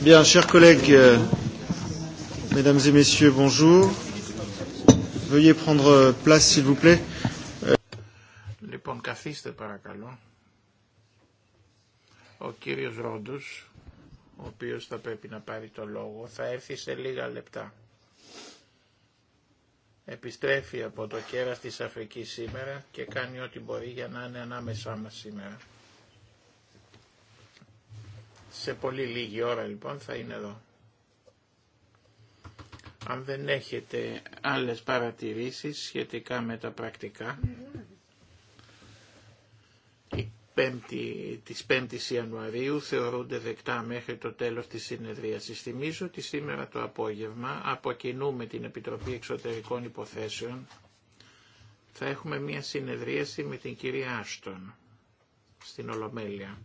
Bien, chers collègues, euh, mesdames et messieurs, bonjour. Veuillez prendre euh, place, s'il vous plaît. Euh. Λοιπόν, καθίστε παρακαλώ. Ο κύριος Ρόντους, ο οποίος θα πρέπει να πάρει το λόγο, θα έρθει σε λίγα λεπτά. Επιστρέφει από το κέρας της Αφρικής σήμερα και κάνει ό,τι μπορεί για να είναι ανάμεσά μας σήμερα. Σε πολύ λίγη ώρα λοιπόν θα είναι εδώ. Αν δεν έχετε άλλες παρατηρήσεις σχετικά με τα πρακτικά, πέμπτη, της 5ης Ιανουαρίου θεωρούνται δεκτά μέχρι το τέλος της συνεδρίασης. Θυμίζω ότι σήμερα το απόγευμα αποκινούμε την Επιτροπή Εξωτερικών Υποθέσεων. Θα έχουμε μια συνεδρίαση με την κυρία Άστον στην Ολομέλεια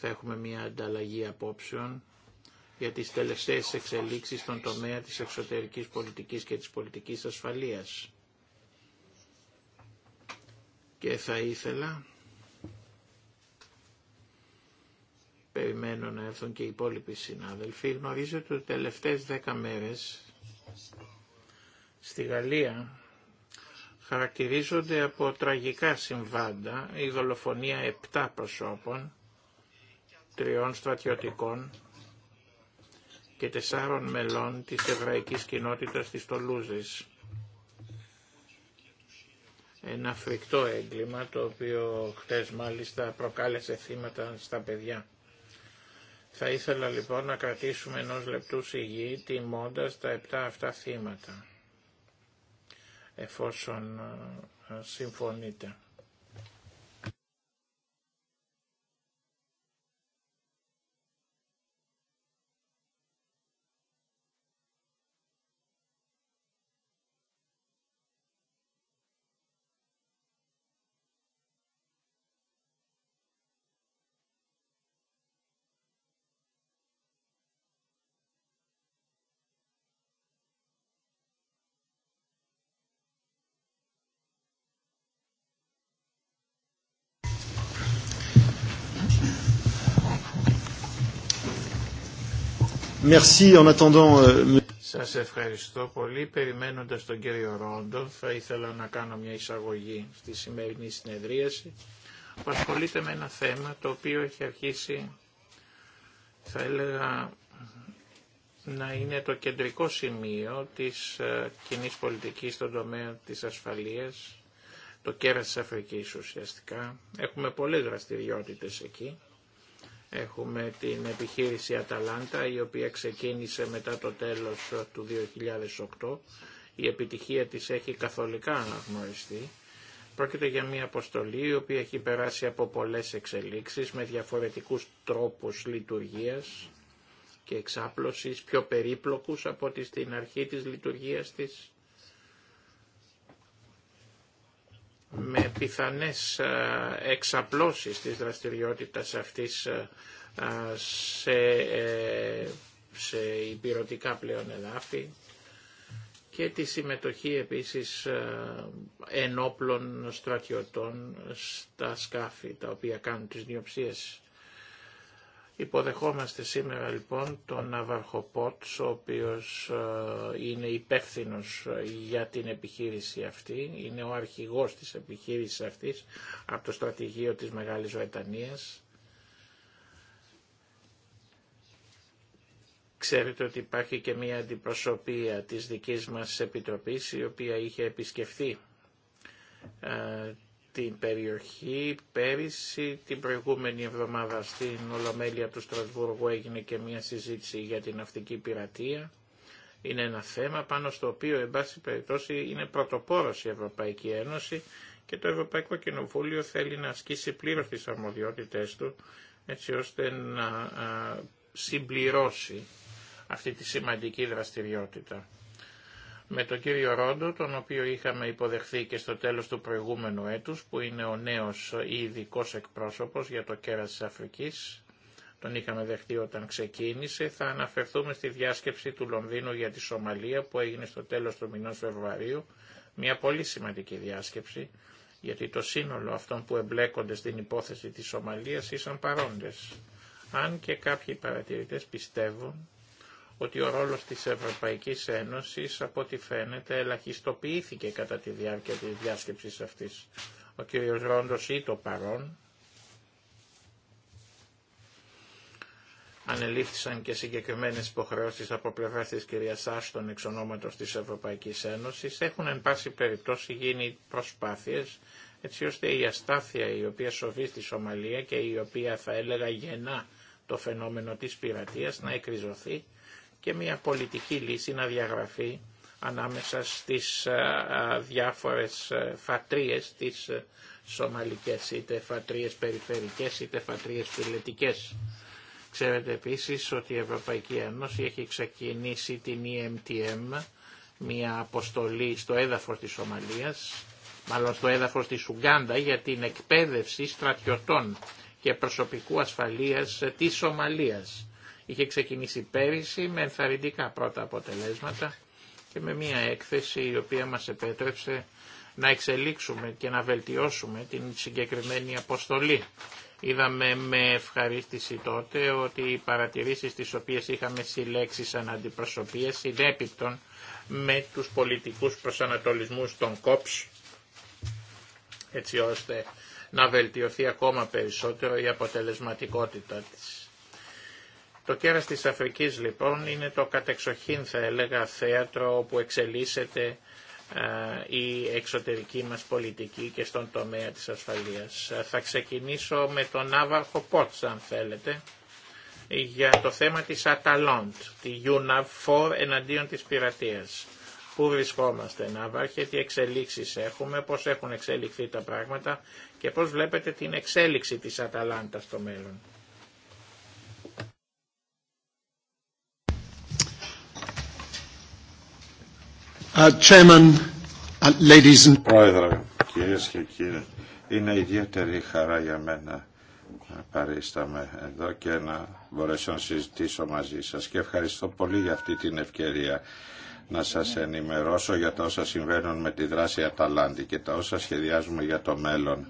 θα έχουμε μια ανταλλαγή απόψεων για τις τελευταίες εξελίξεις στον τομέα της εξωτερικής πολιτικής και της πολιτικής ασφαλείας. Και θα ήθελα, περιμένω να έρθουν και οι υπόλοιποι συνάδελφοι, γνωρίζετε ότι τελευταίες δέκα μέρες στη Γαλλία χαρακτηρίζονται από τραγικά συμβάντα η δολοφονία επτά προσώπων τριών στρατιωτικών και τεσσάρων μελών της εβραϊκής κοινότητας της Τολούζης. Ένα φρικτό έγκλημα το οποίο χτες μάλιστα προκάλεσε θύματα στα παιδιά. Θα ήθελα λοιπόν να κρατήσουμε ενός λεπτού σιγή τιμώντας τα επτά αυτά θύματα εφόσον ε, συμφωνείτε. Euh, Σας ευχαριστώ πολύ. Περιμένοντας τον κύριο Ρόντο, θα ήθελα να κάνω μια εισαγωγή στη σημερινή συνεδρίαση που ασχολείται με ένα θέμα το οποίο έχει αρχίσει, θα έλεγα, να είναι το κεντρικό σημείο της ε, κοινή πολιτικής στον τομέα της ασφαλείας, το κέρας της Αφρικής ουσιαστικά. Έχουμε πολλές δραστηριότητες εκεί Έχουμε την επιχείρηση Αταλάντα η οποία ξεκίνησε μετά το τέλος του 2008. Η επιτυχία της έχει καθολικά αναγνωριστεί. Πρόκειται για μια αποστολή η οποία έχει περάσει από πολλές εξελίξεις με διαφορετικούς τρόπους λειτουργίας και εξάπλωσης πιο περίπλοκους από ότι στην αρχή της λειτουργίας της με πιθανές ε, εξαπλώσεις της δραστηριότητας αυτής ε, ε, σε, σε υπηρετικά πλέον εδάφη και τη συμμετοχή επίσης ενόπλων στρατιωτών στα σκάφη τα οποία κάνουν τις διοψίες. Υποδεχόμαστε σήμερα λοιπόν τον Αβαρχοπότς, ο οποίος ε, είναι υπεύθυνο ε, για την επιχείρηση αυτή, είναι ο αρχηγός της επιχείρησης αυτής από το στρατηγείο της Μεγάλης Βρετανίας. Ξέρετε ότι υπάρχει και μια αντιπροσωπεία της δικής μας επιτροπής, η οποία είχε επισκεφθεί ε, την περιοχή. Πέρυσι την προηγούμενη εβδομάδα στην Ολομέλεια του Στρασβούργου έγινε και μια συζήτηση για την ναυτική πειρατεία. Είναι ένα θέμα πάνω στο οποίο, εν πάση περιπτώσει, είναι πρωτοπόρος η Ευρωπαϊκή Ένωση και το Ευρωπαϊκό Κοινοβούλιο θέλει να ασκήσει πλήρως τις αρμοδιότητες του, έτσι ώστε να συμπληρώσει αυτή τη σημαντική δραστηριότητα με τον κύριο Ρόντο, τον οποίο είχαμε υποδεχθεί και στο τέλος του προηγούμενου έτους, που είναι ο νέος ειδικό εκπρόσωπος για το κέρας της Αφρικής. Τον είχαμε δεχτεί όταν ξεκίνησε. Θα αναφερθούμε στη διάσκεψη του Λονδίνου για τη Σομαλία που έγινε στο τέλος του μηνός Φεβρουαρίου. Μια πολύ σημαντική διάσκεψη, γιατί το σύνολο αυτών που εμπλέκονται στην υπόθεση της Σομαλίας ήσαν παρόντες. Αν και κάποιοι παρατηρητές πιστεύουν ότι ο ρόλος της Ευρωπαϊκής Ένωσης από ό,τι φαίνεται ελαχιστοποιήθηκε κατά τη διάρκεια της διάσκεψης αυτής. Ο κ. Ρόντος ή το παρόν ανελήφθησαν και συγκεκριμένες υποχρεώσεις από πλευράς της κυρίας Άστον εξ ονόματος της Ευρωπαϊκής Ένωσης έχουν εν πάση περιπτώσει γίνει προσπάθειες έτσι ώστε η αστάθεια η οποία σοβεί στη Σομαλία και η οποία θα έλεγα γεννά το φαινόμενο της πειρατείας να εκριζωθεί και μια πολιτική λύση να διαγραφεί ανάμεσα στις ε, ε, διάφορες ε, φατρίες, τις σομαλικές, είτε φατρίες περιφερικές, είτε φατρίες φιλετικές. Ξέρετε επίσης ότι η Ευρωπαϊκή Ένωση έχει ξεκινήσει την EMTM, μια αποστολή στο έδαφος της Σομαλίας, μάλλον στο έδαφος της Ουγκάντα για την εκπαίδευση στρατιωτών και προσωπικού ασφαλείας της Σομαλίας. Είχε ξεκινήσει πέρυσι με ενθαρρυντικά πρώτα αποτελέσματα και με μια έκθεση η οποία μας επέτρεψε να εξελίξουμε και να βελτιώσουμε την συγκεκριμένη αποστολή. Είδαμε με ευχαρίστηση τότε ότι οι παρατηρήσεις τις οποίες είχαμε συλλέξει σαν αντιπροσωπείες συνέπιπτον με τους πολιτικούς προσανατολισμούς των ΚΟΠΣ έτσι ώστε να βελτιωθεί ακόμα περισσότερο η αποτελεσματικότητα της. Το κέρας της Αφρικής λοιπόν είναι το κατεξοχήν θα έλεγα θέατρο όπου εξελίσσεται η εξωτερική μας πολιτική και στον τομέα της ασφαλείας. Θα ξεκινήσω με τον Ναύαρχο Πότς, αν θέλετε, για το θέμα της Αταλόντ, τη UNAV4 εναντίον της πειρατείας. Πού βρισκόμαστε, Ναύαρχε, τι εξελίξεις έχουμε, πώς έχουν εξελιχθεί τα πράγματα και πώς βλέπετε την εξέλιξη της Αταλάντα στο μέλλον. Uh, uh, Πρόεδρε, κυρίες και κύριοι, είναι ιδιαίτερη χαρά για μένα να παρίσταμαι εδώ και να μπορέσω να συζητήσω μαζί σας και ευχαριστώ πολύ για αυτή την ευκαιρία να σας ενημερώσω για τα όσα συμβαίνουν με τη δράση Αταλάντη και τα όσα σχεδιάζουμε για το μέλλον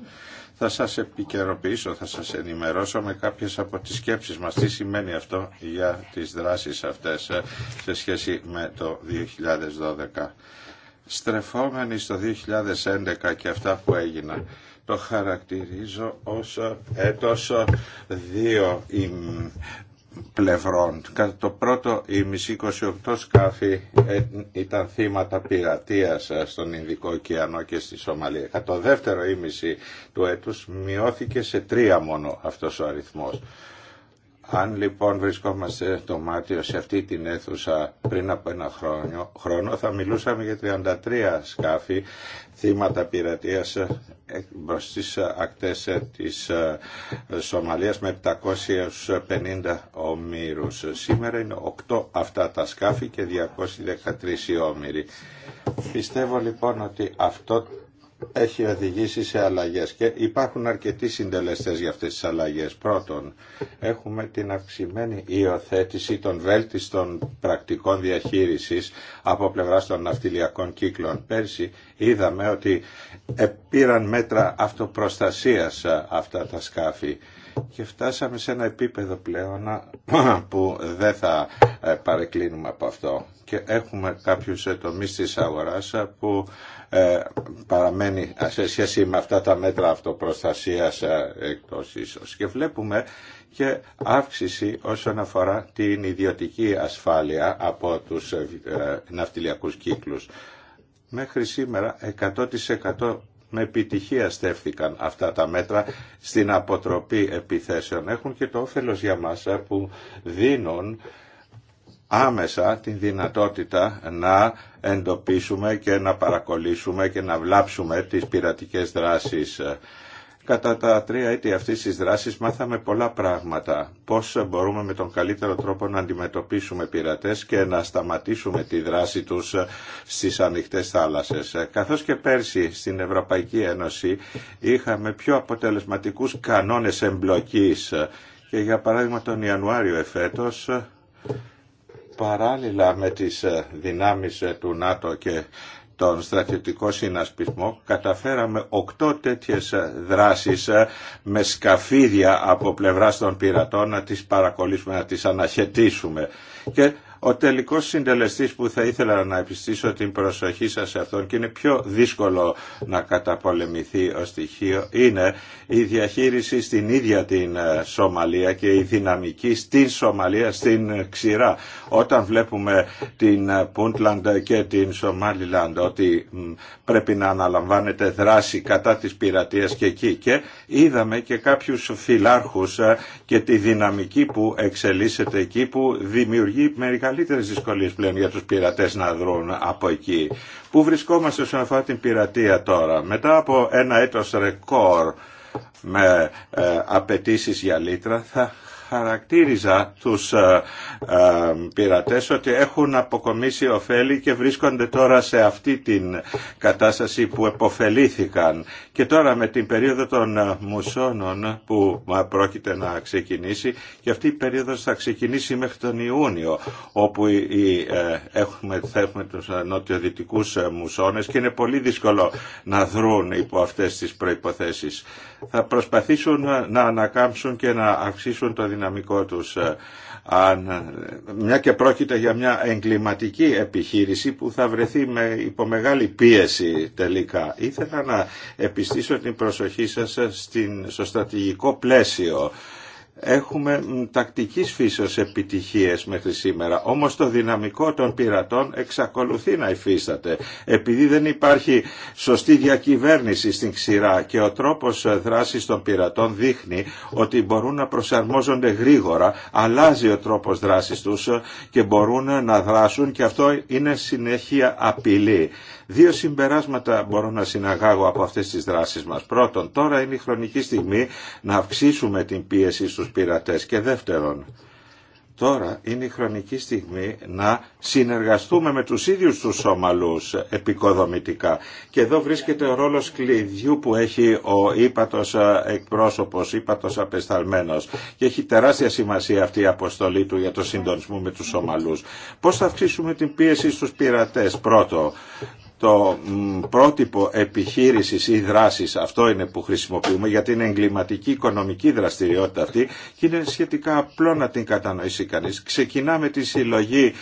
θα σας επικαιροποιήσω, θα σας ενημερώσω με κάποιες από τις σκέψεις μας. Τι σημαίνει αυτό για τις δράσεις αυτές ε, σε σχέση με το 2012. Στρεφόμενοι στο 2011 και αυτά που έγιναν, το χαρακτηρίζω ως έτος δύο πλευρών. Κατά το πρώτο ημισή 28 σκάφη ε, ήταν θύματα πειρατείας ε, στον Ινδικό ωκεανό και στη Σομαλία. Κατά το δεύτερο ημισή του έτους μειώθηκε σε τρία μόνο αυτός ο αριθμός. Αν λοιπόν βρισκόμαστε το Μάτιο σε αυτή την αίθουσα πριν από ένα χρόνο, χρόνο θα μιλούσαμε για 33 σκάφη θύματα πειρατείας ε, προς τις ε, ακτές ε, της Σομαλίας με 750 ομήρους. Σήμερα είναι 8 αυτά τα σκάφη και 213 οι όμηροι. Πιστεύω λοιπόν ότι αυτό έχει οδηγήσει σε αλλαγές και υπάρχουν αρκετοί συντελεστές για αυτές τις αλλαγές. Πρώτον, έχουμε την αυξημένη υιοθέτηση των βέλτιστων πρακτικών διαχείρισης από πλευρά των ναυτιλιακών κύκλων. Πέρσι είδαμε ότι πήραν μέτρα αυτοπροστασίας αυτά τα σκάφη και φτάσαμε σε ένα επίπεδο πλέον που δεν θα ε, παρεκκλίνουμε από αυτό. Και έχουμε κάποιους τομείς της αγοράς που ε, παραμένει σε σχέση με αυτά τα μέτρα αυτοπροστασίας ε, εκτός ίσως. Και βλέπουμε και αύξηση όσον αφορά την ιδιωτική ασφάλεια από τους ε, ναυτιλιακούς κύκλους. Μέχρι σήμερα 100% με επιτυχία στέφθηκαν αυτά τα μέτρα στην αποτροπή επιθέσεων. Έχουν και το όφελος για μας που δίνουν άμεσα την δυνατότητα να εντοπίσουμε και να παρακολύσουμε και να βλάψουμε τις πειρατικές δράσεις. Κατά τα τρία έτη αυτής της δράσης μάθαμε πολλά πράγματα. Πώς μπορούμε με τον καλύτερο τρόπο να αντιμετωπίσουμε πειρατές και να σταματήσουμε τη δράση τους στις ανοιχτές θάλασσες. Καθώς και πέρσι στην Ευρωπαϊκή Ένωση είχαμε πιο αποτελεσματικούς κανόνες εμπλοκής. Και για παράδειγμα τον Ιανουάριο εφέτος παράλληλα με τις ε, δυνάμεις ε, του ΝΑΤΟ και τον στρατιωτικό συνασπισμό καταφέραμε οκτώ τέτοιες ε, δράσεις με σκαφίδια από πλευράς των πειρατών να τις παρακολουθήσουμε, να τις αναχαιτήσουμε και ο τελικός συντελεστής που θα ήθελα να επιστήσω την προσοχή σας σε αυτόν και είναι πιο δύσκολο να καταπολεμηθεί ο στοιχείο είναι η διαχείριση στην ίδια την ε, Σομαλία και η δυναμική στην Σομαλία, στην ξηρά. Όταν βλέπουμε την ε, Πούντλαντ και την Σομάλιλαντ ότι πρέπει να αναλαμβάνεται δράση κατά της πειρατείας και εκεί και είδαμε και κάποιους φυλάρχου ε, και τη δυναμική που εξελίσσεται εκεί που δημιουργεί μερικά μεγαλύτερες δυσκολίες πλέον για τους πειρατές να δρουν από εκεί. Πού βρισκόμαστε όσον αφορά την πειρατεία τώρα. Μετά από ένα έτος ρεκόρ με ε, απαιτήσει για λίτρα θα χαρακτήριζα τους ε, ε, πειρατές ότι έχουν αποκομίσει ωφέλη και βρίσκονται τώρα σε αυτή την κατάσταση που επωφελήθηκαν και τώρα με την περίοδο των ε, μουσώνων που ε, πρόκειται να ξεκινήσει και αυτή η περίοδος θα ξεκινήσει μέχρι τον Ιούνιο όπου ε, έχουμε, θα έχουμε τους νοτιοδυτικούς μουσώνες και είναι πολύ δύσκολο να δρουν υπό αυτές τις προϋποθέσεις. Θα προσπαθήσουν να ανακάμψουν και να αυξήσουν το δυναμικό τους αν, μια και πρόκειται για μια εγκληματική επιχείρηση που θα βρεθεί με, υπομεγάλη πίεση τελικά. Ήθελα να επιστήσω την προσοχή σας στην, στο στρατηγικό πλαίσιο έχουμε τακτικής φύσεως επιτυχίες μέχρι σήμερα. Όμως το δυναμικό των πειρατών εξακολουθεί να υφίσταται επειδή δεν υπάρχει σωστή διακυβέρνηση στην ξηρά και ο τρόπος ε, δράσης των πειρατών δείχνει ότι μπορούν να προσαρμόζονται γρήγορα, αλλάζει ο τρόπος δράσης τους ε, και μπορούν ε, να δράσουν και αυτό είναι συνέχεια απειλή. Δύο συμπεράσματα μπορώ να συναγάγω από αυτές τις δράσεις μας. Πρώτον, τώρα είναι η χρονική στιγμή να αυξήσουμε την πίεση και δεύτερον, τώρα είναι η χρονική στιγμή να συνεργαστούμε με τους ίδιους τους Σομαλούς επικοδομητικά. Και εδώ βρίσκεται ο ρόλος κλειδιού που έχει ο ύπατος ε, εκπρόσωπος, ύπατος απεσταλμένος. Και έχει τεράστια σημασία αυτή η αποστολή του για το συντονισμό με τους Σομαλούς. Πώς θα αυξήσουμε την πίεση στους πειρατές πρώτο το πρότυπο επιχείρησης ή δράσης, αυτό είναι που χρησιμοποιούμε γιατί είναι εγκληματική οικονομική δραστηριότητα αυτή και είναι σχετικά απλό να την κατανοήσει κανείς. Ξεκινάμε τη συλλογή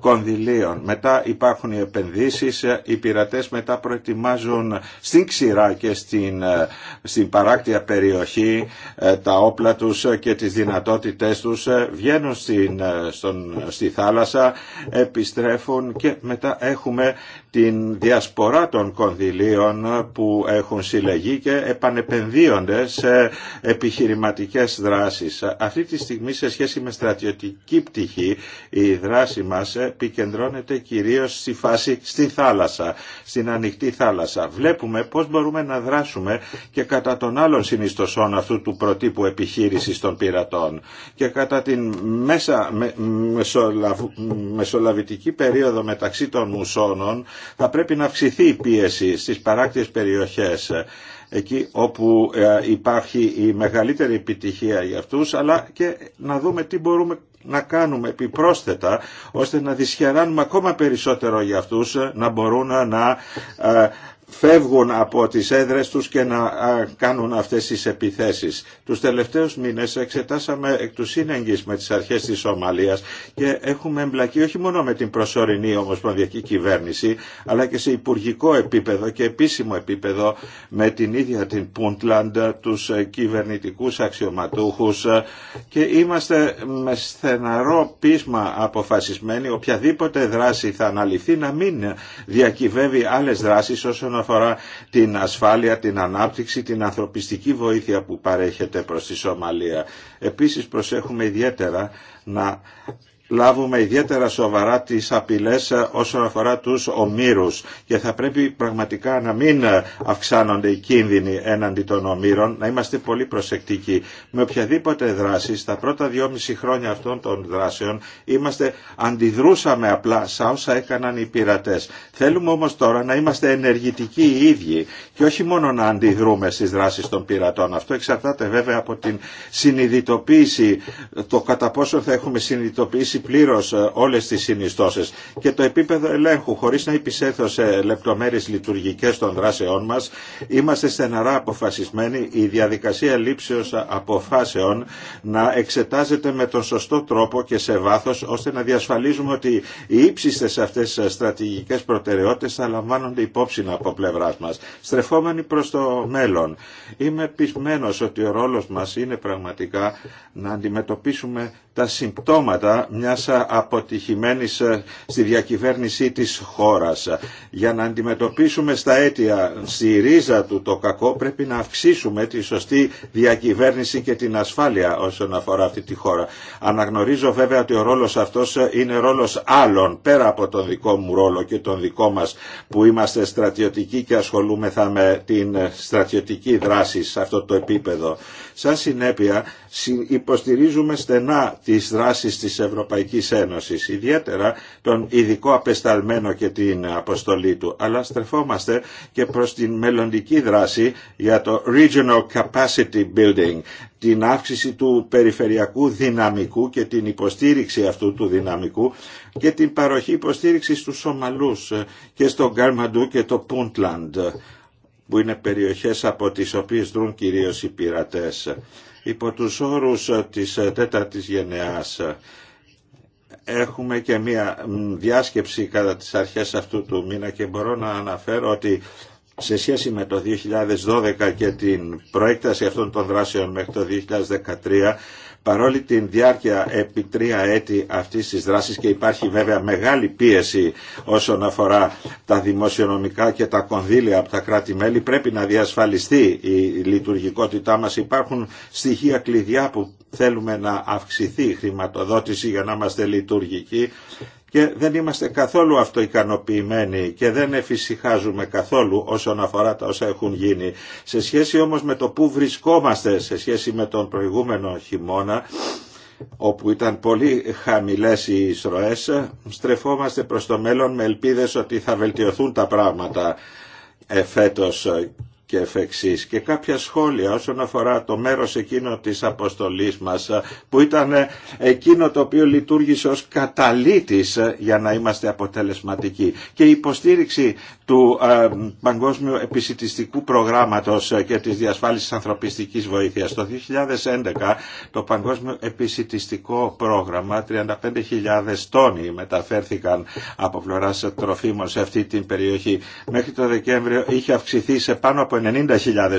κονδυλίων, μετά υπάρχουν οι επενδύσεις, οι πειρατές μετά προετοιμάζουν στην ξηρά και στην, ε, στην παράκτια περιοχή ε, τα όπλα τους και τις δυνατότητές τους, ε, βγαίνουν στην, στον, στη θάλασσα, επιστρέφουν και μετά έχουμε την διασπορά των κονδυλίων που έχουν συλλεγεί και επανεπενδύονται σε επιχειρηματικές δράσεις. Αυτή τη στιγμή σε σχέση με στρατιωτική πτυχή η δράση μας επικεντρώνεται κυρίως στη φάση στη θάλασσα, στην ανοιχτή θάλασσα. Βλέπουμε πώς μπορούμε να δράσουμε και κατά των άλλων συνιστοσών αυτού του προτύπου επιχείρησης των πειρατών και κατά την μέσα μεσολαβητική περίοδο μεταξύ των μουσώνων θα πρέπει να αυξηθεί η πίεση στις παράκτιες περιοχές εκεί όπου ε, υπάρχει η μεγαλύτερη επιτυχία για αυτούς αλλά και να δούμε τι μπορούμε να κάνουμε επιπρόσθετα ώστε να δυσχεράνουμε ακόμα περισσότερο για αυτούς να μπορούν να ε, φεύγουν από τις έδρες τους και να κάνουν αυτές τις επιθέσεις. Τους τελευταίους μήνες εξετάσαμε εκ του σύνεγγυς με τις αρχές της Σομαλίας και έχουμε εμπλακεί όχι μόνο με την προσωρινή ομοσπονδιακή κυβέρνηση αλλά και σε υπουργικό επίπεδο και επίσημο επίπεδο με την ίδια την Πούντλαντ, τους ε, κυβερνητικούς αξιωματούχους ε, και είμαστε με στεναρό πείσμα αποφασισμένοι οποιαδήποτε δράση θα αναλυθεί να μην διακυβεύει άλλες δράσεις όσον όσον αφορά την ασφάλεια, την ανάπτυξη, την ανθρωπιστική βοήθεια που παρέχεται προς τη Σομαλία. Επίσης προσέχουμε ιδιαίτερα να λάβουμε ιδιαίτερα σοβαρά τις απειλές όσον αφορά τους ομήρους και θα πρέπει πραγματικά να μην αυξάνονται οι κίνδυνοι έναντι των ομήρων, να είμαστε πολύ προσεκτικοί. Με οποιαδήποτε δράση, στα πρώτα δυόμιση χρόνια αυτών των δράσεων, είμαστε, αντιδρούσαμε απλά σαν όσα έκαναν οι πειρατές. Θέλουμε όμως τώρα να είμαστε ενεργητικοί οι ίδιοι και όχι μόνο να αντιδρούμε στις δράσεις των πειρατών. Αυτό εξαρτάται βέβαια από την συνειδητοποίηση, το κατά πόσο θα έχουμε συνειδητοποιήσει πλήρως ε, όλες τις συνιστώσεις και το επίπεδο ελέγχου χωρίς να υπησέθω σε λεπτομέρειες λειτουργικές των δράσεών μας. Είμαστε στεναρά αποφασισμένοι η διαδικασία λήψεως αποφάσεων να εξετάζεται με τον σωστό τρόπο και σε βάθος ώστε να διασφαλίζουμε ότι οι ύψιστες αυτές στρατηγικές προτεραιότητες θα λαμβάνονται υπόψη από πλευρά μας. Στρεφόμενοι προς το μέλλον. Είμαι πεισμένος ότι ο ρόλος μας είναι πραγματικά να αντιμετωπίσουμε τα συμπτώματα μιας αποτυχημένης ε, στη διακυβέρνησή της χώρας. Για να αντιμετωπίσουμε στα αίτια, στη ρίζα του το κακό πρέπει να αυξήσουμε τη σωστή διακυβέρνηση και την ασφάλεια όσον αφορά αυτή τη χώρα. Αναγνωρίζω βέβαια ότι ο ρόλος αυτός είναι ρόλος άλλων πέρα από τον δικό μου ρόλο και τον δικό που είμαστε στρατιωτικοί και ασχολούμεθα με την ε, στρατιωτική δράση σε αυτό το επίπεδο. Σαν συνέπεια υποστηρίζουμε στενά τις δράσεις της Ευρωπαϊκής Ένωσης, ιδιαίτερα τον ειδικό απεσταλμένο και την αποστολή του, αλλά στρεφόμαστε και προς την μελλοντική δράση για το Regional Capacity Building, την αύξηση του περιφερειακού δυναμικού και την υποστήριξη αυτού του δυναμικού και την παροχή υποστήριξη στους Σομαλούς και στο Γκάρμαντου και το Πούντλαντ που είναι περιοχές από τις οποίες δρούν κυρίως οι πειρατές. Υπό τους όρους της τέταρτης γενεάς έχουμε και μία διάσκεψη κατά τις αρχές αυτού του μήνα και μπορώ να αναφέρω ότι σε σχέση με το 2012 και την προέκταση αυτών των δράσεων μέχρι το 2013, παρόλη την διάρκεια επί τρία έτη αυτής της δράσης και υπάρχει βέβαια μεγάλη πίεση όσον αφορά τα δημοσιονομικά και τα κονδύλια από τα κράτη-μέλη, πρέπει να διασφαλιστεί η λειτουργικότητά μας. Υπάρχουν στοιχεία κλειδιά που θέλουμε να αυξηθεί η χρηματοδότηση για να είμαστε λειτουργικοί και δεν είμαστε καθόλου αυτοικανοποιημένοι και δεν εφησυχάζουμε καθόλου όσον αφορά τα όσα έχουν γίνει. Σε σχέση όμως με το που βρισκόμαστε, σε σχέση με τον προηγούμενο χειμώνα, όπου ήταν πολύ χαμηλές οι ισροές, στρεφόμαστε προς το μέλλον με ελπίδες ότι θα βελτιωθούν τα πράγματα εφέτος και εφεξής Και κάποια σχόλια όσον αφορά το μέρος εκείνο της αποστολής μας που ήταν ε, εκείνο το οποίο λειτουργήσε ως καταλήτης ε, για να είμαστε αποτελεσματικοί και η υποστήριξη του ε, Παγκόσμιου Επισητιστικού Προγράμματος ε, και της Διασφάλισης Ανθρωπιστικής Βοήθειας. Το 2011 το Παγκόσμιο Επισητιστικό Πρόγραμμα 35.000 τόνοι μεταφέρθηκαν από πλευρά τροφίμων σε αυτή την περιοχή. Μέχρι το Δεκέμβριο είχε αυξηθεί σε πάνω από 90.000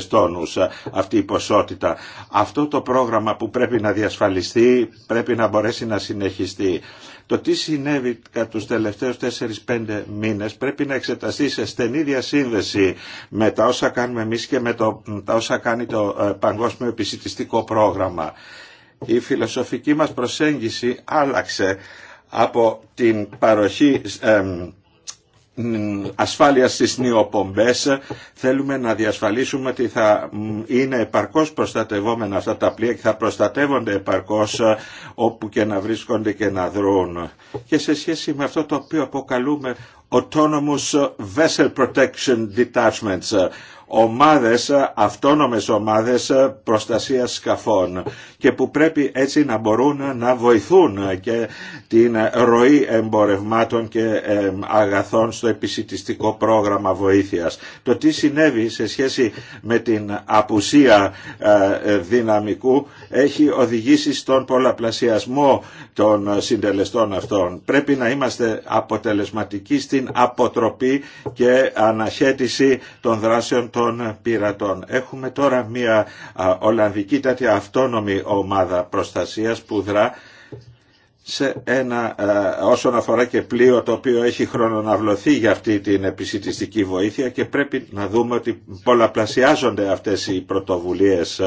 τόνους ε, αυτή η ποσότητα. Αυτό το πρόγραμμα που πρέπει να διασφαλιστεί πρέπει να μπορέσει να συνεχιστεί. Το τι συνέβη κατά τους τελευταίους 4-5 μήνες πρέπει να εξεταστεί σε στενή διασύνδεση με τα όσα κάνουμε εμείς και με το, τα όσα κάνει το ε, Παγκόσμιο Επισητιστικό Πρόγραμμα. Η φιλοσοφική μας προσέγγιση άλλαξε από την παροχή... Ε, ασφάλεια στις νιοπομπές θέλουμε να διασφαλίσουμε ότι θα είναι επαρκώς προστατευόμενα αυτά τα πλοία και θα προστατεύονται επαρκώς όπου και να βρίσκονται και να δρούν. Και σε σχέση με αυτό το οποίο αποκαλούμε Autonomous Vessel Protection Detachments, ομάδες, αυτόνομες ομάδες προστασίας σκαφών και που πρέπει έτσι να μπορούν να βοηθούν και την ροή εμπορευμάτων και ε, αγαθών στο επισητιστικό πρόγραμμα βοήθειας. Το τι συνέβη σε σχέση με την απουσία ε, δυναμικού έχει οδηγήσει στον πολλαπλασιασμό των συντελεστών αυτών. Πρέπει να είμαστε αποτελεσματικοί στην αποτροπή και αναχέτηση των δράσεων των πειρατών. Έχουμε τώρα μια Ολλανδική τέτοια αυτόνομη ομάδα προστασίας που δρά σε ένα, όσον αφορά και πλοίο το οποίο έχει χρονοναυλωθεί για αυτή την επισητιστική βοήθεια και πρέπει να δούμε ότι πολλαπλασιάζονται αυτές οι πρωτοβουλίες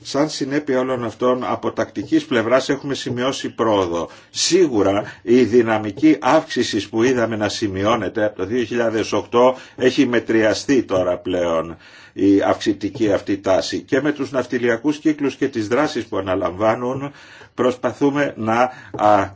Σαν συνέπεια όλων αυτών, από τακτικής πλευράς έχουμε σημειώσει πρόοδο. Σίγουρα η δυναμική αύξηση που είδαμε να σημειώνεται από το 2008 έχει μετριαστεί τώρα πλέον η αυξητική αυτή τάση και με τους ναυτιλιακούς κύκλους και τις δράσεις που αναλαμβάνουν προσπαθούμε να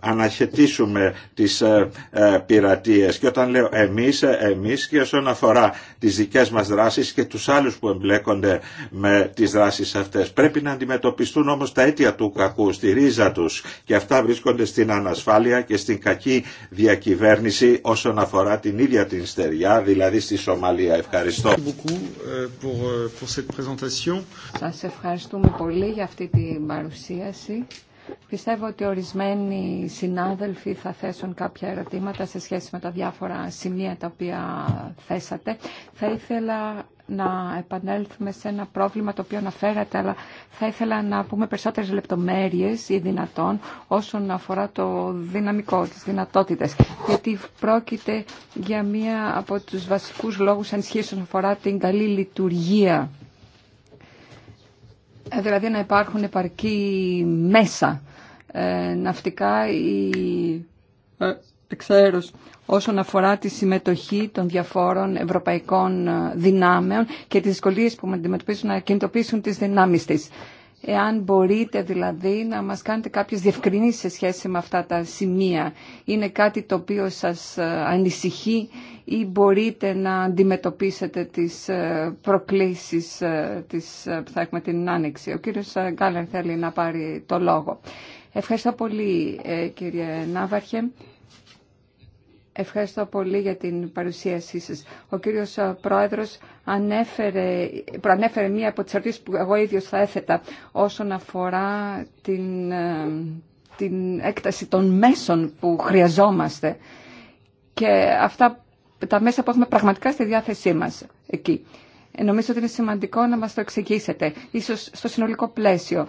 αναχαιτήσουμε τις ε, ε, πειρατείες. Και όταν λέω εμείς, ε, εμείς και όσον αφορά τις δικές μας δράσεις και τους άλλους που εμπλέκονται με τις δράσεις αυτές. Πρέπει να αντιμετωπιστούν όμως τα αίτια του κακού, στη ρίζα τους και αυτά βρίσκονται στην ανασφάλεια και στην κακή διακυβέρνηση όσον αφορά την ίδια την στεριά, δηλαδή στη Σομαλία. Ευχαριστώ. Σας ευχαριστούμε πολύ για αυτή την παρουσίαση. Πιστεύω ότι ορισμένοι συνάδελφοι θα θέσουν κάποια ερωτήματα σε σχέση με τα διάφορα σημεία τα οποία θέσατε. Θα ήθελα να επανέλθουμε σε ένα πρόβλημα το οποίο αναφέρατε, αλλά θα ήθελα να πούμε περισσότερες λεπτομέρειες ή δυνατόν όσον αφορά το δυναμικό, τις δυνατότητες. Γιατί πρόκειται για μία από τους βασικούς λόγους ενσχύσεων αφορά την καλή λειτουργία ε, δηλαδή να υπάρχουν επαρκή μέσα ε, ναυτικά ή ε, εξαίρως όσον αφορά τη συμμετοχή των διαφόρων ευρωπαϊκών ε, δυνάμεων και τις δυσκολίες που αντιμετωπίζουν να κινητοποιήσουν τις δυνάμεις της εάν μπορείτε δηλαδή να μας κάνετε κάποιες διευκρινήσεις σε σχέση με αυτά τα σημεία. Είναι κάτι το οποίο σας ε, ανησυχεί ή μπορείτε να αντιμετωπίσετε τις ε, προκλήσεις ε, της, που θα έχουμε την άνοιξη. Ο κύριος Γκάλερ θέλει να πάρει το λόγο. Ευχαριστώ πολύ κύριε Νάβαρχε. Ευχαριστώ πολύ για την παρουσίασή σας. Ο κύριος ε, Πρόεδρος ανέφερε, προανέφερε μία από τις ερωτήσεις που εγώ ίδιος θα έθετα όσον αφορά την, ε, την έκταση των μέσων που χρειαζόμαστε και αυτά τα μέσα που έχουμε πραγματικά στη διάθεσή μας εκεί. Ε, νομίζω ότι είναι σημαντικό να μας το εξηγήσετε, ίσως στο συνολικό πλαίσιο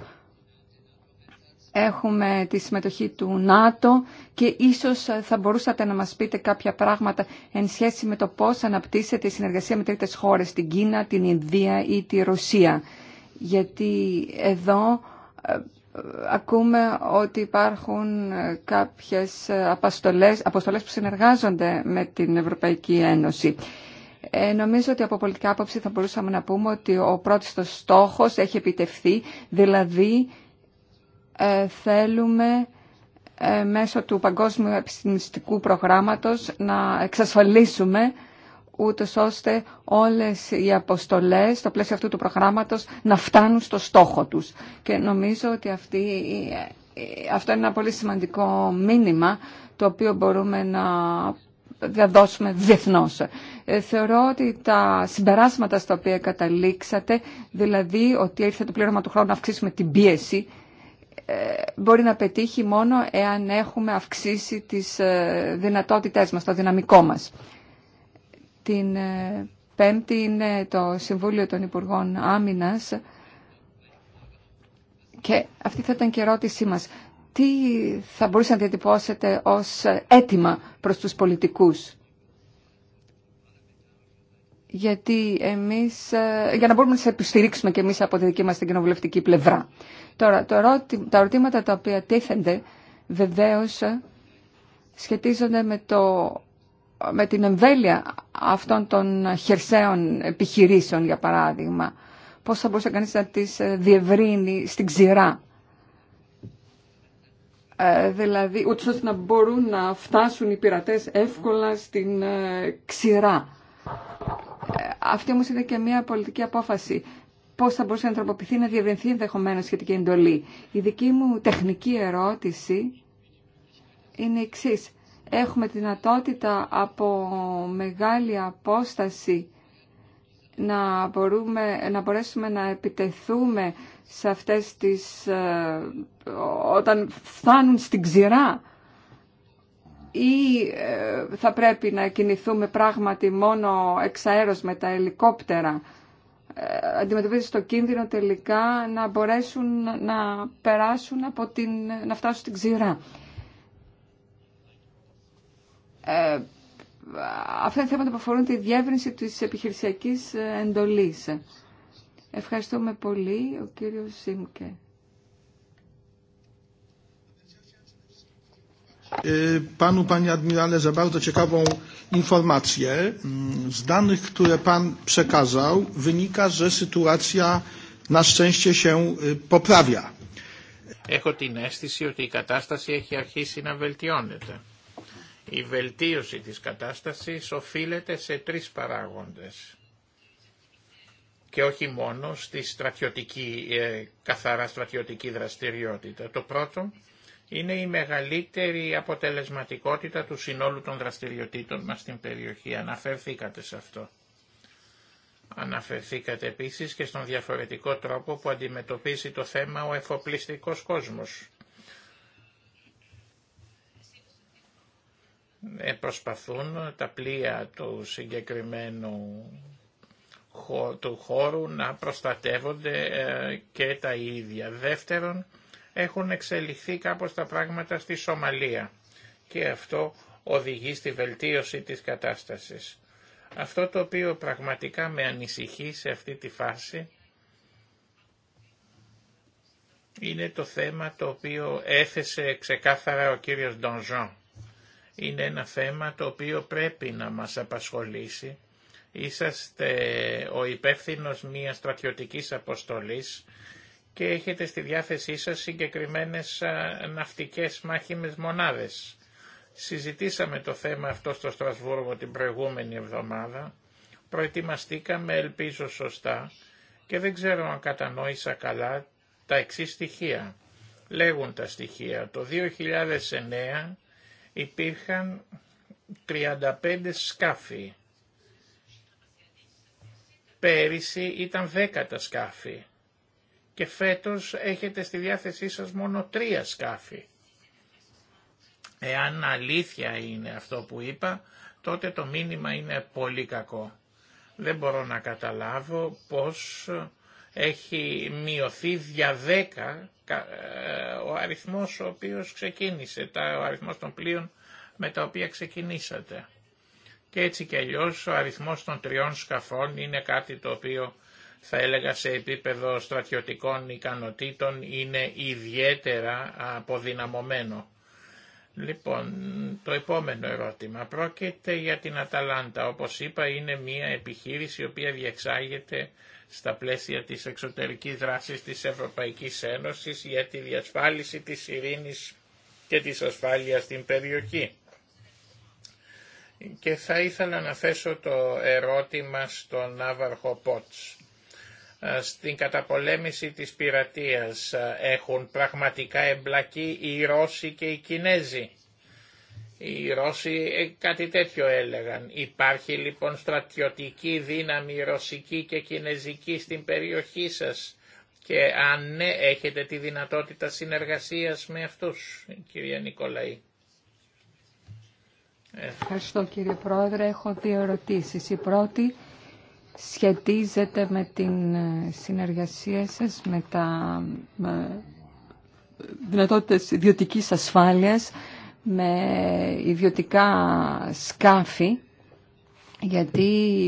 έχουμε τη συμμετοχή του ΝΑΤΟ και ίσως ε, θα μπορούσατε να μας πείτε κάποια πράγματα εν σχέση με το πώς αναπτύσσεται η συνεργασία με τρίτες χώρες, την Κίνα, την Ινδία ή τη Ρωσία. Γιατί εδώ ε, ακούμε ότι υπάρχουν ε, κάποιες αποστολές, αποστολές που συνεργάζονται με την Ευρωπαϊκή Ένωση. Ε, νομίζω ότι από πολιτική άποψη θα μπορούσαμε να πούμε ότι ο πρώτος στόχος έχει επιτευχθεί, δηλαδή ε, θέλουμε ε, μέσω του Παγκόσμιου Επιστημιστικού Προγράμματος να εξασφαλίσουμε ούτω ώστε όλες οι αποστολές στο πλαίσιο αυτού του προγράμματος να φτάνουν στο στόχο τους. Και νομίζω ότι αυτή, αυτό είναι ένα πολύ σημαντικό μήνυμα το οποίο μπορούμε να διαδώσουμε διεθνώς. Ε, θεωρώ ότι τα συμπεράσματα στα οποία καταλήξατε, δηλαδή ότι ήρθε το πλήρωμα του χρόνου να αυξήσουμε την πίεση, ε, μπορεί να πετύχει μόνο εάν έχουμε αυξήσει τις ε, δυνατότητές μας, το δυναμικό μας. Την ε, Πέμπτη είναι το Συμβούλιο των Υπουργών Άμυνας και αυτή θα ήταν και ερώτησή μας. Τι θα μπορούσατε να διατυπώσετε ως αίτημα προς τους πολιτικούς γιατί εμείς, ε, για να μπορούμε να σε επιστηρίξουμε και εμείς από τη δική μας την κοινοβουλευτική πλευρά. Τώρα, τα ερωτήματα τα οποία τίθενται βεβαίως ε, σχετίζονται με, το, με την εμβέλεια αυτών των χερσαίων επιχειρήσεων, για παράδειγμα. Πώς θα μπορούσε κανείς να τις ε, διευρύνει στην ξηρά. δηλαδή, ούτως ώστε να μπορούν να φτάσουν οι πειρατές εύκολα στην ξηρά. Ε, αυτή όμω είναι και μια πολιτική απόφαση. Πώς θα μπορούσε να τροποποιηθεί, να διευρυνθεί ενδεχομένω σχετική εντολή. Η δική μου τεχνική ερώτηση είναι η εξή. Έχουμε τη δυνατότητα από μεγάλη απόσταση να, μπορούμε, να μπορέσουμε να επιτεθούμε σε αυτές τις... Ε, όταν φτάνουν στην ξηρά ή ε, θα πρέπει να κινηθούμε πράγματι μόνο εξαέρος με τα ελικόπτερα ε, αντιμετωπίζει το κίνδυνο τελικά να μπορέσουν να περάσουν από την, να φτάσουν στην ξηρά. Ε, αυτά είναι θέματα που αφορούν τη διεύρυνση της επιχειρησιακής εντολής. Ευχαριστούμε πολύ ο κύριος Σίμκε. panu, panie admirale, za bardzo ciekawą informację. Mm, z danych, które pan przekazał, wynika, że sytuacja na szczęście się poprawia. Έχω την αίσθηση ότι η κατάσταση έχει αρχίσει να βελτιώνεται. Η βελτίωση της κατάστασης οφείλεται σε τρεις παράγοντες και όχι μόνο στη στρατιωτική, ε, καθαρά στρατιωτική δραστηριότητα. Το πρώτο είναι η μεγαλύτερη αποτελεσματικότητα του συνόλου των δραστηριοτήτων μας στην περιοχή. Αναφερθήκατε σε αυτό. Αναφερθήκατε επίσης και στον διαφορετικό τρόπο που αντιμετωπίζει το θέμα ο εφοπλιστικός κόσμος. Ε, προσπαθούν τα πλοία του συγκεκριμένου του χώρου να προστατεύονται ε, και τα ίδια. Δεύτερον, έχουν εξελιχθεί κάπως τα πράγματα στη Σομαλία και αυτό οδηγεί στη βελτίωση της κατάστασης. Αυτό το οποίο πραγματικά με ανησυχεί σε αυτή τη φάση είναι το θέμα το οποίο έθεσε ξεκάθαρα ο κύριος Ντονζόν. Είναι ένα θέμα το οποίο πρέπει να μας απασχολήσει. Είσαστε ο υπεύθυνος μιας στρατιωτικής αποστολής και έχετε στη διάθεσή σας συγκεκριμένες ναυτικές μάχημες μονάδες. Συζητήσαμε το θέμα αυτό στο Στρασβούργο την προηγούμενη εβδομάδα, προετοιμαστήκαμε ελπίζω σωστά και δεν ξέρω αν κατανόησα καλά τα εξή στοιχεία. Λέγουν τα στοιχεία, το 2009 υπήρχαν 35 σκάφη. Πέρυσι ήταν 10 τα σκάφη και φέτος έχετε στη διάθεσή σας μόνο τρία σκάφη. Εάν αλήθεια είναι αυτό που είπα, τότε το μήνυμα είναι πολύ κακό. Δεν μπορώ να καταλάβω πώς έχει μειωθεί δια 10 ε, ο αριθμός ο οποίος ξεκίνησε, ο αριθμός των πλοίων με τα οποία ξεκινήσατε. Και έτσι και αλλιώ ο αριθμός των τριών σκαφών είναι κάτι το οποίο θα έλεγα σε επίπεδο στρατιωτικών ικανοτήτων είναι ιδιαίτερα αποδυναμωμένο. Λοιπόν, το επόμενο ερώτημα πρόκειται για την Αταλάντα. Όπως είπα είναι μια επιχείρηση η οποία διεξάγεται στα πλαίσια της εξωτερικής δράσης της Ευρωπαϊκής Ένωσης για τη διασφάλιση της ειρήνης και της ασφάλειας στην περιοχή. Και θα ήθελα να θέσω το ερώτημα στον Άβαρχο Πότς. Ε, στην καταπολέμηση της πειρατείας ε, έχουν πραγματικά εμπλακεί οι Ρώσοι και οι Κινέζοι. Οι Ρώσοι ε, κάτι τέτοιο έλεγαν. Υπάρχει λοιπόν στρατιωτική δύναμη ρωσική και κινέζικη στην περιοχή σας και αν ναι έχετε τη δυνατότητα συνεργασίας με αυτούς, κυρία Νικολαή. Ευχαριστώ κύριε Πρόεδρε. Έχω δύο ερωτήσεις. Η πρώτη σχετίζεται με την ε, συνεργασία σας με τα με δυνατότητες ιδιωτικής ασφάλειας, με ιδιωτικά σκάφη γιατί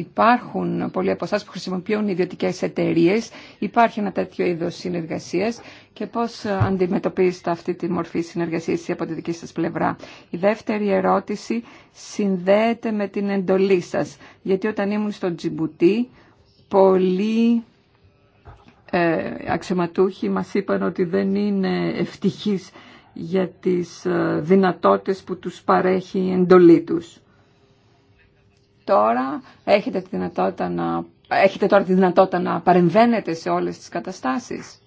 υπάρχουν πολλοί από εσά που χρησιμοποιούν ιδιωτικέ εταιρείε, υπάρχει ένα τέτοιο είδο συνεργασία και πώ αντιμετωπίζετε αυτή τη μορφή συνεργασία από τη δική σα πλευρά. Η δεύτερη ερώτηση συνδέεται με την εντολή σα, γιατί όταν ήμουν στο Τζιμπουτί, πολλοί ε, αξιωματούχοι μας είπαν ότι δεν είναι ευτυχεί για τις ε, δυνατότητες που τους παρέχει η εντολή τους τώρα έχετε, τη δυνατότητα να, έχετε τώρα τη δυνατότητα να παρεμβαίνετε σε όλες τις καταστάσεις.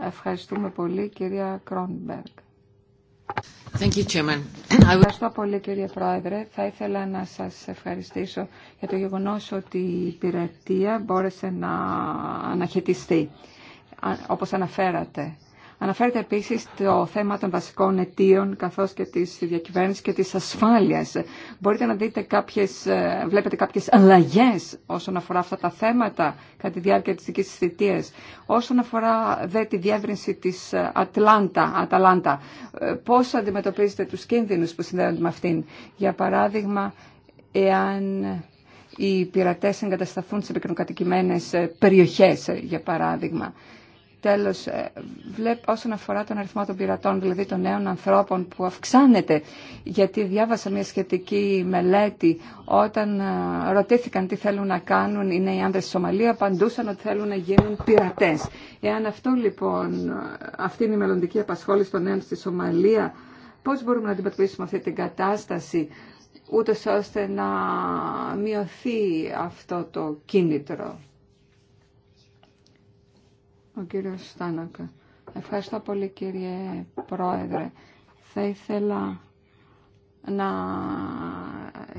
Ευχαριστούμε πολύ κυρία Κρόνμπεργκ. Ευχαριστώ πολύ κύριε Πρόεδρε. Θα ήθελα να σας ευχαριστήσω για το γεγονός ότι η πειρατεία μπόρεσε να αναχαιτιστεί, όπως αναφέρατε. Αναφέρεται επίση το θέμα των βασικών αιτίων καθώ και τη διακυβέρνηση και τη ασφάλεια. Μπορείτε να δείτε κάποιες, ε, βλέπετε κάποιε αλλαγέ όσον αφορά αυτά τα θέματα κατά τη διάρκεια δική δικής θητείας. Όσον αφορά δε τη διεύρυνση τη ε, Ατλάντα, Αταλάντα, ε, πώς αντιμετωπίζετε του κίνδυνου που συνδέονται με αυτήν. Για παράδειγμα, εάν οι πειρατέ εγκατασταθούν σε επικοινωνικατοικημένε περιοχέ, για παράδειγμα. Τέλος, ε, βλέπ, όσον αφορά τον αριθμό των πειρατών, δηλαδή των νέων ανθρώπων που αυξάνεται, γιατί διάβασα μια σχετική μελέτη όταν ε, ρωτήθηκαν τι θέλουν να κάνουν οι νέοι άνδρες στη Σομαλία, απαντούσαν ότι θέλουν να γίνουν πειρατές. Εάν αυτό λοιπόν, ε, αυτή είναι η μελλοντική απασχόληση των νέων στη Σομαλία, πώς μπορούμε να αντιμετωπίσουμε αυτή την κατάσταση, ούτως ώστε να μειωθεί αυτό το κίνητρο. Ο κύριος Στάνακα, Ευχαριστώ πολύ κύριε Πρόεδρε. Θα ήθελα να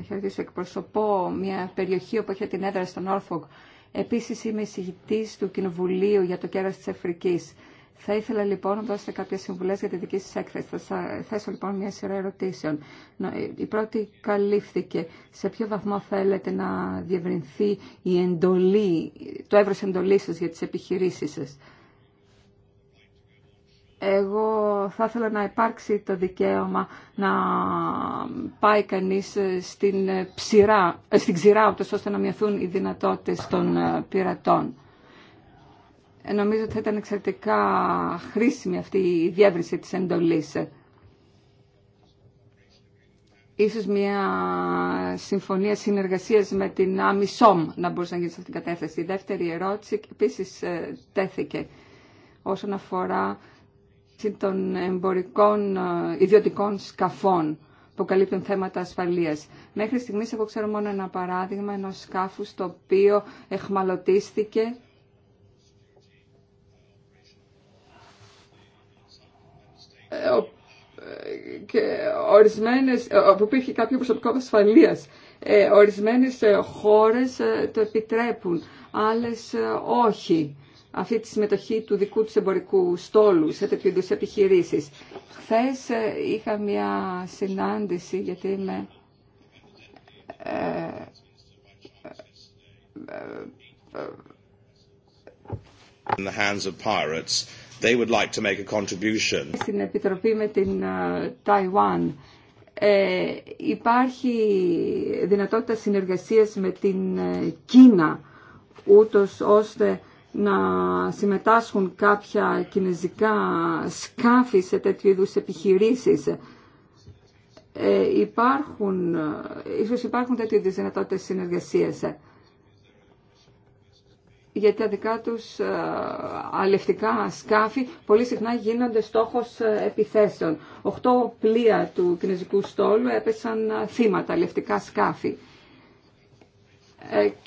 χαιρετήσω εκπροσωπώ μια περιοχή όπου έχει την έδρα στον Όρφογκ. Επίσης είμαι εισηγητής του Κοινοβουλίου για το κέρας της Αφρικής. Θα ήθελα λοιπόν να δώσετε κάποιε συμβουλές για τη δική σας έκθεση. Θα θέσω λοιπόν μια σειρά ερωτήσεων. Ε, η πρώτη καλύφθηκε. Σε ποιο βαθμό θέλετε να διευρυνθεί η εντολή, το εύρο εντολή σας για τις επιχειρήσεις σα. Εγώ θα ήθελα να υπάρξει το δικαίωμα να πάει κανείς ε, στην, ε, στην ξηρά, ώστε να μειωθούν οι δυνατότητες των πειρατών. Ε, νομίζω ότι θα ήταν εξαιρετικά χρήσιμη αυτή η διεύρυνση της εντολής. Ίσως μια συμφωνία συνεργασίας με την ΑΜΙΣΟΜ να μπορούσε να γίνει σε αυτήν την κατεύθυνση. Η δεύτερη ερώτηση επίσης ε, τέθηκε όσον αφορά των εμπορικών ε, ιδιωτικών σκαφών που καλύπτουν θέματα ασφαλείας. Μέχρι στιγμής εγώ ξέρω μόνο ένα παράδειγμα ενός σκάφου το οποίο εχμαλωτίστηκε και ορισμένες, όπου υπήρχε κάποιο προσωπικό Ε, ορισμένες ε, χώρες ε, το επιτρέπουν, άλλες ε, όχι. Αυτή τη συμμετοχή του δικού του εμπορικού στόλου σε τέτοιου είδου επιχειρήσει. Χθε είχα μια συνάντηση, γιατί είμαι hands they Στην Επιτροπή με την ε, Ταϊβάν ε, υπάρχει δυνατότητα συνεργασίας με την ε, Κίνα ούτως ώστε να συμμετάσχουν κάποια κινέζικα σκάφη σε τέτοιου είδους επιχειρήσεις. Ε, υπάρχουν, ίσως υπάρχουν τέτοιου είδους δυνατότητες συνεργασίας γιατί τα δικά τους ε, αλευτικά σκάφη πολύ συχνά γίνονται στόχος ε, επιθέσεων. Οχτώ πλοία του κινέζικου στόλου έπεσαν ε, θύματα, αλευτικά σκάφη.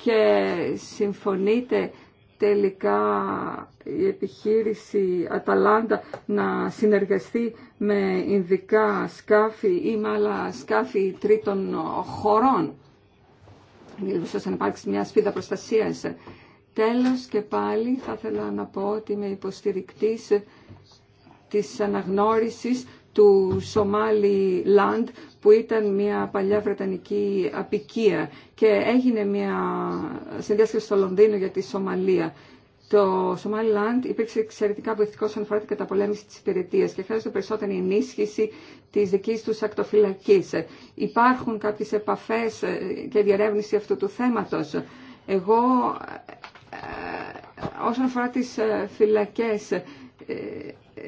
Και συμφωνείτε τελικά η επιχείρηση Αταλάντα να συνεργαστεί με ειδικά σκάφη ή με άλλα σκάφη τρίτων χωρών. Μιλούσα να υπάρξει μια σπίδα προστασίας Τέλος και πάλι θα ήθελα να πω ότι είμαι υποστηρικτής της αναγνώρισης του Σομάλι Λαντ που ήταν μια παλιά βρετανική απικία και έγινε μια συνδιάσκεψη στο Λονδίνο για τη Σομαλία. Το Σομάλι Λαντ υπήρξε εξαιρετικά βοηθητικό όσον αφορά την καταπολέμηση τη υπηρετία και χρειάζεται περισσότερη ενίσχυση τη δική του ακτοφυλακή. Υπάρχουν κάποιε επαφέ και διερεύνηση αυτού του θέματο. Εγώ ε, όσον αφορά τις ε, φυλακές, ε,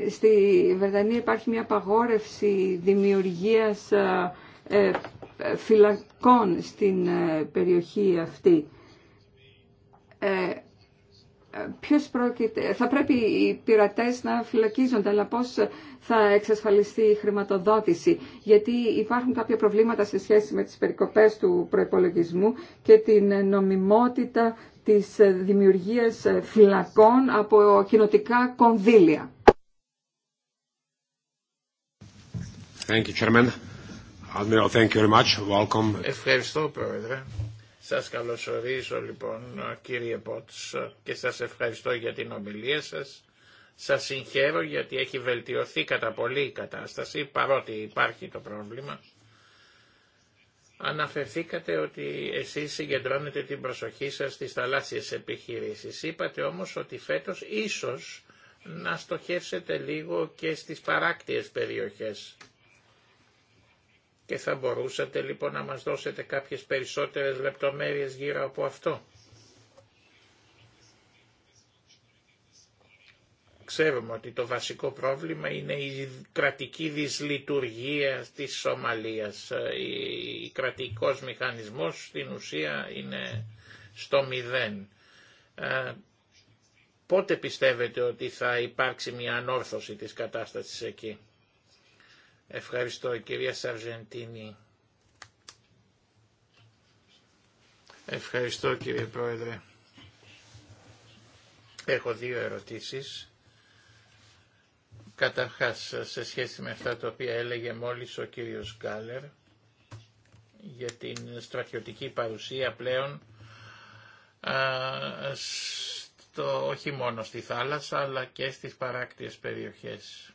στη Βρετανία υπάρχει μια απαγόρευση δημιουργίας φυλακών στην περιοχή αυτή. Ποιος πρόκειται, θα πρέπει οι πειρατές να φυλακίζονται, αλλά πώς θα εξασφαλιστεί η χρηματοδότηση. Γιατί υπάρχουν κάποια προβλήματα σε σχέση με τις περικοπές του προϋπολογισμού και την νομιμότητα της δημιουργίας φυλακών από κοινοτικά κονδύλια. Ευχαριστώ, Πρόεδρε. Σας καλωσορίζω, λοιπόν, κύριε Πότς, και σας ευχαριστώ για την ομιλία σας. Σας συγχαίρω γιατί έχει βελτιωθεί κατά πολύ η κατάσταση, παρότι υπάρχει το πρόβλημα. Αναφερθήκατε ότι εσείς συγκεντρώνετε την προσοχή σας στις θαλάσσιες επιχειρήσεις. Είπατε όμως ότι φέτος ίσως να στοχεύσετε λίγο και στις παράκτιες περιοχές. Και θα μπορούσατε λοιπόν να μας δώσετε κάποιες περισσότερες λεπτομέρειες γύρω από αυτό. Ξέρουμε ότι το βασικό πρόβλημα είναι η κρατική δυσλειτουργία της Σομαλίας. Ο ε, κρατικός μηχανισμός στην ουσία είναι στο μηδέν. Ε, πότε πιστεύετε ότι θα υπάρξει μια ανόρθωση της κατάστασης εκεί. Ευχαριστώ κυρία Σαρζεντίνη. Ευχαριστώ κύριε Πρόεδρε. Έχω δύο ερωτήσεις. Καταρχάς, σε σχέση με αυτά τα οποία έλεγε μόλις ο κύριος Γκάλερ για την στρατιωτική παρουσία πλέον α, στο, όχι μόνο στη θάλασσα αλλά και στις παράκτιες περιοχές.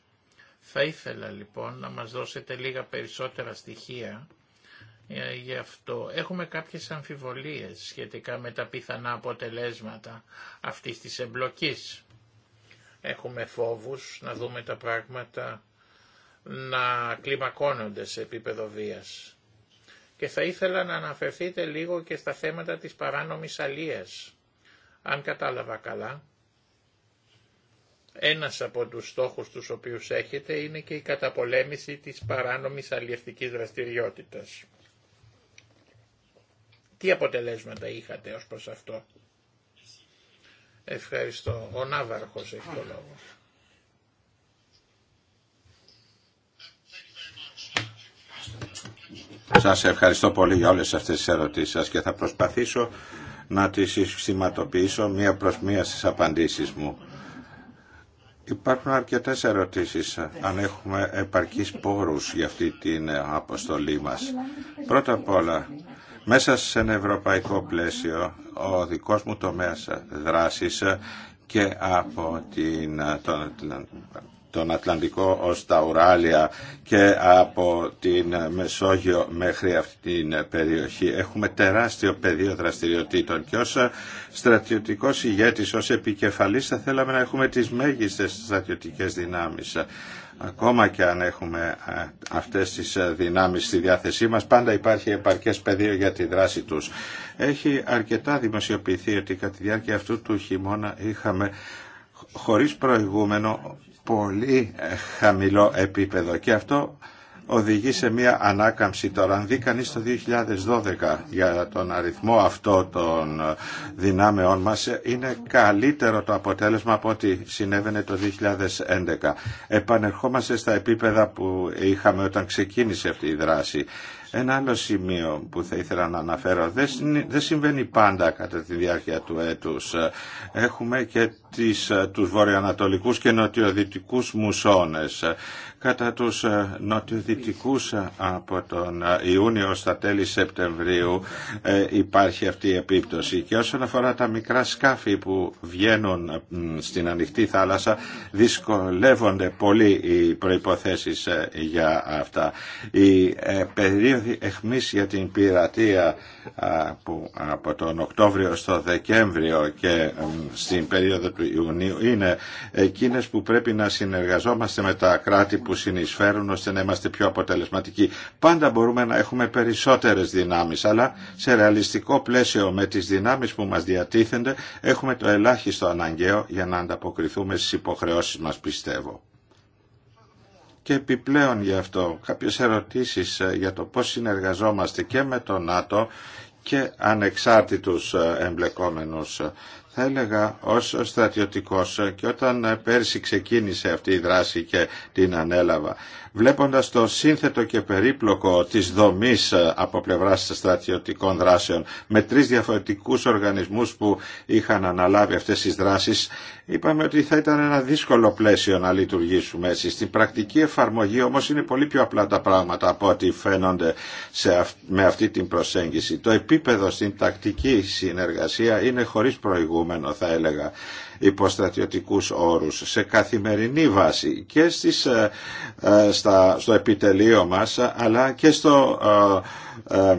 Θα ήθελα λοιπόν να μας δώσετε λίγα περισσότερα στοιχεία ε, γι' αυτό. Έχουμε κάποιες αμφιβολίες σχετικά με τα πιθανά αποτελέσματα αυτής της εμπλοκής. Έχουμε φόβους να δούμε τα πράγματα να κλιμακώνονται σε επίπεδο βίας. Και θα ήθελα να αναφερθείτε λίγο και στα θέματα της παράνομης αλίας. Αν κατάλαβα καλά, ένας από τους στόχους τους οποίους έχετε είναι και η καταπολέμηση της παράνομης αλλιευτικής δραστηριότητας. Τι αποτελέσματα είχατε ως προς αυτό. Ευχαριστώ. Ο Ναύαρχος έχει το λόγο. Σας ευχαριστώ πολύ για όλες αυτές τις ερωτήσεις σας και θα προσπαθήσω να τις συστηματοποιήσω μία προς μία στις απαντήσεις μου. Υπάρχουν αρκετές ερωτήσεις αν έχουμε επαρκείς πόρους για αυτή την αποστολή μας. Πρώτα απ' όλα, μέσα σε ένα ευρωπαϊκό πλαίσιο, ο δικός μου τομέας δράσης και από την, τον, τον Ατλαντικό ως τα Ουράλια και από την Μεσόγειο μέχρι αυτή την περιοχή. Έχουμε τεράστιο πεδίο δραστηριοτήτων και ως στρατιωτικός ηγέτης, ως επικεφαλής θα θέλαμε να έχουμε τις μέγιστες στρατιωτικές δυνάμεις. Ακόμα και αν έχουμε ε, αυτές τις ε, δυνάμεις στη διάθεσή μας, πάντα υπάρχει επαρκές πεδίο για τη δράση τους. Έχει αρκετά δημοσιοποιηθεί ότι κατά τη διάρκεια αυτού του χειμώνα είχαμε χωρίς προηγούμενο πολύ ε, χαμηλό επίπεδο και αυτό οδηγεί σε μια ανάκαμψη τώρα. Αν δει κανείς το 2012 για τον αριθμό αυτό των δυνάμεών μας είναι καλύτερο το αποτέλεσμα από ό,τι συνέβαινε το 2011. Επανερχόμαστε στα επίπεδα που είχαμε όταν ξεκίνησε αυτή η δράση. Ένα άλλο σημείο που θα ήθελα να αναφέρω, δεν συμβαίνει πάντα κατά τη διάρκεια του έτους. Έχουμε και τις, ε, τους βορειοανατολικούς και νοτιοδυτικούς μουσώνες. Ε, κατά τους ε, νοτιοδυτικούς από τον Ιούνιο στα τέλη Σεπτεμβρίου υπάρχει αυτή η επίπτωση. Και όσον αφορά τα μικρά σκάφη που βγαίνουν στην ανοιχτή θάλασσα δυσκολεύονται πολύ οι προϋποθέσεις για αυτά. Η περίοδη εχμής για την πειρατεία που από τον Οκτώβριο στο Δεκέμβριο και στην περίοδο του Ιουνίου είναι εκείνες που πρέπει να συνεργαζόμαστε με τα κράτη που συνεισφέρουν ώστε να είμαστε πιο αποτελεσματικοί. Πάντα μπορούμε να έχουμε περισσότερες δυνάμεις αλλά σε ρεαλιστικό πλαίσιο με τις δυνάμεις που μας διατίθενται έχουμε το ελάχιστο αναγκαίο για να ανταποκριθούμε στις υποχρεώσεις μας πιστεύω και επιπλέον γι' αυτό κάποιες ερωτήσεις ε, για το πώς συνεργαζόμαστε και με το ΝΑΤΟ και ανεξάρτητους ε, εμπλεκόμενους. Θα έλεγα ως στρατιωτικός ε, και όταν πέρσι ξεκίνησε αυτή η δράση και την ανέλαβα βλέποντας το σύνθετο και περίπλοκο της δομής ε, από πλευράς στρατιωτικών δράσεων με τρεις διαφορετικούς οργανισμούς που είχαν αναλάβει αυτές τις δράσεις είπαμε ότι θα ήταν ένα δύσκολο πλαίσιο να λειτουργήσουμε έτσι. Στην πρακτική εφαρμογή όμως είναι πολύ πιο απλά τα πράγματα από ό,τι φαίνονται σε με αυτή την προσέγγιση. Το επίπεδο στην τακτική συνεργασία είναι χωρίς προηγούμενο θα έλεγα υποστατιωτικούς όρους σε καθημερινή βάση και στις, ε, ε, στα, στο επιτελείο μας αλλά και στο ε, ε,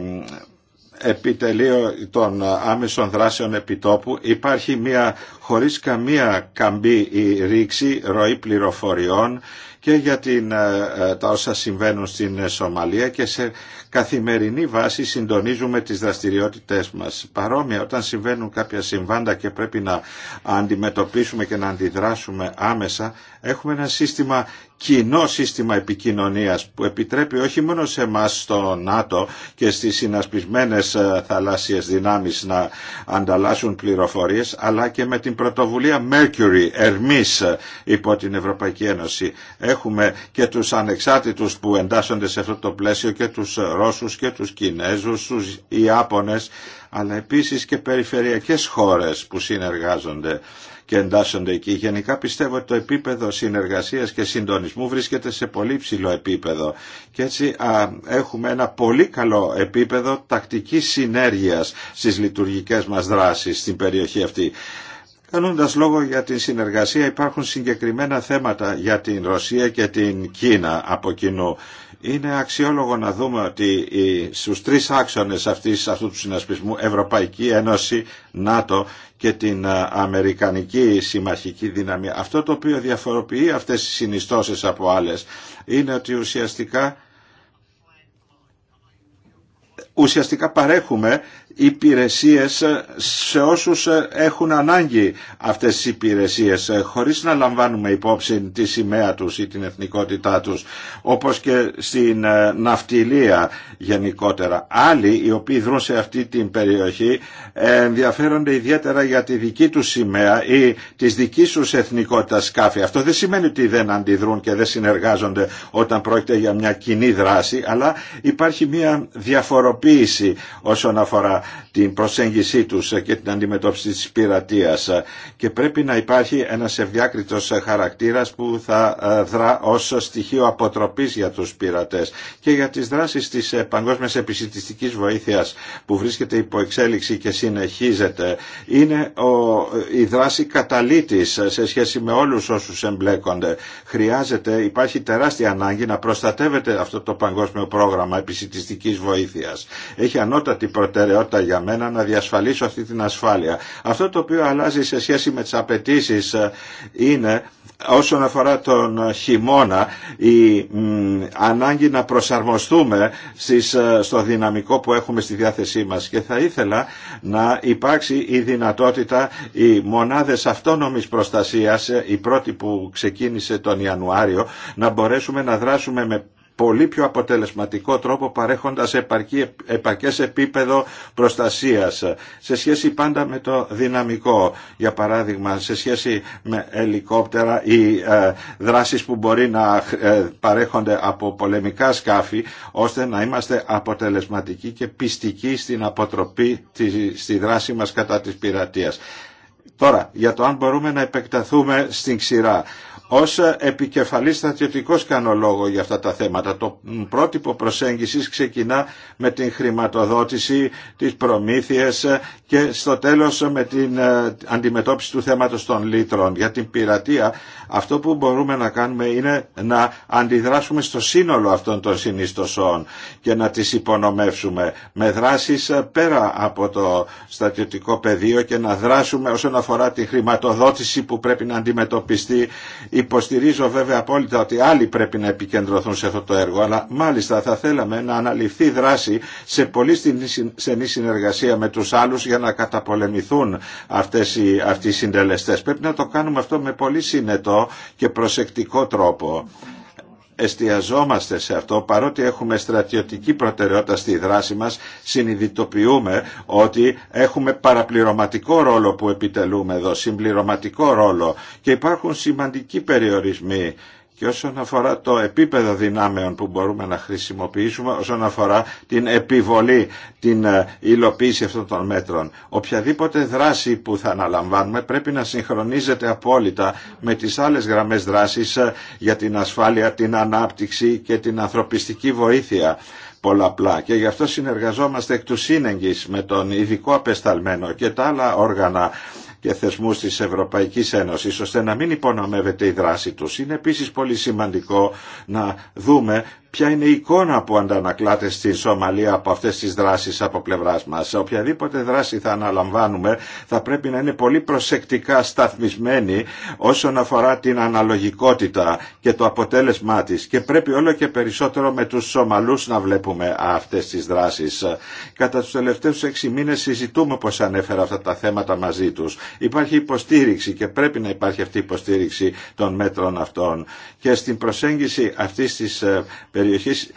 επιτελείο των άμεσων δράσεων επιτόπου υπάρχει μια χωρίς καμία καμπή ή ρήξη ροή πληροφοριών και για την, ε, ε, τα όσα συμβαίνουν στην Σομαλία και σε καθημερινή βάση συντονίζουμε τις δραστηριότητες μας. Παρόμοια όταν συμβαίνουν κάποια συμβάντα και πρέπει να αντιμετωπίσουμε και να αντιδράσουμε άμεσα έχουμε ένα σύστημα κοινό σύστημα επικοινωνίας που επιτρέπει όχι μόνο σε εμά στο ΝΑΤΟ και στις συνασπισμένες ε, θαλάσσιες δυνάμεις να ανταλλάσσουν πληροφορίες αλλά και με την πρωτοβουλία Mercury, Ερμής υπό την Ευρωπαϊκή Ένωση. Έχουμε και τους ανεξάρτητους που εντάσσονται σε αυτό το πλαίσιο και τους Ρώσους και τους Κινέζους, τους Ιάπωνες αλλά επίσης και περιφερειακές χώρες που συνεργάζονται και εντάσσονται εκεί. Γενικά πιστεύω ότι το επίπεδο συνεργασίας και συντονισμού βρίσκεται σε πολύ ψηλό επίπεδο και έτσι α, έχουμε ένα πολύ καλό επίπεδο τακτικής συνέργειας στις λειτουργικές μας δράσεις στην περιοχή αυτή. Κάνοντας λόγο για την συνεργασία υπάρχουν συγκεκριμένα θέματα για την Ρωσία και την Κίνα από κοινού είναι αξιόλογο να δούμε ότι στους τρεις άξονες αυτού του συνασπισμού Ευρωπαϊκή Ένωση, ΝΑΤΟ και την Αμερικανική Συμμαχική Δύναμη αυτό το οποίο διαφοροποιεί αυτές τις συνιστώσεις από άλλες είναι ότι ουσιαστικά ουσιαστικά παρέχουμε υπηρεσίες σε όσους έχουν ανάγκη αυτές τις υπηρεσίες χωρίς να λαμβάνουμε υπόψη τη σημαία τους ή την εθνικότητά τους όπως και στην ε, ναυτιλία γενικότερα. Άλλοι οι οποίοι δρούν σε αυτή την περιοχή ε, ενδιαφέρονται ιδιαίτερα για τη δική τους σημαία ή της δικής τους εθνικότητας σκάφη. Αυτό δεν σημαίνει ότι δεν αντιδρούν και δεν συνεργάζονται όταν πρόκειται για μια κοινή δράση αλλά υπάρχει μια διαφοροποίηση όσον αφορά την προσέγγιση του και την αντιμετώπιση της πειρατείας. Και πρέπει να υπάρχει ένας ευδιάκριτος χαρακτήρας που θα ε, δρά ως στοιχείο αποτροπής για τους πειρατές και για τις δράσεις της ε, παγκόσμιας επισητιστικής βοήθειας που βρίσκεται υπό εξέλιξη και συνεχίζεται. Είναι η δράση καταλήτης σε σχέση με όλους όσους εμπλέκονται. Χρειάζεται, υπάρχει τεράστια ανάγκη να προστατεύεται αυτό το παγκόσμιο πρόγραμμα επισητιστικής βοήθειας. Έχει ανώτατη προτεραιότητα για μένα να διασφαλίσω αυτή την ασφάλεια. Αυτό το οποίο αλλάζει σε σχέση με τις απαιτήσει ε, είναι όσον αφορά τον χειμώνα η ανάγκη να προσαρμοστούμε στις, ε, στο δυναμικό που έχουμε στη διάθεσή μας και θα ήθελα να υπάρξει η δυνατότητα οι μονάδες αυτόνομης προστασίας ε, η πρώτη που ξεκίνησε τον Ιανουάριο να μπορέσουμε να δράσουμε με πολύ πιο αποτελεσματικό τρόπο παρέχοντας επαρκή, επαρκές επίπεδο προστασίας σε σχέση πάντα με το δυναμικό για παράδειγμα σε σχέση με ελικόπτερα ή ε, δράσεις που μπορεί να ε, παρέχονται από πολεμικά σκάφη ώστε να είμαστε αποτελεσματικοί και πιστικοί στην αποτροπή τη, στη δράση μας κατά της πειρατείας. Τώρα, για το αν μπορούμε να επεκταθούμε στην ξηρά ως ε, επικεφαλής στρατιωτικός κάνω για αυτά τα θέματα. Το πρότυπο προσέγγισης ξεκινά με την χρηματοδότηση, τις προμήθειες ε, και στο τέλος με την ε, αντιμετώπιση του θέματος των λύτρων. Για την πειρατεία αυτό που μπορούμε να κάνουμε είναι να αντιδράσουμε στο σύνολο αυτών των συνιστοσών και να τις υπονομεύσουμε με δράσεις πέρα από το στρατιωτικό πεδίο και να δράσουμε όσον αφορά τη χρηματοδότηση που πρέπει να αντιμετωπιστεί Υποστηρίζω βέβαια απόλυτα ότι άλλοι πρέπει να επικεντρωθούν σε αυτό το έργο, αλλά μάλιστα θα θέλαμε να αναλυφθεί δράση σε πολύ στενή συνεργασία με τους άλλους για να καταπολεμηθούν αυτές οι, αυτοί οι συντελεστές. Πρέπει να το κάνουμε αυτό με πολύ συνετό και προσεκτικό τρόπο εστιαζόμαστε σε αυτό παρότι έχουμε στρατιωτική προτεραιότητα στη δράση μας συνειδητοποιούμε ότι έχουμε παραπληρωματικό ρόλο που επιτελούμε εδώ συμπληρωματικό ρόλο και υπάρχουν σημαντικοί περιορισμοί και όσον αφορά το επίπεδο δυνάμεων που μπορούμε να χρησιμοποιήσουμε όσον αφορά την επιβολή, την ε, υλοποίηση αυτών των μέτρων. Οποιαδήποτε δράση που θα αναλαμβάνουμε πρέπει να συγχρονίζεται απόλυτα με τις άλλες γραμμές δράσης ε, για την ασφάλεια, την ανάπτυξη και την ανθρωπιστική βοήθεια πολλαπλά και γι' αυτό συνεργαζόμαστε εκ του σύνεγγυς με τον ειδικό απεσταλμένο και τα άλλα όργανα και θεσμούς της Ευρωπαϊκής Ένωσης ώστε να μην υπονομεύεται η δράση τους. Είναι επίσης πολύ σημαντικό να δούμε ποια είναι η εικόνα που αντανακλάται στη Σομαλία από αυτές τις δράσεις από πλευράς μας. οποιαδήποτε δράση θα αναλαμβάνουμε θα πρέπει να είναι πολύ προσεκτικά σταθμισμένη όσον αφορά την αναλογικότητα και το αποτέλεσμά της και πρέπει όλο και περισσότερο με τους Σομαλούς να βλέπουμε αυτές τις δράσεις. Κατά τους τελευταίους έξι μήνες συζητούμε πως ανέφερα αυτά τα θέματα μαζί τους. Υπάρχει υποστήριξη και πρέπει να υπάρχει αυτή η υποστήριξη των μέτρων αυτών. Και στην προσέγγιση αυτής της ε, περιοχής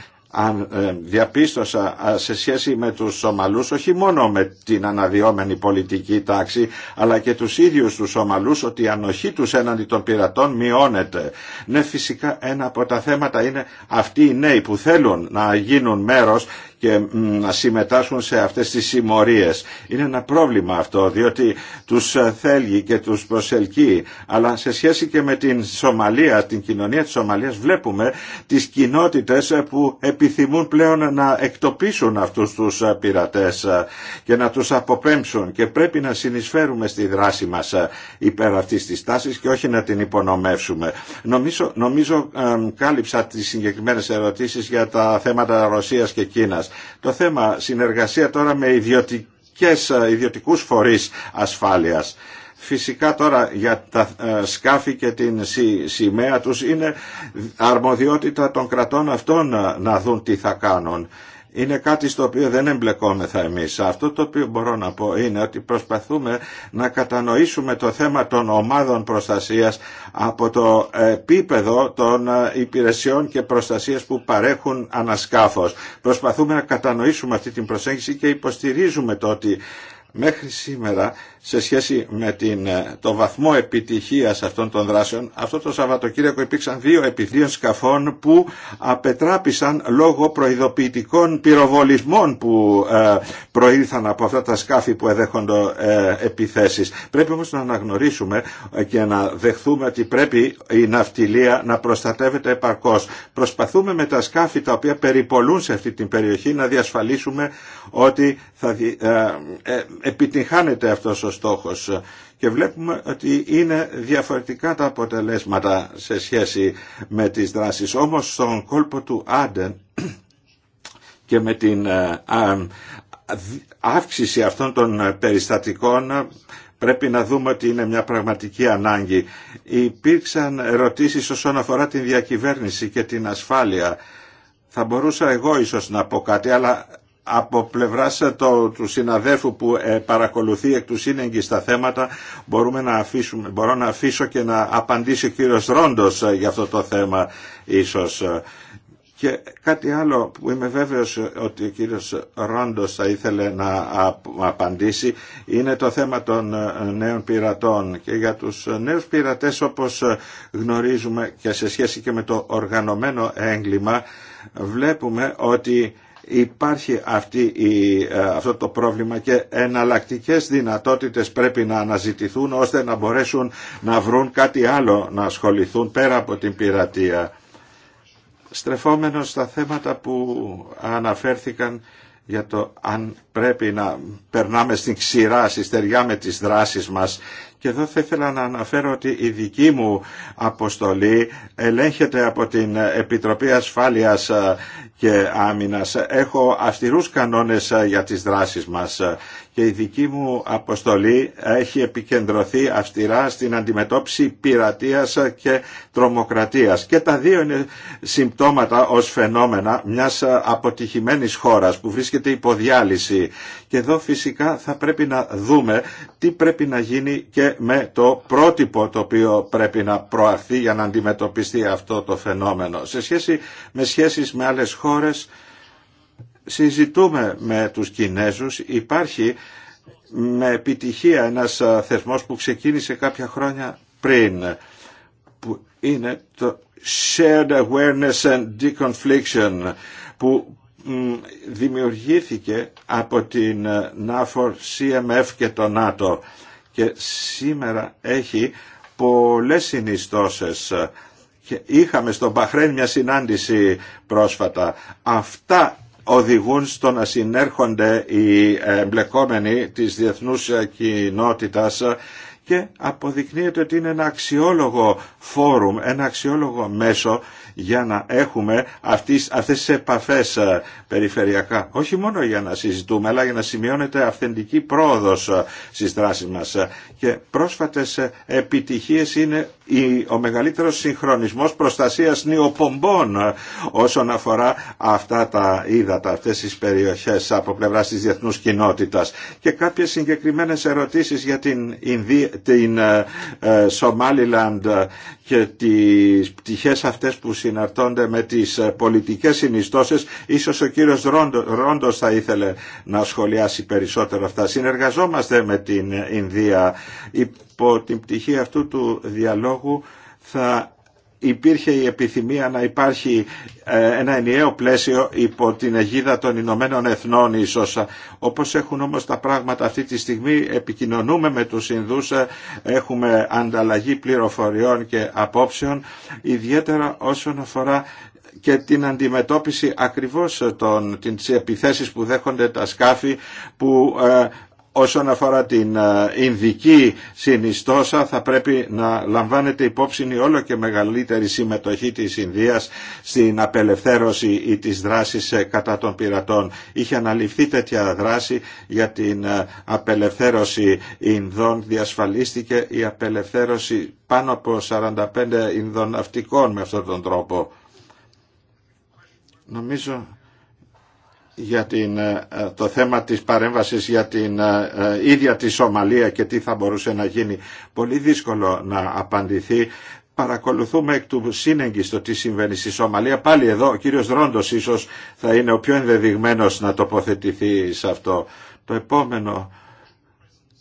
ε, διαπίστωσα σε σχέση με τους Σομαλούς όχι μόνο με την αναδυόμενη πολιτική τάξη αλλά και τους ίδιους τους Σομαλούς ότι η ανοχή τους έναντι των πειρατών μειώνεται. Ναι φυσικά ένα από τα θέματα είναι αυτοί οι νέοι που θέλουν να γίνουν μέρος και να συμμετάσχουν σε αυτές τις συμμορίες. Είναι ένα πρόβλημα αυτό διότι τους ε, θέλει και τους προσελκύει αλλά σε σχέση και με την Σομαλία, την κοινωνία της Σομαλίας βλέπουμε τις κοινότητες ε, που επιθυμούν πλέον να εκτοπίσουν αυτούς τους ε, πειρατές και να τους αποπέμψουν και πρέπει να συνεισφέρουμε στη δράση μας υπέρ αυτής της τάσης και όχι να την υπονομεύσουμε. Νομίζω, νομίζω κάλυψα τις συγκεκριμένες ερωτήσεις για τα θέματα Ρωσίας και Κίνας. Το θέμα συνεργασία τώρα με ιδιωτικές, ε, ιδιωτικούς φορείς ασφάλειας. Φυσικά τώρα για τα ε, σκάφη και την σημαία τους είναι αρμοδιότητα των κρατών αυτών ε, να δουν τι θα κάνουν είναι κάτι στο οποίο δεν εμπλεκόμεθα εμείς. Αυτό το οποίο μπορώ να πω είναι ότι προσπαθούμε να κατανοήσουμε το θέμα των ομάδων προστασίας από το επίπεδο των υπηρεσιών και προστασίας που παρέχουν ανασκάφος. Προσπαθούμε να κατανοήσουμε αυτή την προσέγγιση και υποστηρίζουμε το ότι μέχρι σήμερα σε σχέση με την, ε, το βαθμό επιτυχίας αυτών των δράσεων, αυτό το Σαββατοκύριακο υπήρξαν δύο επιδίων σκαφών που απετράπησαν λόγω προειδοποιητικών πυροβολισμών που ε, προήλθαν από αυτά τα σκάφη που εδέχονται ε, επιθέσεις. Πρέπει όμως να αναγνωρίσουμε ε, και να δεχθούμε ότι πρέπει η ναυτιλία να προστατεύεται επαρκώς. Προσπαθούμε με τα σκάφη τα οποία περιπολούν σε αυτή την περιοχή να διασφαλίσουμε ότι θα ε, ε, επιτυγχάνεται αυτός ο στόχος και βλέπουμε ότι είναι διαφορετικά τα αποτελέσματα σε σχέση με τις δράσεις. Όμως στον κόλπο του Άντεν και με την ε, αύξηση αυτών των περιστατικών πρέπει να δούμε ότι είναι μια πραγματική ανάγκη. Υπήρξαν ερωτήσεις όσον αφορά την διακυβέρνηση και την ασφάλεια. Θα μπορούσα εγώ ίσως να πω κάτι, αλλά από πλευρά ε, το, του συναδέλφου που ε, παρακολουθεί εκ του σύνεγγυ στα θέματα μπορούμε να αφήσουμε, μπορώ να αφήσω και να απαντήσει ο κύριος Ρόντος ε, για αυτό το θέμα ίσως. Και κάτι άλλο που είμαι βέβαιος ότι ο κύριος Ρόντος θα ήθελε να απαντήσει είναι το θέμα των νέων πειρατών και για τους νέους πειρατές όπως γνωρίζουμε και σε σχέση και με το οργανωμένο έγκλημα βλέπουμε ότι υπάρχει αυτή ε, αυτό το πρόβλημα και εναλλακτικές δυνατότητες πρέπει να αναζητηθούν ώστε να μπορέσουν να βρουν κάτι άλλο να ασχοληθούν πέρα από την πειρατεία. Στρεφόμενος στα θέματα που αναφέρθηκαν για το αν πρέπει να περνάμε στην ξηρά, στη στεριά με τις δράσεις μας και εδώ θα ήθελα να αναφέρω ότι η δική μου αποστολή ελέγχεται από την Επιτροπή Ασφάλειας ε, και Άμυνας. Έχω αυστηρούς κανόνες ε, για τις δράσεις μας και η δική μου αποστολή έχει επικεντρωθεί αυστηρά στην αντιμετώπιση πειρατείας και τρομοκρατίας. Και τα δύο είναι συμπτώματα ως φαινόμενα μιας ε, αποτυχημένης χώρας που βρίσκεται υπό Και εδώ φυσικά θα πρέπει να δούμε τι πρέπει να γίνει και με το πρότυπο το οποίο πρέπει να προαρθεί για να αντιμετωπιστεί αυτό το φαινόμενο. Σε σχέση με σχέσεις με άλλες χώρες συζητούμε με τους Κινέζους, υπάρχει με επιτυχία ένας θεσμός που ξεκίνησε κάποια χρόνια πριν που είναι το Shared Awareness and Deconfliction που δημιουργήθηκε από την NAFOR, CMF και το ΝΑΤΟ και σήμερα έχει πολλές συνιστώσεις και είχαμε στον Παχρέν μια συνάντηση πρόσφατα. Αυτά οδηγούν στο να συνέρχονται οι εμπλεκόμενοι της διεθνούς κοινότητας και αποδεικνύεται ότι είναι ένα αξιόλογο φόρουμ, ένα αξιόλογο μέσο για να έχουμε αυτές, αυτές τις επαφές ε, περιφερειακά. Όχι μόνο για να συζητούμε, αλλά για να σημειώνεται αυθεντική πρόοδος ε, στις δράσεις μας. Ε, και πρόσφατες επιτυχίες είναι ο μεγαλύτερος συγχρονισμός προστασίας νιοπομπών όσον αφορά αυτά τα ύδατα, αυτές τις περιοχές από πλευρά της διεθνούς κοινότητας. Και κάποιες συγκεκριμένες ερωτήσεις για την, Ινδία, την ε, ε, Σομάλιλαντ και τις πτυχές αυτές που συναρτώνται με τις ε, πολιτικές συνιστώσεις. Ίσως ο κύριος Ρόντος θα ήθελε να σχολιάσει περισσότερο αυτά. Συνεργαζόμαστε με την Ινδία υπό την πτυχή αυτού του διαλόγου θα υπήρχε η επιθυμία να υπάρχει ε, ένα ενιαίο πλαίσιο υπό την αιγίδα των Ηνωμένων Εθνών ίσως. Όπως έχουν όμως τα πράγματα αυτή τη στιγμή επικοινωνούμε με τους Ινδούς, ε, έχουμε ανταλλαγή πληροφοριών και απόψεων, ιδιαίτερα όσον αφορά και την αντιμετώπιση ακριβώς των, της επιθέσεις που δέχονται τα σκάφη που ε, όσον αφορά την ε, Ινδική συνιστόσα θα πρέπει να λαμβάνεται υπόψη η όλο και μεγαλύτερη συμμετοχή της Ινδίας στην απελευθέρωση ή της δράσης ε, κατά των πειρατών. Είχε αναλυφθεί τέτοια δράση για την ε, απελευθέρωση Ινδών, διασφαλίστηκε η απελευθέρωση πάνω από 45 Ινδών ναυτικών με αυτόν τον τρόπο. Νομίζω για την, ε, ε, το θέμα της παρέμβασης για την ε, ίδια τη Σομαλία και τι θα μπορούσε να γίνει. Πολύ δύσκολο να απαντηθεί. Παρακολουθούμε εκ του σύνεγγιστο τι συμβαίνει στη Σομαλία. Πάλι εδώ ο κύριος Ρόντος ίσως θα είναι ο πιο ενδεδειγμένος να τοποθετηθεί σε αυτό. Το επόμενο...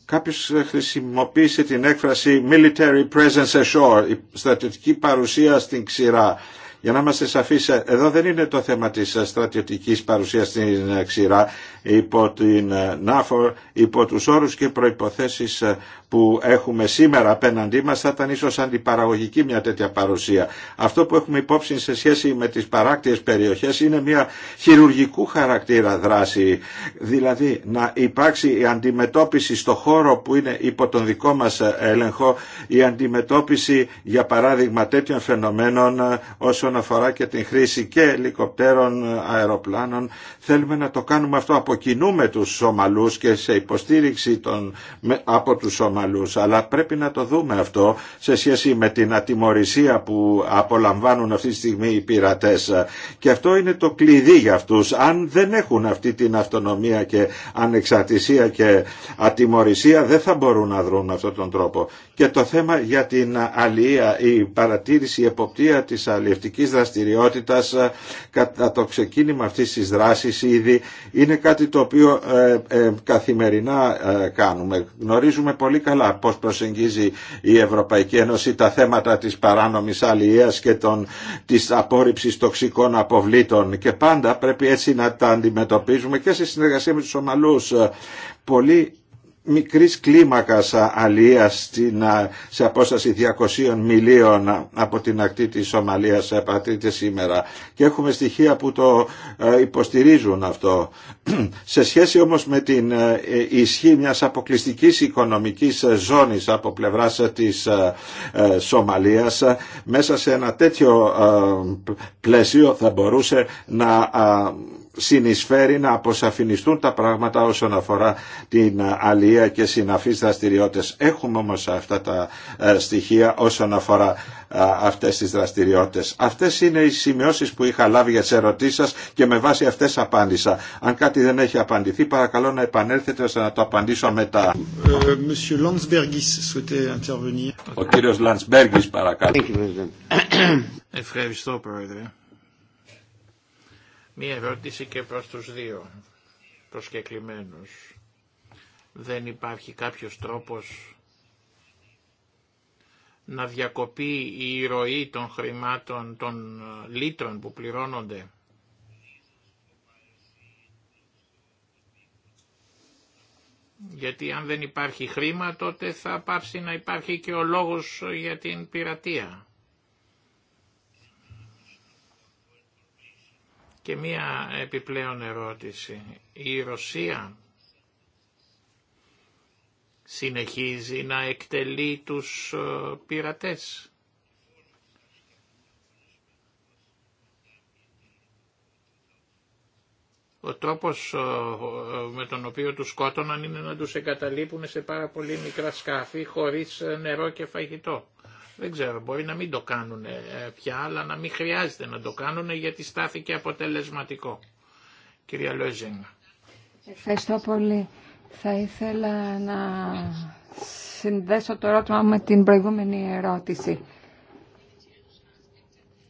Κάποιος χρησιμοποίησε την έκφραση military presence ashore, η στρατιωτική παρουσία στην ξηρά. Για να είμαστε σαφείς, ε, εδώ δεν είναι το θέμα της ε, στρατιωτικής παρουσίας στην ε, ξηρά υπό την ΝΑΦΟ, υπό τους όρους και προϋποθέσεις που έχουμε σήμερα απέναντί μας θα ήταν ίσως αντιπαραγωγική μια τέτοια παρουσία. Αυτό που έχουμε υπόψη σε σχέση με τις παράκτιες περιοχές είναι μια χειρουργικού χαρακτήρα δράση. Δηλαδή να υπάρξει η αντιμετώπιση στο χώρο που είναι υπό τον δικό μας έλεγχο, η αντιμετώπιση για παράδειγμα τέτοιων φαινομένων όσο όσον αφορά και την χρήση και ελικοπτέρων αεροπλάνων. Θέλουμε να το κάνουμε αυτό Αποκινούμε τους Σομαλούς και σε υποστήριξη των, από τους Σομαλούς. Αλλά πρέπει να το δούμε αυτό σε σχέση με την ατιμορρησία που απολαμβάνουν αυτή τη στιγμή οι πειρατές. Και αυτό είναι το κλειδί για αυτούς. Αν δεν έχουν αυτή την αυτονομία και ανεξαρτησία και ατιμορρησία δεν θα μπορούν να δρουν αυτόν τον τρόπο. Και το θέμα για την αλληλεία, η παρατήρηση, η εποπτεία της αλληλευτικής η δραστηριότητας ε, κατά το ξεκίνημα αυτής της δράσης ήδη είναι κάτι το οποίο ε, ε, καθημερινά κάνουμε. Γνωρίζουμε πολύ καλά πώς προσεγγίζει η Ευρωπαϊκή Ένωση τα θέματα της παράνομης αλληλείας και των, της απόρριψης τοξικών αποβλήτων και πάντα πρέπει έτσι να τα αντιμετωπίζουμε και σε συνεργασία με τους Ομαλούς. Πολύ μικρής κλίμακας αλίας σε απόσταση 200 μιλίων από την ακτή της Σομαλίας ε, πατρίτες σήμερα και έχουμε στοιχεία που το ε, υποστηρίζουν αυτό. Σε σχέση όμως με την ε, ισχύ μιας αποκλειστικής οικονομικής ζώνης από πλευράς της Σομαλίας μέσα σε ένα τέτοιο πλαίσιο θα μπορούσε να συνεισφέρει να αποσαφινιστούν τα πράγματα όσον αφορά την αλληλεία και συναφείς δραστηριότητες. Έχουμε όμως αυτά τα ε, στοιχεία όσον αφορά ε, αυτές τις δραστηριότητες. Αυτές είναι οι σημειώσεις που είχα λάβει για τις ερωτήσεις σας και με βάση αυτές απάντησα. Αν κάτι δεν έχει απαντηθεί παρακαλώ να επανέλθετε ώστε να το απαντήσω μετά. Ε, Ο κύριος παρακαλώ. Ευχαριστώ πρόεδρε. Μία ερώτηση και προς τους δύο προσκεκλημένους. Δεν υπάρχει κάποιος τρόπος να διακοπεί η ροή των χρημάτων, των ε, λίτρων που πληρώνονται. Γιατί αν δεν υπάρχει χρήμα τότε θα πάψει να υπάρχει και ο λόγος ε, για την πειρατεία. Και μία επιπλέον ερώτηση. Η Ρωσία συνεχίζει να εκτελεί τους ε, πειρατές. Ο τρόπος ε, ε, με τον οποίο τους σκότωναν είναι να τους εγκαταλείπουν σε πάρα πολύ μικρά σκάφη χωρίς νερό και φαγητό. Δεν ξέρω, μπορεί να μην το κάνουν ε, πια, αλλά να μην χρειάζεται να το κάνουν γιατί στάθηκε αποτελεσματικό. Κυρία Θα Ευχαριστώ πολύ. Θα ήθελα να συνδέσω το ερώτημα με την προηγούμενη ερώτηση.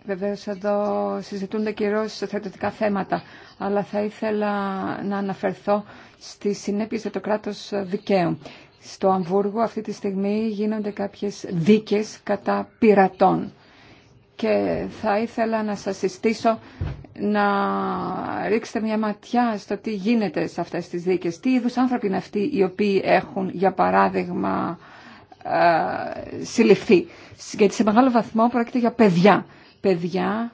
Βεβαίως εδώ συζητούνται κυρίως θετικά θέματα, αλλά θα ήθελα να αναφερθώ στις συνέπειες για το κράτος δικαίου. Στο Αμβούργο αυτή τη στιγμή γίνονται κάποιες δίκες κατά πειρατών και θα ήθελα να σας συστήσω να ρίξετε μια ματιά στο τι γίνεται σε αυτές τις δίκες. Τι είδους άνθρωποι είναι αυτοί οι οποίοι έχουν, για παράδειγμα, ε, συλληφθεί. Γιατί σε μεγάλο βαθμό πρόκειται για παιδιά. Παιδιά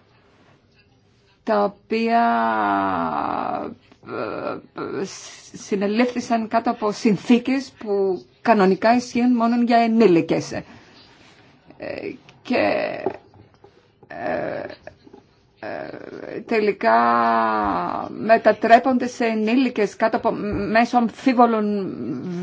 τα οποία συνελήφθησαν κάτω από συνθήκες που κανονικά ισχύουν μόνο για ενήλικες. Ε, και ε, ε, τελικά μετατρέπονται σε ενήλικες κάτω από μέσω αμφίβολων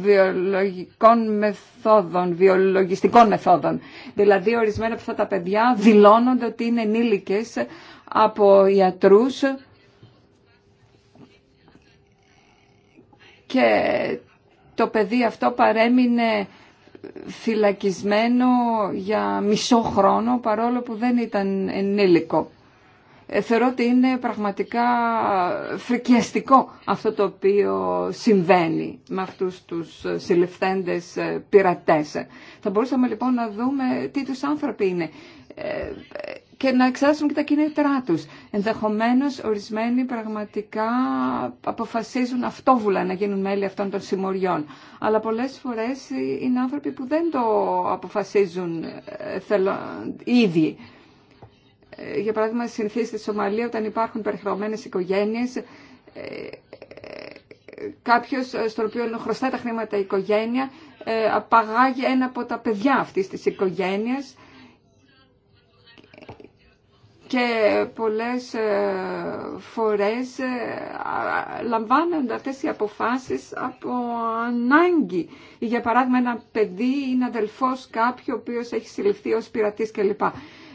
βιολογικών μεθόδων, βιολογιστικών μεθόδων. Δηλαδή ορισμένα από αυτά τα παιδιά δηλώνονται ότι είναι ενήλικες από ιατρούς και το παιδί αυτό παρέμεινε φυλακισμένο για μισό χρόνο παρόλο που δεν ήταν ενήλικο. Ε, θεωρώ ότι είναι πραγματικά φρικιαστικό αυτό το οποίο συμβαίνει με αυτούς τους ε, συλληφθέντες ε, πειρατές. Θα μπορούσαμε λοιπόν να δούμε τι τους άνθρωποι είναι και να εξάσουν και τα κίνητρά του. Ενδεχομένω, ορισμένοι πραγματικά αποφασίζουν αυτόβουλα να γίνουν μέλη αυτών των συμμοριών. Αλλά πολλές φορές είναι άνθρωποι που δεν το αποφασίζουν ε, ήδη. Ε, για παράδειγμα, συνθήκε στη Σομαλία όταν υπάρχουν περιχρωμένες οικογένειες, ε, κάποιο στον οποίο χρωστά τα χρήματα η οικογένεια, απαγάγει ένα από τα παιδιά αυτή τη οικογένεια και πολλές ε, φορές ε, λαμβάνονται αυτές οι αποφάσεις από ανάγκη. Για παράδειγμα ένα παιδί ή ένα αδελφός κάποιου ο οποίος έχει συλληφθεί ως πειρατής κλπ.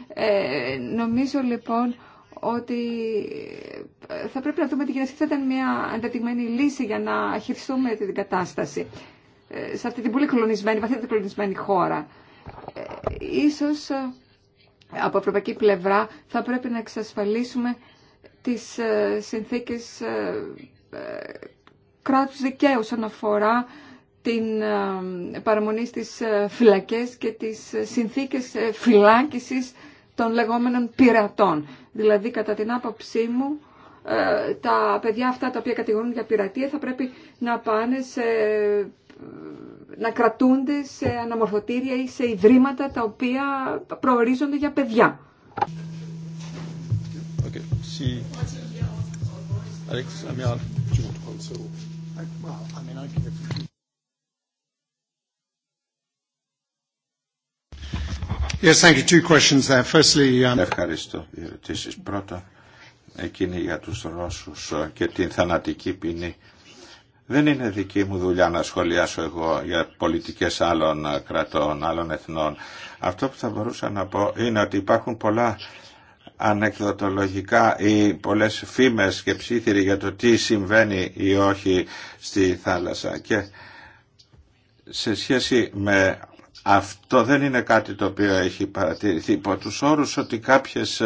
Ε, νομίζω λοιπόν ότι θα πρέπει να δούμε τι γίνεται. Θα ήταν μια εντατιγμένη λύση για να χειριστούμε την κατάσταση σε αυτή την πολύ κλονισμένη, βαθύτερα κλονισμένη χώρα. Ε, ίσως από ευρωπαϊκή πλευρά θα πρέπει να εξασφαλίσουμε τις ε, συνθήκες ε, ε, κράτους δικαίου όσον αφορά την παραμονή στις φυλακές και τις συνθήκες φυλάκισης των λεγόμενων πειρατών. Δηλαδή, κατά την άποψή μου, τα παιδιά αυτά τα οποία κατηγορούν για πειρατεία θα πρέπει να πάνε σε να κρατούνται σε αναμορφωτήρια ή σε ιδρύματα τα οποία προορίζονται για παιδιά. Okay. για Alex, um, Ευχαριστώ. ερωτήσεις πρώτα εκείνη για τους Ρώσους ε, και την θανατική ποινή. Δεν είναι δική μου δουλειά να σχολιάσω εγώ για πολιτικές άλλων κρατών, άλλων εθνών. Αυτό που θα μπορούσα να πω είναι ότι υπάρχουν πολλά ανεκδοτολογικά ή πολλές φήμες και ψήθυροι για το τι συμβαίνει ή όχι στη θάλασσα. Και σε σχέση με αυτό δεν είναι κάτι το οποίο έχει παρατηρηθεί υπό τους όρους ότι κάποιες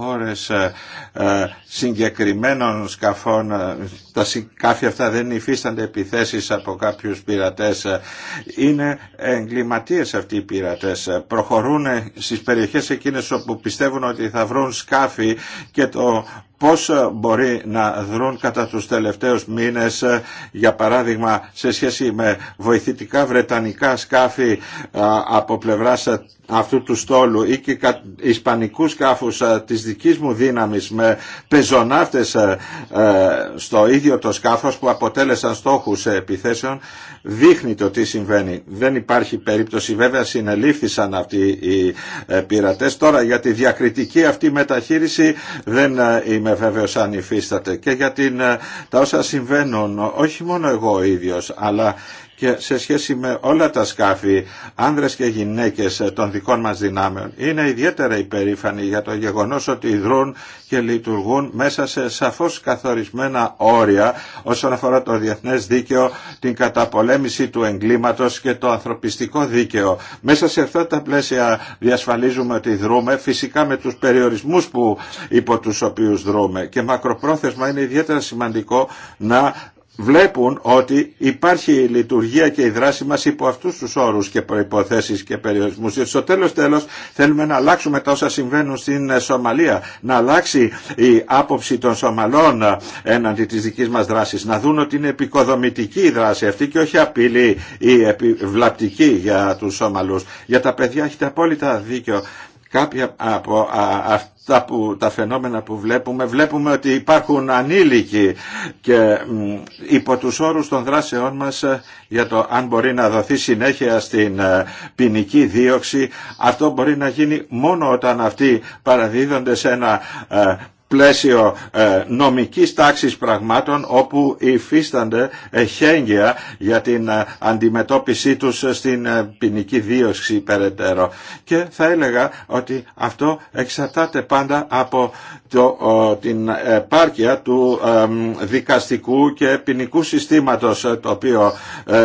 χώρες ε, ε, συγκεκριμένων σκαφών, ε, τα σκάφη αυτά δεν υφίστανται επιθέσεις από κάποιους πειρατές. Είναι εγκληματίες αυτοί οι πειρατές. Προχωρούν στις περιοχές εκείνες όπου πιστεύουν ότι θα βρουν σκάφη και το πώς ε, μπορεί να δρουν κατά τους τελευταίους μήνες ε, για παράδειγμα σε σχέση με βοηθητικά βρετανικά σκάφη ε, από πλευράς αυτού του στόλου ή και ισπανικούς σκάφους της δικής μου δύναμης με πεζοναύτες στο ίδιο το σκάφος που αποτέλεσαν στόχους επιθέσεων δείχνει το τι συμβαίνει. Δεν υπάρχει περίπτωση βέβαια συνελήφθησαν αυτοί οι πειρατές. Τώρα για διακριτική αυτή μεταχείριση δεν είμαι βέβαιος αν υφίσταται και για την, ε, τα όσα συμβαίνουν όχι μόνο εγώ ο ίδιος αλλά και σε σχέση με όλα τα σκάφη, άνδρες και γυναίκες των δικών μας δυνάμεων, είναι ιδιαίτερα υπερήφανοι για το γεγονός ότι δρούν και λειτουργούν μέσα σε σαφώς καθορισμένα όρια όσον αφορά το διεθνές δίκαιο, την καταπολέμηση του εγκλήματος και το ανθρωπιστικό δίκαιο. Μέσα σε αυτά τα πλαίσια διασφαλίζουμε ότι δρούμε, φυσικά με τους περιορισμούς που υπό τους οποίους δρούμε. Και μακροπρόθεσμα είναι ιδιαίτερα σημαντικό να βλέπουν ότι υπάρχει η λειτουργία και η δράση μας υπό αυτούς τους όρους και προϋποθέσεις και περιορισμούς. στο τέλος τέλος θέλουμε να αλλάξουμε τα όσα συμβαίνουν στην ε, Σομαλία, να αλλάξει η άποψη των Σομαλών ε, έναντι της δικής μας δράσης, να δουν ότι είναι επικοδομητική η δράση αυτή και όχι απειλή ή επιβλαπτική για τους Σομαλούς. Για τα παιδιά έχετε απόλυτα δίκιο. Κάποια από τα που, τα φαινόμενα που βλέπουμε, βλέπουμε ότι υπάρχουν ανήλικοι και υπό τους όρους των δράσεών μας ε, για το αν μπορεί να δοθεί συνέχεια στην ε, ποινική δίωξη, αυτό μπορεί να γίνει μόνο όταν αυτοί παραδίδονται σε ένα ε, πλαίσιο ε, νομικής τάξης πραγμάτων όπου υφίστανται εχέγγυα για την ε, αντιμετώπιση τους ε, στην ποινική δίωξη περαιτέρω. Και θα έλεγα ότι αυτό εξαρτάται πάντα από το, την επάρκεια του δικαστικού και ποινικού συστήματος το οποίο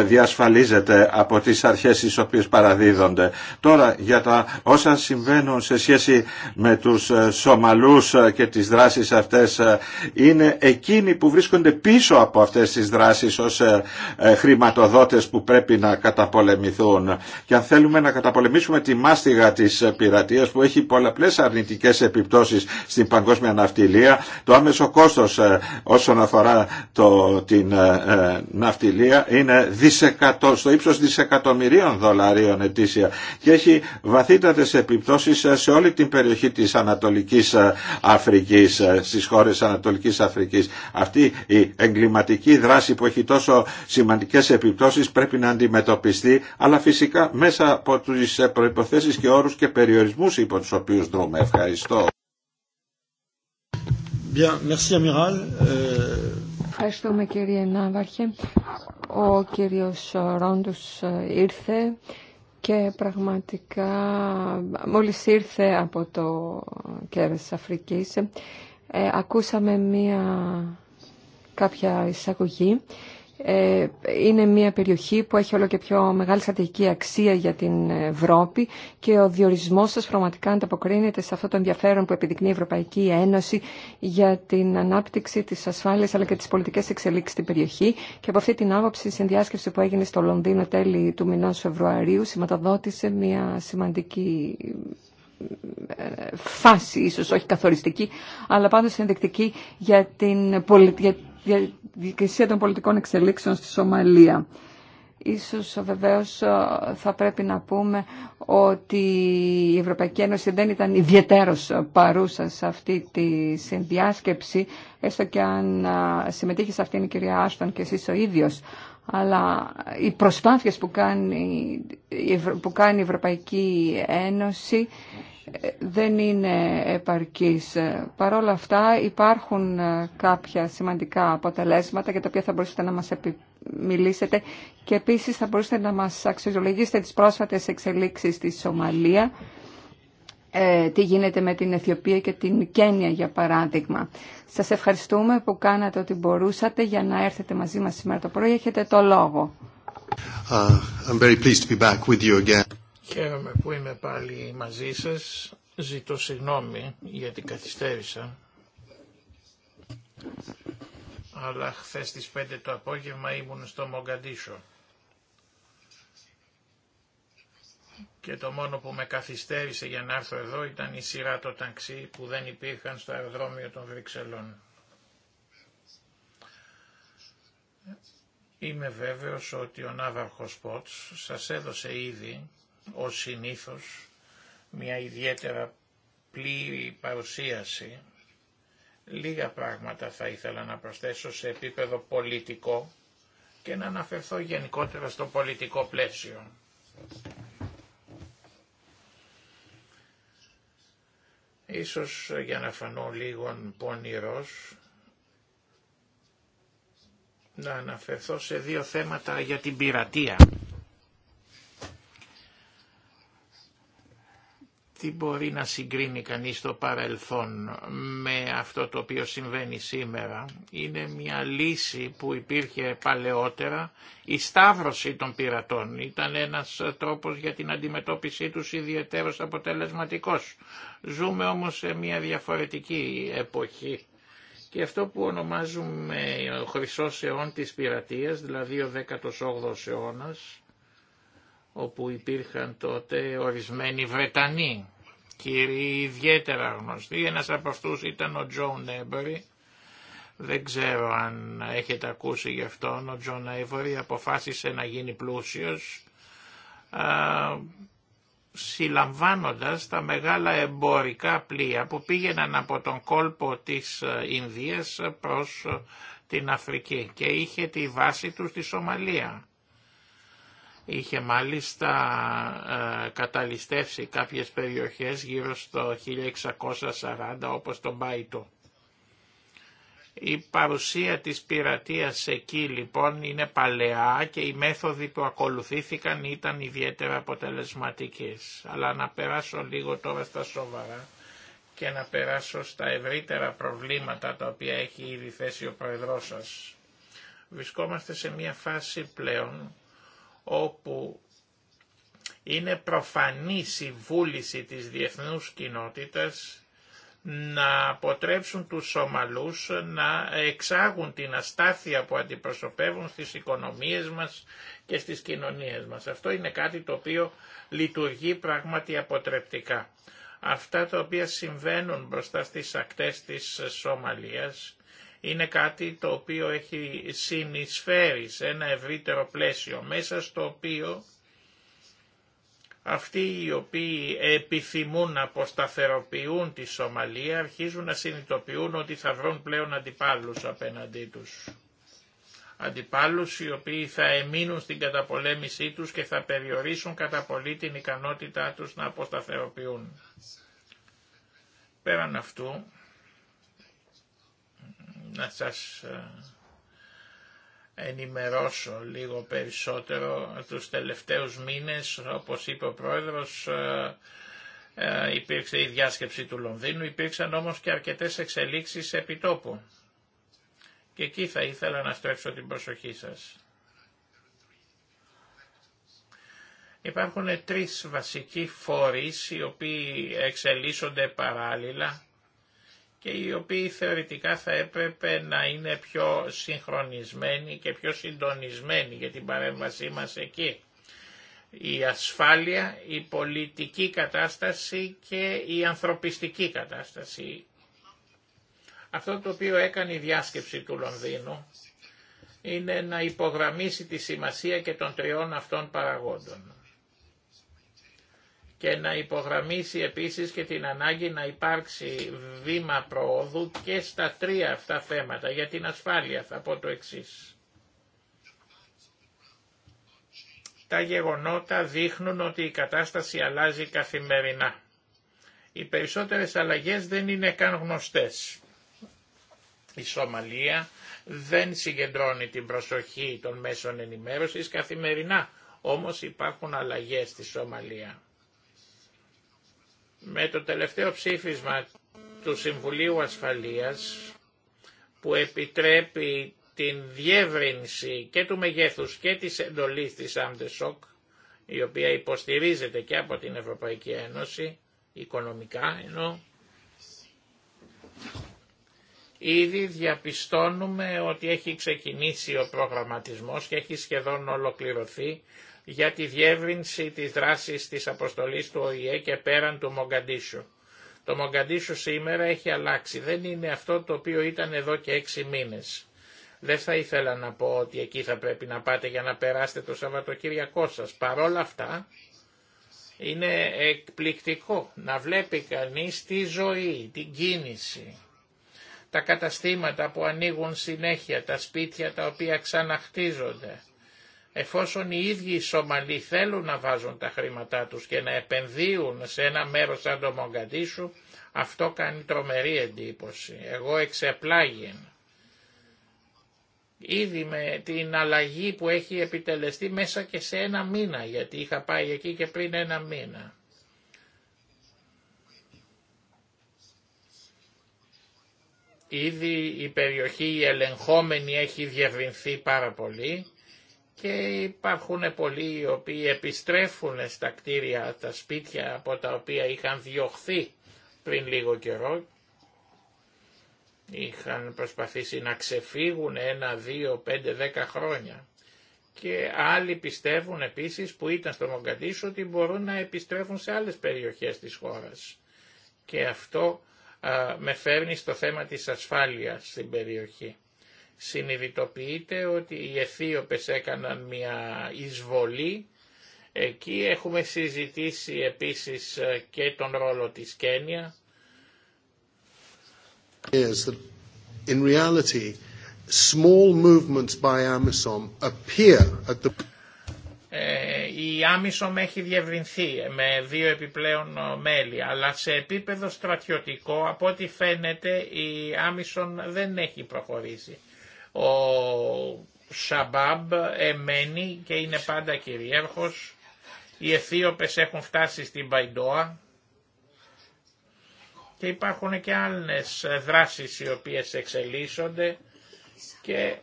διασφαλίζεται από τις αρχές τις οποίες παραδίδονται. Τώρα για τα όσα συμβαίνουν σε σχέση με τους Σομαλούς και τις δράσεις αυτές ε, είναι εκείνοι που βρίσκονται πίσω από αυτές τις δράσεις ως ε, ε, χρηματοδότες που πρέπει να καταπολεμηθούν. Και αν θέλουμε να καταπολεμήσουμε τη μάστιγα της πειρατείας που έχει πολλαπλές αρνητικές επιπτώσεις στην παγκόσμια ναυτιλία, το άμεσο κόστος όσον αφορά το, την ναυτιλία είναι δισεκατό, στο ύψος δισεκατομμυρίων δολαρίων ετήσια και έχει βαθύτατες επιπτώσεις σε όλη την περιοχή της Ανατολικής Αφρικής Αφρικής, ε, στις χώρες Ανατολικής Αφρικής. Αυτή η εγκληματική δράση που έχει τόσο σημαντικές επιπτώσεις πρέπει να αντιμετωπιστεί, αλλά φυσικά μέσα από τις ε, προϋποθέσεις και όρους και περιορισμούς υπό τους οποίους δρούμε. Ευχαριστώ. Bien, merci, ε, Ευχαριστούμε κύριε Νάβαρχε. Ο κύριος Ρόντους ήρθε και πραγματικά μόλις ήρθε από το κέρδος της Αφρικής ε, ακούσαμε μία κάποια εισαγωγή ε, είναι μια περιοχή που έχει όλο και πιο μεγάλη στρατηγική αξία για την Ευρώπη και ο διορισμός σας πραγματικά ανταποκρίνεται σε αυτό το ενδιαφέρον που επιδεικνύει η Ευρωπαϊκή Ένωση για την ανάπτυξη της ασφάλειας αλλά και τις πολιτικές εξελίξεις στην περιοχή και από αυτή την άποψη η συνδιάσκεψη που έγινε στο Λονδίνο τέλη του μηνός Φεβρουαρίου σηματοδότησε μια σημαντική ε, φάση, ίσως όχι καθοριστική, αλλά πάντως ενδεικτική για την, πολιτική διαδικασία των πολιτικών εξελίξεων στη Σομαλία. Ίσως ε, βεβαίως ε, θα πρέπει να πούμε ότι η Ευρωπαϊκή Ένωση δεν ήταν ιδιαίτερος ε, παρούσα σε αυτή τη συνδιάσκεψη, έστω και αν συμμετείχε σε αυτήν η κυρία Άστον και εσείς ο ίδιος. Αλλά οι προσπάθειες που κάνει, που κάνει η Ευρωπαϊκή Ένωση δεν είναι επαρκής. Παρ' όλα αυτά υπάρχουν ε, κάποια σημαντικά αποτελέσματα για τα οποία θα μπορούσατε να μας μιλήσετε και επίσης θα μπορούσατε να μας αξιολογήσετε τις πρόσφατες εξελίξεις στη Σομαλία, ε, τι γίνεται με την Αιθιοπία και την Κένια για παράδειγμα. Σας ευχαριστούμε που κάνατε ό,τι μπορούσατε για να έρθετε μαζί μας σήμερα το πρωί. Έχετε το λόγο. Uh, I'm very pleased to be Χαίρομαι που είμαι πάλι μαζί σας. Ζητώ συγγνώμη γιατί καθυστέρησα. Αλλά χθες στις 5 το απόγευμα ήμουν στο Μογκαντίσο. Και το μόνο που με καθυστέρησε για να έρθω εδώ ήταν η σειρά το ταξί που δεν υπήρχαν στο αεροδρόμιο των Βρυξελών. Είμαι βέβαιος ότι ο Ναύαρχος Πότς σας έδωσε ήδη ως συνήθως μια ιδιαίτερα πλήρη παρουσίαση. Λίγα πράγματα θα ήθελα να προσθέσω σε επίπεδο πολιτικό και να αναφερθώ γενικότερα στο πολιτικό πλαίσιο. Ίσως για να φανώ λίγο πόνηρος, να αναφερθώ σε δύο θέματα για την πειρατεία. τι μπορεί να συγκρίνει κανείς το παρελθόν με αυτό το οποίο συμβαίνει σήμερα. Είναι μια λύση που υπήρχε παλαιότερα. Η σταύρωση των πειρατών ήταν ένας τρόπος για την αντιμετώπιση τους ιδιαίτερος αποτελεσματικός. Ζούμε όμως σε μια διαφορετική εποχή. Και αυτό που ονομάζουμε ο χρυσός αιών της πειρατείας, δηλαδή ο 18ος αιώνας, όπου υπήρχαν τότε ορισμένοι Βρετανοί, κύριοι ιδιαίτερα γνωστοί. Ένας από αυτούς ήταν ο Τζον Έμπερι. Δεν ξέρω αν έχετε ακούσει γι' αυτόν. Ο Τζον Έμπερι αποφάσισε να γίνει πλούσιος, α, συλλαμβάνοντας τα μεγάλα εμπορικά πλοία που πήγαιναν από τον κόλπο της ε, Ινδίας προς ε, την Αφρική και είχε τη βάση του στη Σομαλία Είχε μάλιστα ε, καταλυστεύσει κάποιες περιοχές γύρω στο 1640 όπως τον Πάιτο. Η παρουσία της πειρατείας εκεί λοιπόν είναι παλαιά και οι μέθοδοι που ακολουθήθηκαν ήταν ιδιαίτερα αποτελεσματικές. Αλλά να περάσω λίγο τώρα στα σοβαρά και να περάσω στα ευρύτερα προβλήματα τα οποία έχει ήδη θέσει ο Πρόεδρός σας. Βρισκόμαστε σε μια φάση πλέον όπου είναι προφανή η βούληση της διεθνούς κοινότητας να αποτρέψουν τους Σομαλούς να εξάγουν την αστάθεια που αντιπροσωπεύουν στις οικονομίες μας και στις κοινωνίες μας. Αυτό είναι κάτι το οποίο λειτουργεί πράγματι αποτρεπτικά. Αυτά τα οποία συμβαίνουν μπροστά στις ακτές της Σομαλίας είναι κάτι το οποίο έχει συνεισφέρει σε ένα ευρύτερο πλαίσιο μέσα στο οποίο αυτοί οι οποίοι επιθυμούν να αποσταθεροποιούν τη Σομαλία αρχίζουν να συνειδητοποιούν ότι θα βρουν πλέον αντιπάλους απέναντί τους. Αντιπάλους οι οποίοι θα εμείνουν στην καταπολέμησή τους και θα περιορίσουν κατά πολύ την ικανότητά τους να αποσταθεροποιούν. Πέραν αυτού, να σας ε, ενημερώσω λίγο περισσότερο τους τελευταίους μήνες, όπως είπε ο Πρόεδρος, ε, ε, υπήρξε η διάσκεψη του Λονδίνου, υπήρξαν όμως και αρκετές εξελίξεις επιτόπου. Και εκεί θα ήθελα να στρέψω την προσοχή σας. Υπάρχουν τρεις βασικοί φορείς οι οποίοι εξελίσσονται παράλληλα και οι οποίοι θεωρητικά θα έπρεπε να είναι πιο συγχρονισμένοι και πιο συντονισμένοι για την παρέμβασή μας εκεί. Η ασφάλεια, η πολιτική κατάσταση και η ανθρωπιστική κατάσταση. Αυτό το οποίο έκανε η διάσκεψη του Λονδίνου είναι να υπογραμμίσει τη σημασία και των τριών αυτών παραγόντων και να υπογραμμίσει επίσης και την ανάγκη να υπάρξει βήμα προόδου και στα τρία αυτά θέματα. Για την ασφάλεια θα πω το εξής. Τα γεγονότα δείχνουν ότι η κατάσταση αλλάζει καθημερινά. Οι περισσότερες αλλαγές δεν είναι καν γνωστές. Η Σομαλία δεν συγκεντρώνει την προσοχή των μέσων ενημέρωσης καθημερινά, όμως υπάρχουν αλλαγές στη Σομαλία. Με το τελευταίο ψήφισμα του Συμβουλίου Ασφαλείας που επιτρέπει την διεύρυνση και του μεγέθους και της εντολής της Αμτεσόκ, η οποία υποστηρίζεται και από την Ευρωπαϊκή Ένωση, οικονομικά ενώ, ήδη διαπιστώνουμε ότι έχει ξεκινήσει ο προγραμματισμός και έχει σχεδόν ολοκληρωθεί για τη διεύρυνση της δράσης της αποστολής του ΟΗΕ και πέραν του Μογκαντήσου. Το Μογκαντήσου σήμερα έχει αλλάξει. Δεν είναι αυτό το οποίο ήταν εδώ και έξι μήνες. Δεν θα ήθελα να πω ότι εκεί θα πρέπει να πάτε για να περάσετε το Σαββατοκύριακό σας. Παρόλα αυτά είναι εκπληκτικό να βλέπει κανείς τη ζωή, την κίνηση, τα καταστήματα που ανοίγουν συνέχεια, τα σπίτια τα οποία ξαναχτίζονται, εφόσον οι ίδιοι οι Σομαλοί θέλουν να βάζουν τα χρήματά τους και να επενδύουν σε ένα μέρος σαν το Μογκαντήσου, αυτό κάνει τρομερή εντύπωση. Εγώ εξεπλάγιν. Ήδη με την αλλαγή που έχει επιτελεστεί μέσα και σε ένα μήνα, γιατί είχα πάει εκεί και πριν ένα μήνα. Ήδη η περιοχή η ελεγχόμενη έχει διευρυνθεί πάρα πολύ και υπάρχουν πολλοί οι οποίοι επιστρέφουν στα κτίρια, τα σπίτια από τα οποία είχαν διωχθεί πριν λίγο καιρό. Είχαν προσπαθήσει να ξεφύγουν ένα, δύο, πέντε, δέκα χρόνια. Και άλλοι πιστεύουν επίσης που ήταν στο Μογκαντήσου ότι μπορούν να επιστρέφουν σε άλλες περιοχές της χώρας. Και αυτό με φέρνει στο θέμα της ασφάλειας στην περιοχή. Συνειδητοποιείται ότι οι Αιθίωπες έκαναν μια εισβολή. Εκεί έχουμε συζητήσει επίσης ε, και τον ρόλο της Κένια. in ε, η Άμισομ έχει διευρυνθεί με δύο επιπλέον ε, μέλη, αλλά σε επίπεδο στρατιωτικό, από ό,τι φαίνεται, η Άμισομ δεν έχει προχωρήσει. Ο Σαμπάμπ εμένει και είναι πάντα κυρίαρχος. Οι Αιθίωπες έχουν φτάσει στην Παϊντόα και υπάρχουν και άλλες δράσεις οι οποίες εξελίσσονται και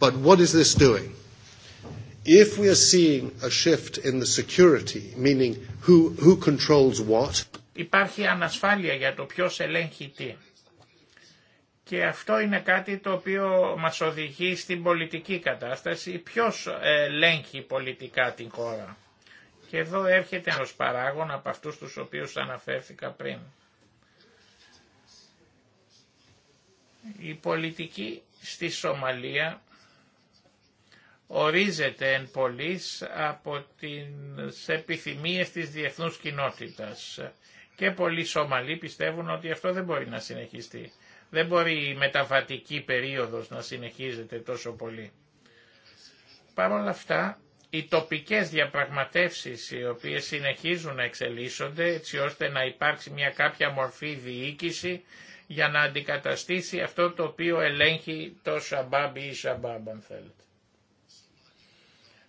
But what is this doing? If we are seeing a shift in the security, meaning who, who controls what, υπάρχει ανασφάλεια για το ποιος ελέγχει τι. Και αυτό είναι κάτι το οποίο μας οδηγεί στην πολιτική κατάσταση. Ποιος ελέγχει πολιτικά την χώρα. Και εδώ έρχεται ένας παράγων από αυτούς τους οποίους αναφέρθηκα πριν. Η πολιτική στη Σομαλία ορίζεται εν πολλής από τις επιθυμίες της διεθνούς κοινότητας. Και πολλοί Σομαλοί πιστεύουν ότι αυτό δεν μπορεί να συνεχιστεί. Δεν μπορεί η μεταβατική περίοδος να συνεχίζεται τόσο πολύ. Παρ' όλα αυτά, οι τοπικές διαπραγματεύσεις οι οποίες συνεχίζουν να εξελίσσονται έτσι ώστε να υπάρξει μια κάποια μορφή διοίκηση για να αντικαταστήσει αυτό το οποίο ελέγχει το Σαμπάμπι ή Σαμπάμπ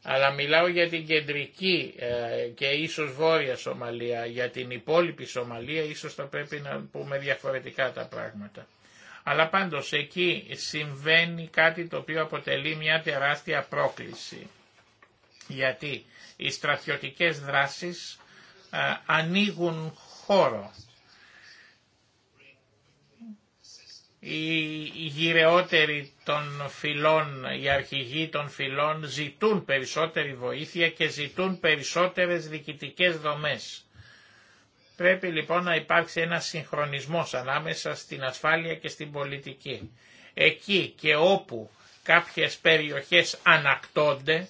αλλά μιλάω για την κεντρική ε, και ίσως βόρεια Σομαλία. Για την υπόλοιπη Σομαλία ίσως θα πρέπει να πούμε διαφορετικά τα πράγματα. Αλλά πάντως εκεί συμβαίνει κάτι το οποίο αποτελεί μια τεράστια πρόκληση. Γιατί οι στρατιωτικές δράσεις ε, ανοίγουν χώρο οι γυρεότεροι των φυλών, οι αρχηγοί των φυλών ζητούν περισσότερη βοήθεια και ζητούν περισσότερες διοικητικές δομές. Πρέπει λοιπόν να υπάρξει ένα συγχρονισμός ανάμεσα στην ασφάλεια και στην πολιτική. Εκεί και όπου κάποιες περιοχές ανακτώνται,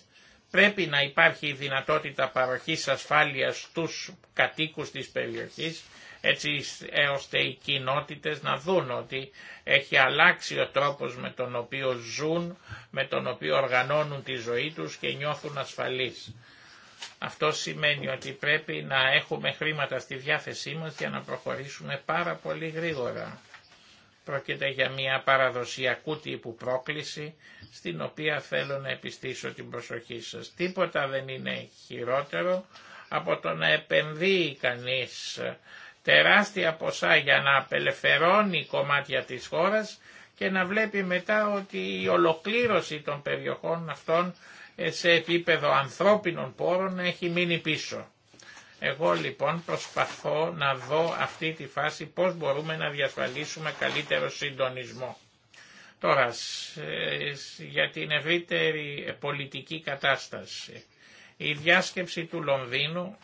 πρέπει να υπάρχει η δυνατότητα παροχής ασφάλειας στους κατοίκους της περιοχής έτσι ε, ώστε οι κοινότητες να δουν ότι έχει αλλάξει ο τρόπος με τον οποίο ζουν, με τον οποίο οργανώνουν τη ζωή τους και νιώθουν ασφαλείς. Αυτό σημαίνει ότι πρέπει να έχουμε χρήματα στη διάθεσή μας για να προχωρήσουμε πάρα πολύ γρήγορα. Πρόκειται για μια παραδοσιακού τύπου πρόκληση, στην οποία θέλω να επιστήσω την προσοχή σας. Τίποτα δεν είναι χειρότερο από το να επενδύει κανείς τεράστια ποσά για να απελευθερώνει κομμάτια της χώρας και να βλέπει μετά ότι η ολοκλήρωση των περιοχών αυτών ε, σε επίπεδο ανθρώπινων πόρων έχει μείνει πίσω. Εγώ λοιπόν προσπαθώ να δω αυτή τη φάση πώς μπορούμε να διασφαλίσουμε καλύτερο συντονισμό. Τώρα, για την ευρύτερη ε, πολιτική κατάσταση. Η διάσκεψη του Λονδίνου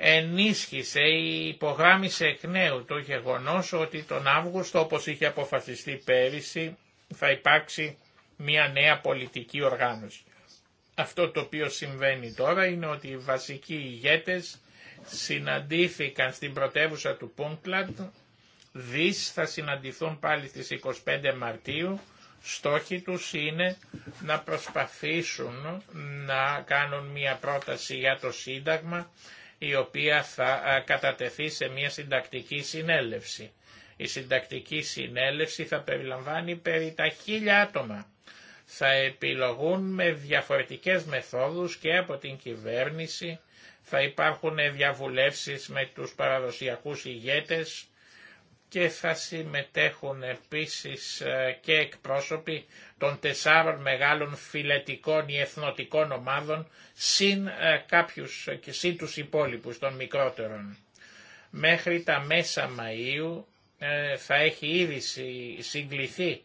ενίσχυσε ή υπογράμμισε εκ νέου το γεγονός ότι τον Αύγουστο όπως είχε αποφασιστεί πέρυσι θα υπάρξει μια νέα πολιτική οργάνωση. Αυτό το οποίο συμβαίνει τώρα είναι ότι οι βασικοί ηγέτες συναντήθηκαν στην πρωτεύουσα του Πούντλαντ, δις θα συναντηθούν πάλι στις 25 Μαρτίου, στόχοι τους είναι να προσπαθήσουν να κάνουν μια πρόταση για το Σύνταγμα η οποία θα κατατεθεί σε μια συντακτική συνέλευση. Η συντακτική συνέλευση θα περιλαμβάνει περί τα χίλια άτομα. Θα επιλογούν με διαφορετικές μεθόδους και από την κυβέρνηση, θα υπάρχουν διαβουλεύσεις με τους παραδοσιακούς ηγέτες, και θα συμμετέχουν επίσης ε, και εκπρόσωποι των τεσσάρων μεγάλων φιλετικών ή εθνοτικών ομάδων συν ε, κάποιους ε, και συν τους υπόλοιπους των μικρότερων. Μέχρι τα μέσα Μαΐου θα έχει ήδη συγκληθεί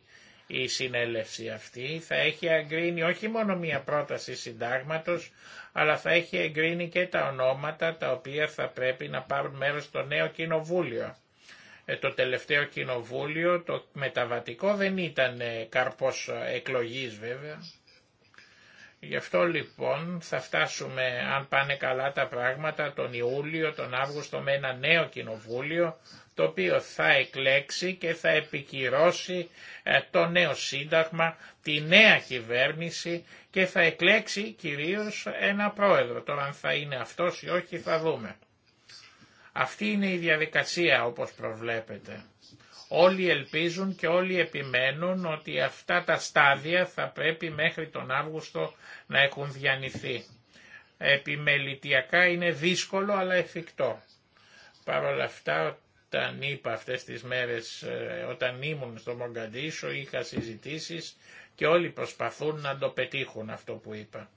η συνέλευση αυτή, θα έχει εγκρίνει όχι μόνο μία πρόταση συντάγματος, αλλά θα έχει εγκρίνει και τα ονόματα τα οποία θα πρέπει να πάρουν μέρος στο νέο κοινοβούλιο ε, το τελευταίο κοινοβούλιο, το μεταβατικό δεν ήταν ε, καρπός ε, εκλογής βέβαια. Γι' αυτό λοιπόν θα φτάσουμε, αν πάνε καλά τα πράγματα, τον Ιούλιο, τον Αύγουστο με ένα νέο κοινοβούλιο, το οποίο θα εκλέξει και θα επικυρώσει το νέο σύνταγμα, τη νέα κυβέρνηση και θα εκλέξει κυρίως ένα πρόεδρο. Τώρα αν θα είναι αυτός ή όχι θα δούμε. Αυτή είναι η διαδικασία όπως προβλέπετε. Όλοι ελπίζουν και όλοι επιμένουν ότι αυτά τα στάδια θα πρέπει μέχρι τον Αύγουστο να έχουν διανηθεί. Επιμελητιακά είναι δύσκολο αλλά εφικτό. Παρ' όλα αυτά όταν είπα αυτές τις μέρες, ε, όταν ήμουν στο Μογκαντήσο είχα συζητήσεις και όλοι προσπαθούν να το πετύχουν αυτό που είπα.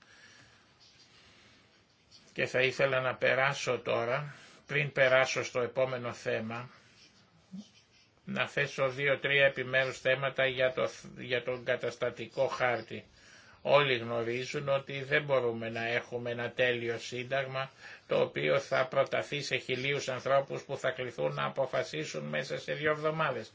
Και θα ήθελα να περάσω τώρα πριν περάσω στο επόμενο θέμα, να θέσω δύο-τρία επιμέρους θέματα για, το, για τον καταστατικό χάρτη. Όλοι γνωρίζουν ότι δεν μπορούμε να έχουμε ένα τέλειο σύνταγμα το οποίο θα προταθεί σε χιλίους ανθρώπους που θα κληθούν να αποφασίσουν μέσα σε δύο εβδομάδες.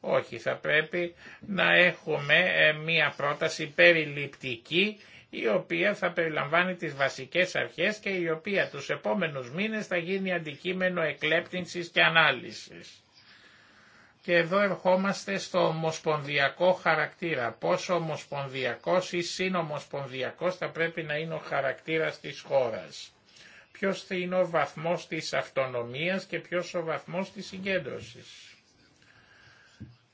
Όχι, θα πρέπει να έχουμε ε, μία πρόταση περιληπτική η οποία θα περιλαμβάνει τις βασικές αρχές και η οποία τους επόμενους μήνες θα γίνει αντικείμενο εκλέπτυνσης και ανάλυσης. Και εδώ ερχόμαστε στο ομοσπονδιακό χαρακτήρα. Πόσο ομοσπονδιακός ή συνομοσπονδιακός θα πρέπει να είναι ο χαρακτήρας της χώρας. Ποιος θα είναι ο βαθμός της αυτονομίας και ποιος ο βαθμός της συγκέντρωσης.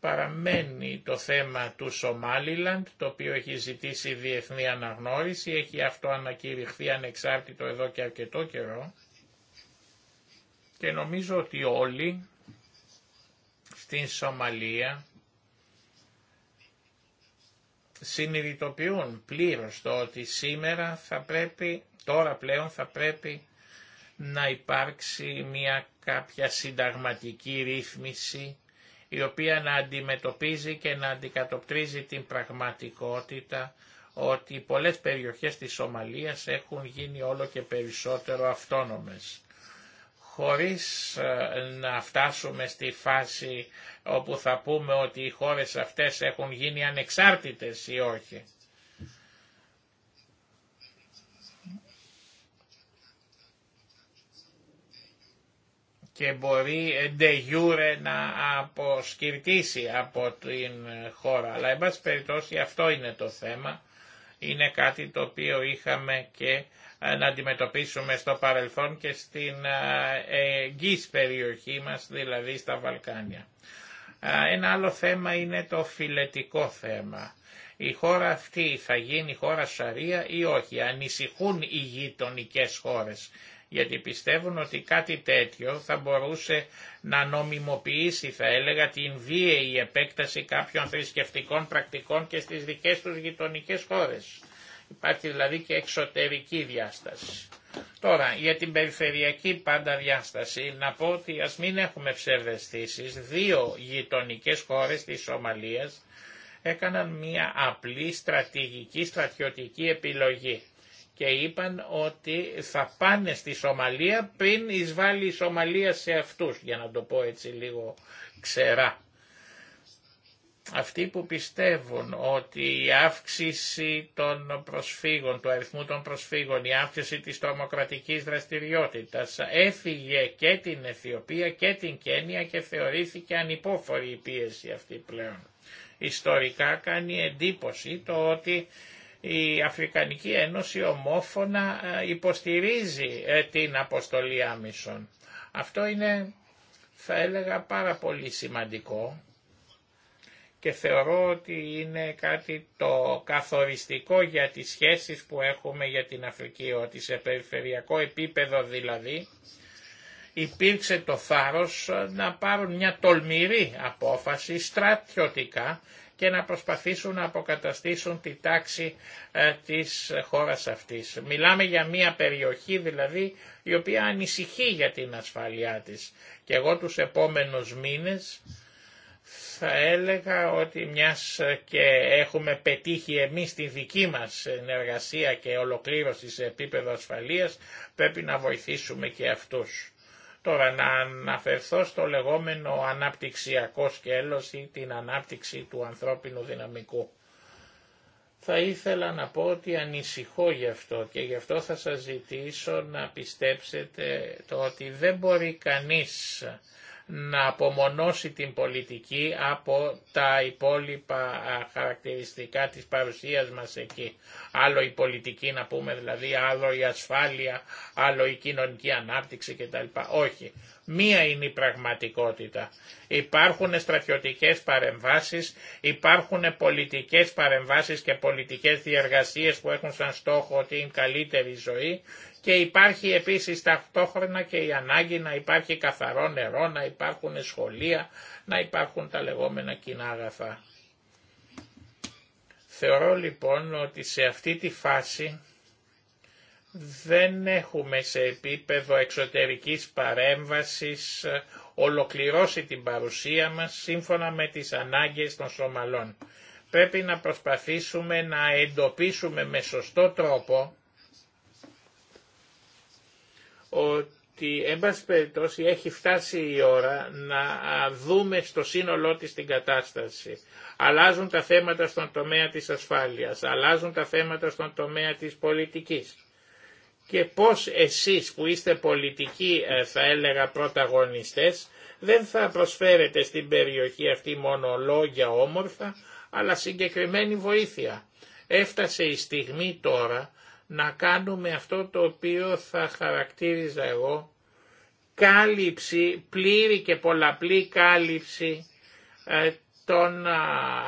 Παραμένει το θέμα του Σομάλιλαντ, το οποίο έχει ζητήσει διεθνή αναγνώριση, έχει αυτό ανακηρυχθεί ανεξάρτητο εδώ και αρκετό καιρό και νομίζω ότι όλοι στην Σομαλία συνειδητοποιούν πλήρως το ότι σήμερα θα πρέπει, τώρα πλέον θα πρέπει να υπάρξει μια κάποια συνταγματική ρύθμιση η οποία να αντιμετωπίζει και να αντικατοπτρίζει την πραγματικότητα ότι πολλές περιοχές της Σομαλίας έχουν γίνει όλο και περισσότερο αυτόνομες. Χωρίς ε, να φτάσουμε στη φάση όπου θα πούμε ότι οι χώρες αυτές έχουν γίνει ανεξάρτητες ή όχι. και μπορεί ντε γιούρε να αποσκυρτήσει από την χώρα. Αλλά εν πάση περιπτώσει αυτό είναι το θέμα. Είναι κάτι το οποίο είχαμε και ε, να αντιμετωπίσουμε στο παρελθόν και στην ε, εγγύς περιοχή μας, δηλαδή στα Βαλκάνια. Ένα άλλο θέμα είναι το φιλετικό θέμα. Η χώρα αυτή θα γίνει χώρα Σαρία ή όχι. Ανησυχούν οι γειτονικέ χώρες γιατί πιστεύουν ότι κάτι τέτοιο θα μπορούσε να νομιμοποιήσει, θα έλεγα, την βίαιη επέκταση κάποιων θρησκευτικών πρακτικών και στις δικές τους γειτονικές χώρες. Υπάρχει δηλαδή και εξωτερική διάσταση. Τώρα, για την περιφερειακή πάντα διάσταση, να πω ότι ας μην έχουμε ψευδεστήσεις, δύο γειτονικές χώρες της Σομαλίας έκαναν μια απλή στρατηγική στρατιωτική επιλογή και είπαν ότι θα πάνε στη Σομαλία πριν εισβάλλει η Σομαλία σε αυτούς, για να το πω έτσι λίγο ξερά. Αυτοί που πιστεύουν ότι η αύξηση των προσφύγων, του αριθμού των προσφύγων, η αύξηση της τρομοκρατικής δραστηριότητας έφυγε και την Αιθιοπία και την Κένια και θεωρήθηκε ανυπόφορη η πίεση αυτή πλέον. Ιστορικά κάνει εντύπωση το ότι η Αφρικανική Ένωση ομόφωνα ε, υποστηρίζει ε, την αποστολή άμυσων. Αυτό είναι θα έλεγα πάρα πολύ σημαντικό και θεωρώ ότι είναι κάτι το καθοριστικό για τις σχέσεις που έχουμε για την Αφρική, ότι σε περιφερειακό επίπεδο δηλαδή υπήρξε το θάρρος να πάρουν μια τολμηρή απόφαση στρατιωτικά και να προσπαθήσουν να αποκαταστήσουν τη τάξη ε, της χώρας αυτής. Μιλάμε για μια περιοχή δηλαδή η οποία ανησυχεί για την ασφαλειά της και εγώ τους επόμενους μήνες θα έλεγα ότι μιας και έχουμε πετύχει εμείς τη δική μας ενεργασία και ολοκλήρωση σε επίπεδο ασφαλείας πρέπει να βοηθήσουμε και αυτούς. Τώρα να αναφερθώ στο λεγόμενο αναπτυξιακό σκέλος ή την ανάπτυξη του ανθρώπινου δυναμικού. Θα ήθελα να πω ότι ανησυχώ γι' αυτό και γι' αυτό θα σας ζητήσω να πιστέψετε το ότι δεν μπορεί κανείς να απομονώσει την πολιτική από τα υπόλοιπα χαρακτηριστικά της παρουσίας μας εκεί. Άλλο η πολιτική να πούμε δηλαδή, άλλο η ασφάλεια, άλλο η κοινωνική ανάπτυξη κτλ. Όχι. Μία είναι η πραγματικότητα. Υπάρχουν στρατιωτικές παρεμβάσεις, υπάρχουν πολιτικές παρεμβάσεις και πολιτικές διεργασίες που έχουν σαν στόχο την καλύτερη ζωή και υπάρχει επίσης ταυτόχρονα και η ανάγκη να υπάρχει καθαρό νερό, να υπάρχουν σχολεία, να υπάρχουν τα λεγόμενα κοινά αγαθά. Θεωρώ λοιπόν ότι σε αυτή τη φάση δεν έχουμε σε επίπεδο εξωτερικής παρέμβασης ολοκληρώσει την παρουσία μας σύμφωνα με τις ανάγκες των Σομαλών. Πρέπει να προσπαθήσουμε να εντοπίσουμε με σωστό τρόπο ότι εν πάση περιπτώσει έχει φτάσει η ώρα να δούμε στο σύνολό της την κατάσταση. Αλλάζουν τα θέματα στον τομέα της ασφάλειας, αλλάζουν τα θέματα στον τομέα της πολιτικής. Και πώς εσείς που είστε πολιτικοί ε, θα έλεγα πρωταγωνιστές δεν θα προσφέρετε στην περιοχή αυτή μόνο λόγια όμορφα αλλά συγκεκριμένη βοήθεια. Έφτασε η στιγμή τώρα να κάνουμε αυτό το οποίο θα χαρακτήριζα εγώ κάλυψη, πλήρη και πολλαπλή κάλυψη ε, των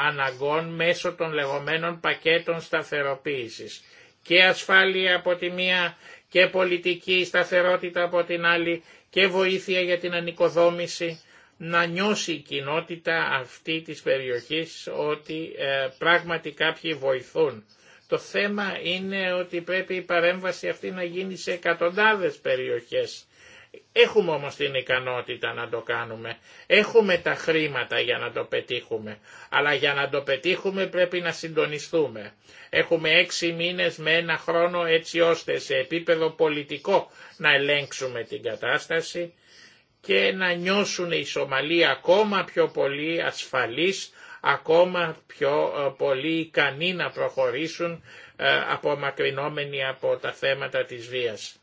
αναγκών μέσω των λεγόμενων πακέτων σταθεροποίησης. Και ασφάλεια από τη μία και πολιτική σταθερότητα από την άλλη και βοήθεια για την ανοικοδόμηση να νιώσει η κοινότητα αυτή της περιοχής ότι ε, πράγματι κάποιοι βοηθούν το θέμα είναι ότι πρέπει η παρέμβαση αυτή να γίνει σε εκατοντάδες περιοχές. Έχουμε όμως την ικανότητα να το κάνουμε. Έχουμε τα χρήματα για να το πετύχουμε. Αλλά για να το πετύχουμε πρέπει να συντονιστούμε. Έχουμε έξι μήνες με ένα χρόνο έτσι ώστε σε επίπεδο πολιτικό να ελέγξουμε την κατάσταση και να νιώσουν οι Σομαλοί ακόμα πιο πολύ ασφαλείς ακόμα πιο ε, πολύ ικανοί να προχωρήσουν ε, απομακρυνόμενοι από τα θέματα της βίας.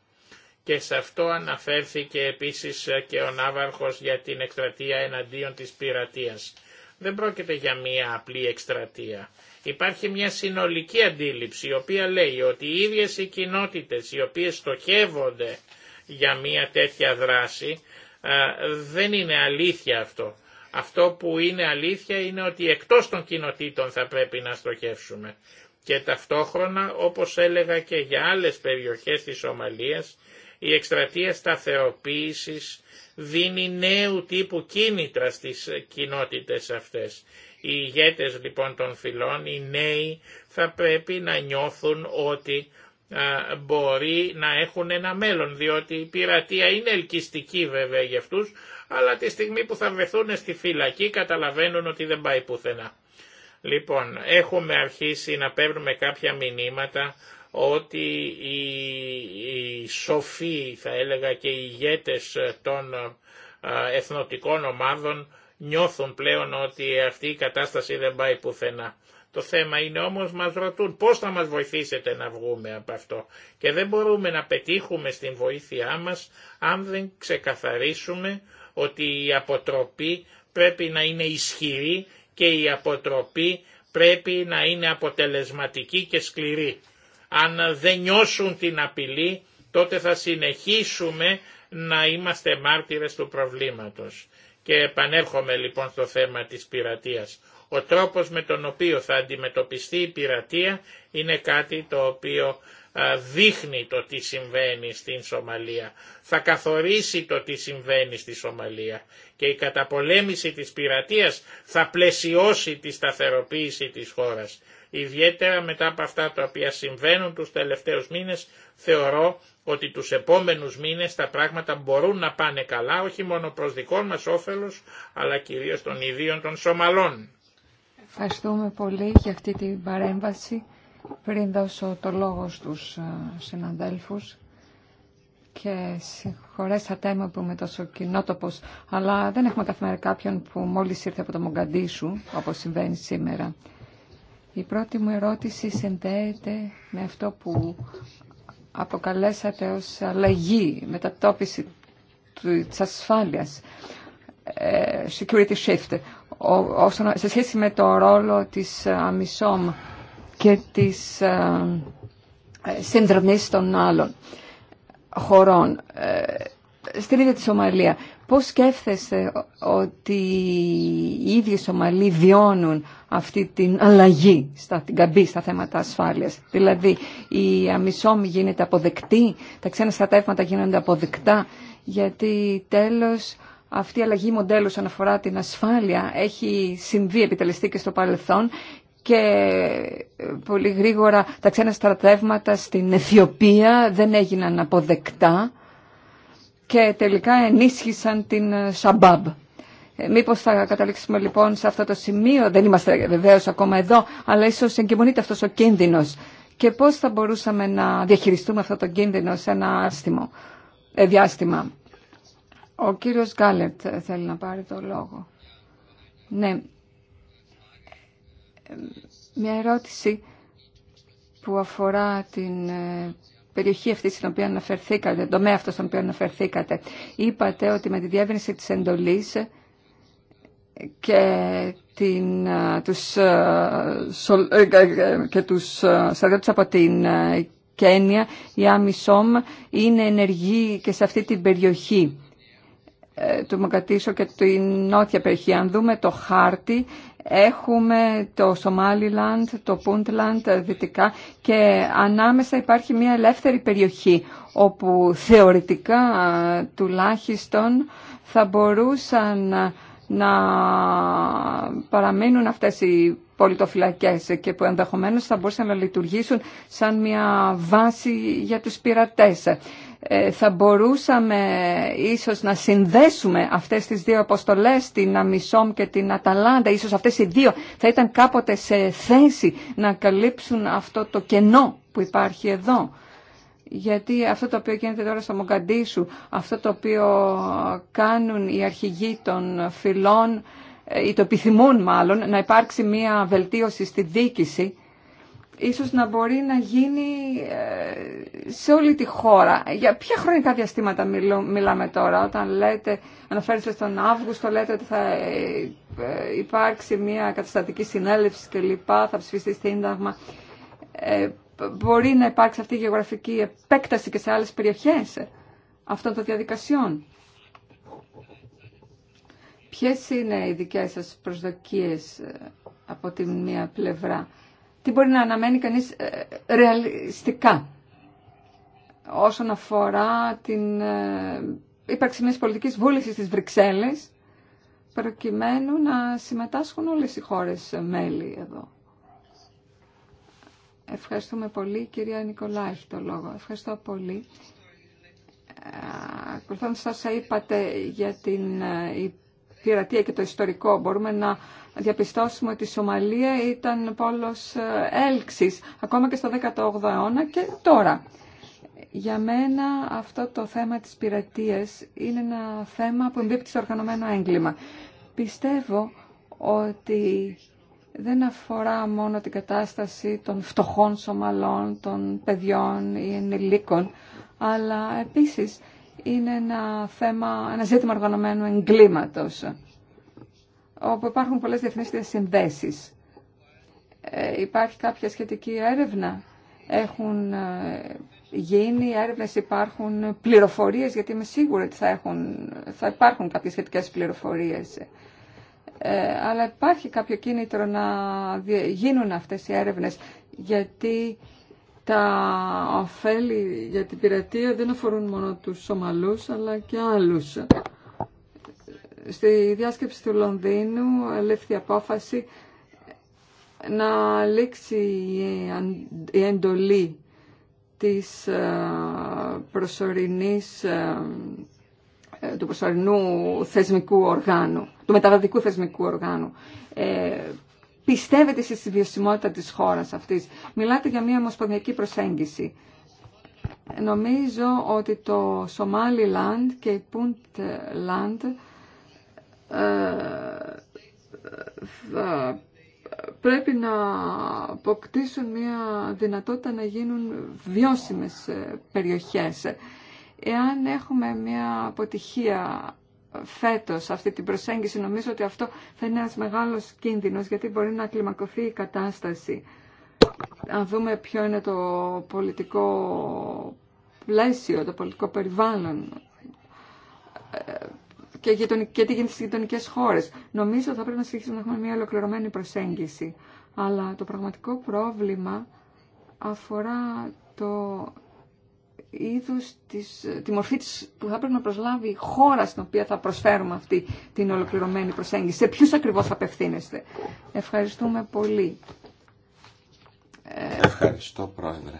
Και σε αυτό αναφέρθηκε επίσης ε, και ο Ναύαρχος για την εκστρατεία εναντίον της πειρατείας. Δεν πρόκειται για μία απλή εκστρατεία. Υπάρχει μια συνολική αντίληψη η οποία λέει ότι οι ίδιες οι κοινότητες οι οποίες στοχεύονται για μια τέτοια δράση δεν είναι αλήθεια αυτό. Αυτό που είναι αλήθεια είναι ότι εκτός των κοινοτήτων θα πρέπει να στοχεύσουμε. Και ταυτόχρονα, όπως έλεγα και για άλλες περιοχές της Σομαλίας, η εκστρατεία σταθεροποίησης δίνει νέου τύπου κίνητρα στις κοινότητες αυτές. Οι ηγέτες λοιπόν των φυλών, οι νέοι, θα πρέπει να νιώθουν ότι μπορεί να έχουν ένα μέλλον, διότι η πειρατεία είναι ελκυστική βέβαια για αυτούς, αλλά τη στιγμή που θα βρεθούν στη φυλακή καταλαβαίνουν ότι δεν πάει πουθενά. Λοιπόν, έχουμε αρχίσει να παίρνουμε κάποια μηνύματα ότι οι σοφοί, θα έλεγα και οι ηγέτες των εθνοτικών ομάδων νιώθουν πλέον ότι αυτή η κατάσταση δεν πάει πουθενά. Το θέμα είναι όμως μας ρωτούν πώς θα μας βοηθήσετε να βγούμε από αυτό και δεν μπορούμε να πετύχουμε στην βοήθειά μας αν δεν ξεκαθαρίσουμε ότι η αποτροπή πρέπει να είναι ισχυρή και η αποτροπή πρέπει να είναι αποτελεσματική και σκληρή. Αν δεν νιώσουν την απειλή, τότε θα συνεχίσουμε να είμαστε μάρτυρες του προβλήματος. Και επανέρχομαι λοιπόν στο θέμα της πειρατείας. Ο τρόπος με τον οποίο θα αντιμετωπιστεί η πειρατεία είναι κάτι το οποίο δείχνει το τι συμβαίνει στην Σομαλία, θα καθορίσει το τι συμβαίνει στη Σομαλία και η καταπολέμηση της πειρατείας θα πλαισιώσει τη σταθεροποίηση της χώρας. Ιδιαίτερα μετά από αυτά τα οποία συμβαίνουν τους τελευταίους μήνες θεωρώ ότι τους επόμενους μήνες τα πράγματα μπορούν να πάνε καλά όχι μόνο προς δικό μας όφελος αλλά κυρίως των ιδίων των Σομαλών. Ευχαριστούμε πολύ για αυτή την παρέμβαση. Πριν δώσω το λόγο στους ε, συναδέλφους και συγχωρέσατε με που είμαι τόσο κοινότοπος, αλλά δεν έχουμε καθημερινά κάποιον που μόλις ήρθε από το Μογκαντήσου, όπως συμβαίνει σήμερα. Η πρώτη μου ερώτηση συνδέεται με αυτό που αποκαλέσατε ως αλλαγή, μετατόπιση της ασφάλειας, ε, security shift, σε σχέση με το ρόλο της ε, Αμισόμ και τις ε, συνδρομή των άλλων χωρών. Ε, στην ίδια τη Σομαλία, πώς σκέφτεσαι ότι οι ίδιοι Σομαλοί βιώνουν αυτή την αλλαγή, στα, την καμπή στα θέματα ασφάλειας. Δηλαδή η αμισόμη γίνεται αποδεκτή, τα ξένα στρατεύματα γίνονται αποδεκτά, γιατί τέλος αυτή η αλλαγή μοντέλου όσον αφορά την ασφάλεια έχει συμβεί επιτελεστή και στο παρελθόν και πολύ γρήγορα τα ξένα στρατεύματα στην Αιθιοπία δεν έγιναν αποδεκτά και τελικά ενίσχυσαν την Σαμπάμπ. Ε, μήπως θα καταλήξουμε λοιπόν σε αυτό το σημείο, δεν είμαστε βεβαίως ακόμα εδώ, αλλά ίσως εγκυμονείται αυτός ο κίνδυνος. Και πώς θα μπορούσαμε να διαχειριστούμε αυτό το κίνδυνο σε ένα άστιμο, ε, διάστημα. Ο κύριος Γκάλετ ε, θέλει να πάρει το λόγο. Ναι, μια ερώτηση που αφορά την ε, περιοχή αυτή στην οποία αναφερθήκατε, τον τομέα αυτό στον οποίο αναφερθήκατε. Είπατε ότι με τη διεύρυνση της εντολής και, την, ε, τους, ε, και τους από την Κένια, η Άμισόμ, είναι ενεργή και σε αυτή την περιοχή του Μογκατήσου και την νότια περιοχή. Αν δούμε το χάρτη, Έχουμε το Σομάλιλαντ, το Πούντλαντ δυτικά και ανάμεσα υπάρχει μια ελεύθερη περιοχή όπου θεωρητικά τουλάχιστον θα μπορούσαν να παραμείνουν αυτές οι πολιτοφυλακές και που ενδεχομένως θα μπορούσαν να λειτουργήσουν σαν μια βάση για τους πειρατές. Ε, θα μπορούσαμε ίσως να συνδέσουμε αυτές τις δύο αποστολές, την Αμισόμ και την Αταλάντα, ίσως αυτές οι δύο θα ήταν κάποτε σε θέση να καλύψουν αυτό το κενό που υπάρχει εδώ. Γιατί αυτό το οποίο γίνεται τώρα στο Μογκαντήσου, αυτό το οποίο κάνουν οι αρχηγοί των φυλών, ε, ή το επιθυμούν μάλλον, να υπάρξει μια βελτίωση στη δίκηση, ίσως να μπορεί να γίνει ε, σε όλη τη χώρα. Για ποια χρονικά διαστήματα μιλάμε τώρα, όταν λέτε, αναφέρεστε στον Αύγουστο, λέτε ότι θα ε, ε, υπάρξει μια καταστατική συνέλευση λοιπά, θα ψηφιστεί σύνταγμα. Μπορεί να υπάρξει αυτή η γεωγραφική επέκταση και σε άλλες περιοχές αυτών των διαδικασιών. Ποιες είναι οι δικές σας προσδοκίες από τη μία πλευρά τι μπορεί να αναμένει κανείς ε, ρεαλιστικά όσον αφορά την ε, ύπαρξη μιας πολιτικής βούλησης της Βρυξέλλης προκειμένου να συμμετάσχουν όλες οι χώρες μέλη εδώ. Ευχαριστούμε πολύ. Κυρία Νικολά έχει το λόγο. Ευχαριστώ πολύ. Ε, ακολουθώντας όσα είπατε για την πειρατεία και το ιστορικό, μπορούμε να διαπιστώσουμε ότι η Σομαλία ήταν πόλος ε, έλξης, ακόμα και στο 18ο αιώνα και τώρα. Για μένα αυτό το θέμα της πειρατείας είναι ένα θέμα που εμπίπτει στο οργανωμένο έγκλημα. Πιστεύω ότι δεν αφορά μόνο την κατάσταση των φτωχών Σομαλών, των παιδιών ή ενηλίκων, αλλά επίσης είναι ένα θέμα, ένα ζήτημα οργανωμένου εγκλήματος όπου υπάρχουν πολλές διεθνείς συνδέσεις. Ε, υπάρχει κάποια σχετική έρευνα. Έχουν ε, γίνει έρευνες, υπάρχουν πληροφορίες, γιατί είμαι σίγουρη ότι θα, υπάρχουν κάποιες σχετικές πληροφορίες. Ε, αλλά υπάρχει κάποιο κίνητρο να γίνουν αυτές οι έρευνες, γιατί τα ωφέλη για την πειρατεία δεν αφορούν μόνο τους Σομαλούς, αλλά και άλλους στη διάσκεψη του Λονδίνου λήφθη απόφαση να λήξει η εντολή της ε, προσωρινής, ε, ε, του προσωρινού θεσμικού οργάνου, του μεταβατικού θεσμικού οργάνου. Ε, πιστεύετε στη βιωσιμότητα της χώρας αυτής. Μιλάτε για μια ομοσπονδιακή προσέγγιση. Νομίζω ότι το Σομάλι Λαντ και η Πούντ Λαντ θα ε, ε, πρέπει να αποκτήσουν μια δυνατότητα να γίνουν βιώσιμες ε, περιοχές. Εάν έχουμε μια αποτυχία φέτος αυτή την προσέγγιση, νομίζω ότι αυτό θα είναι ένας μεγάλος κίνδυνος, γιατί μπορεί να κλιμακωθεί η κατάσταση. Αν δούμε ποιο είναι το πολιτικό πλαίσιο, το πολιτικό περιβάλλον, και, γειτον, και τι γίνεται στις γειτονικές χώρες. Νομίζω ότι θα πρέπει να συνεχίσουμε να έχουμε μια ολοκληρωμένη προσέγγιση. Αλλά το πραγματικό πρόβλημα αφορά το είδους της, τη μορφή της, που θα πρέπει να προσλάβει η χώρα στην οποία θα προσφέρουμε αυτή την ολοκληρωμένη προσέγγιση. Σε ποιους ακριβώς θα απευθύνεστε. Ευχαριστούμε πολύ. Ε, Ευχαριστώ Πρόεδρε.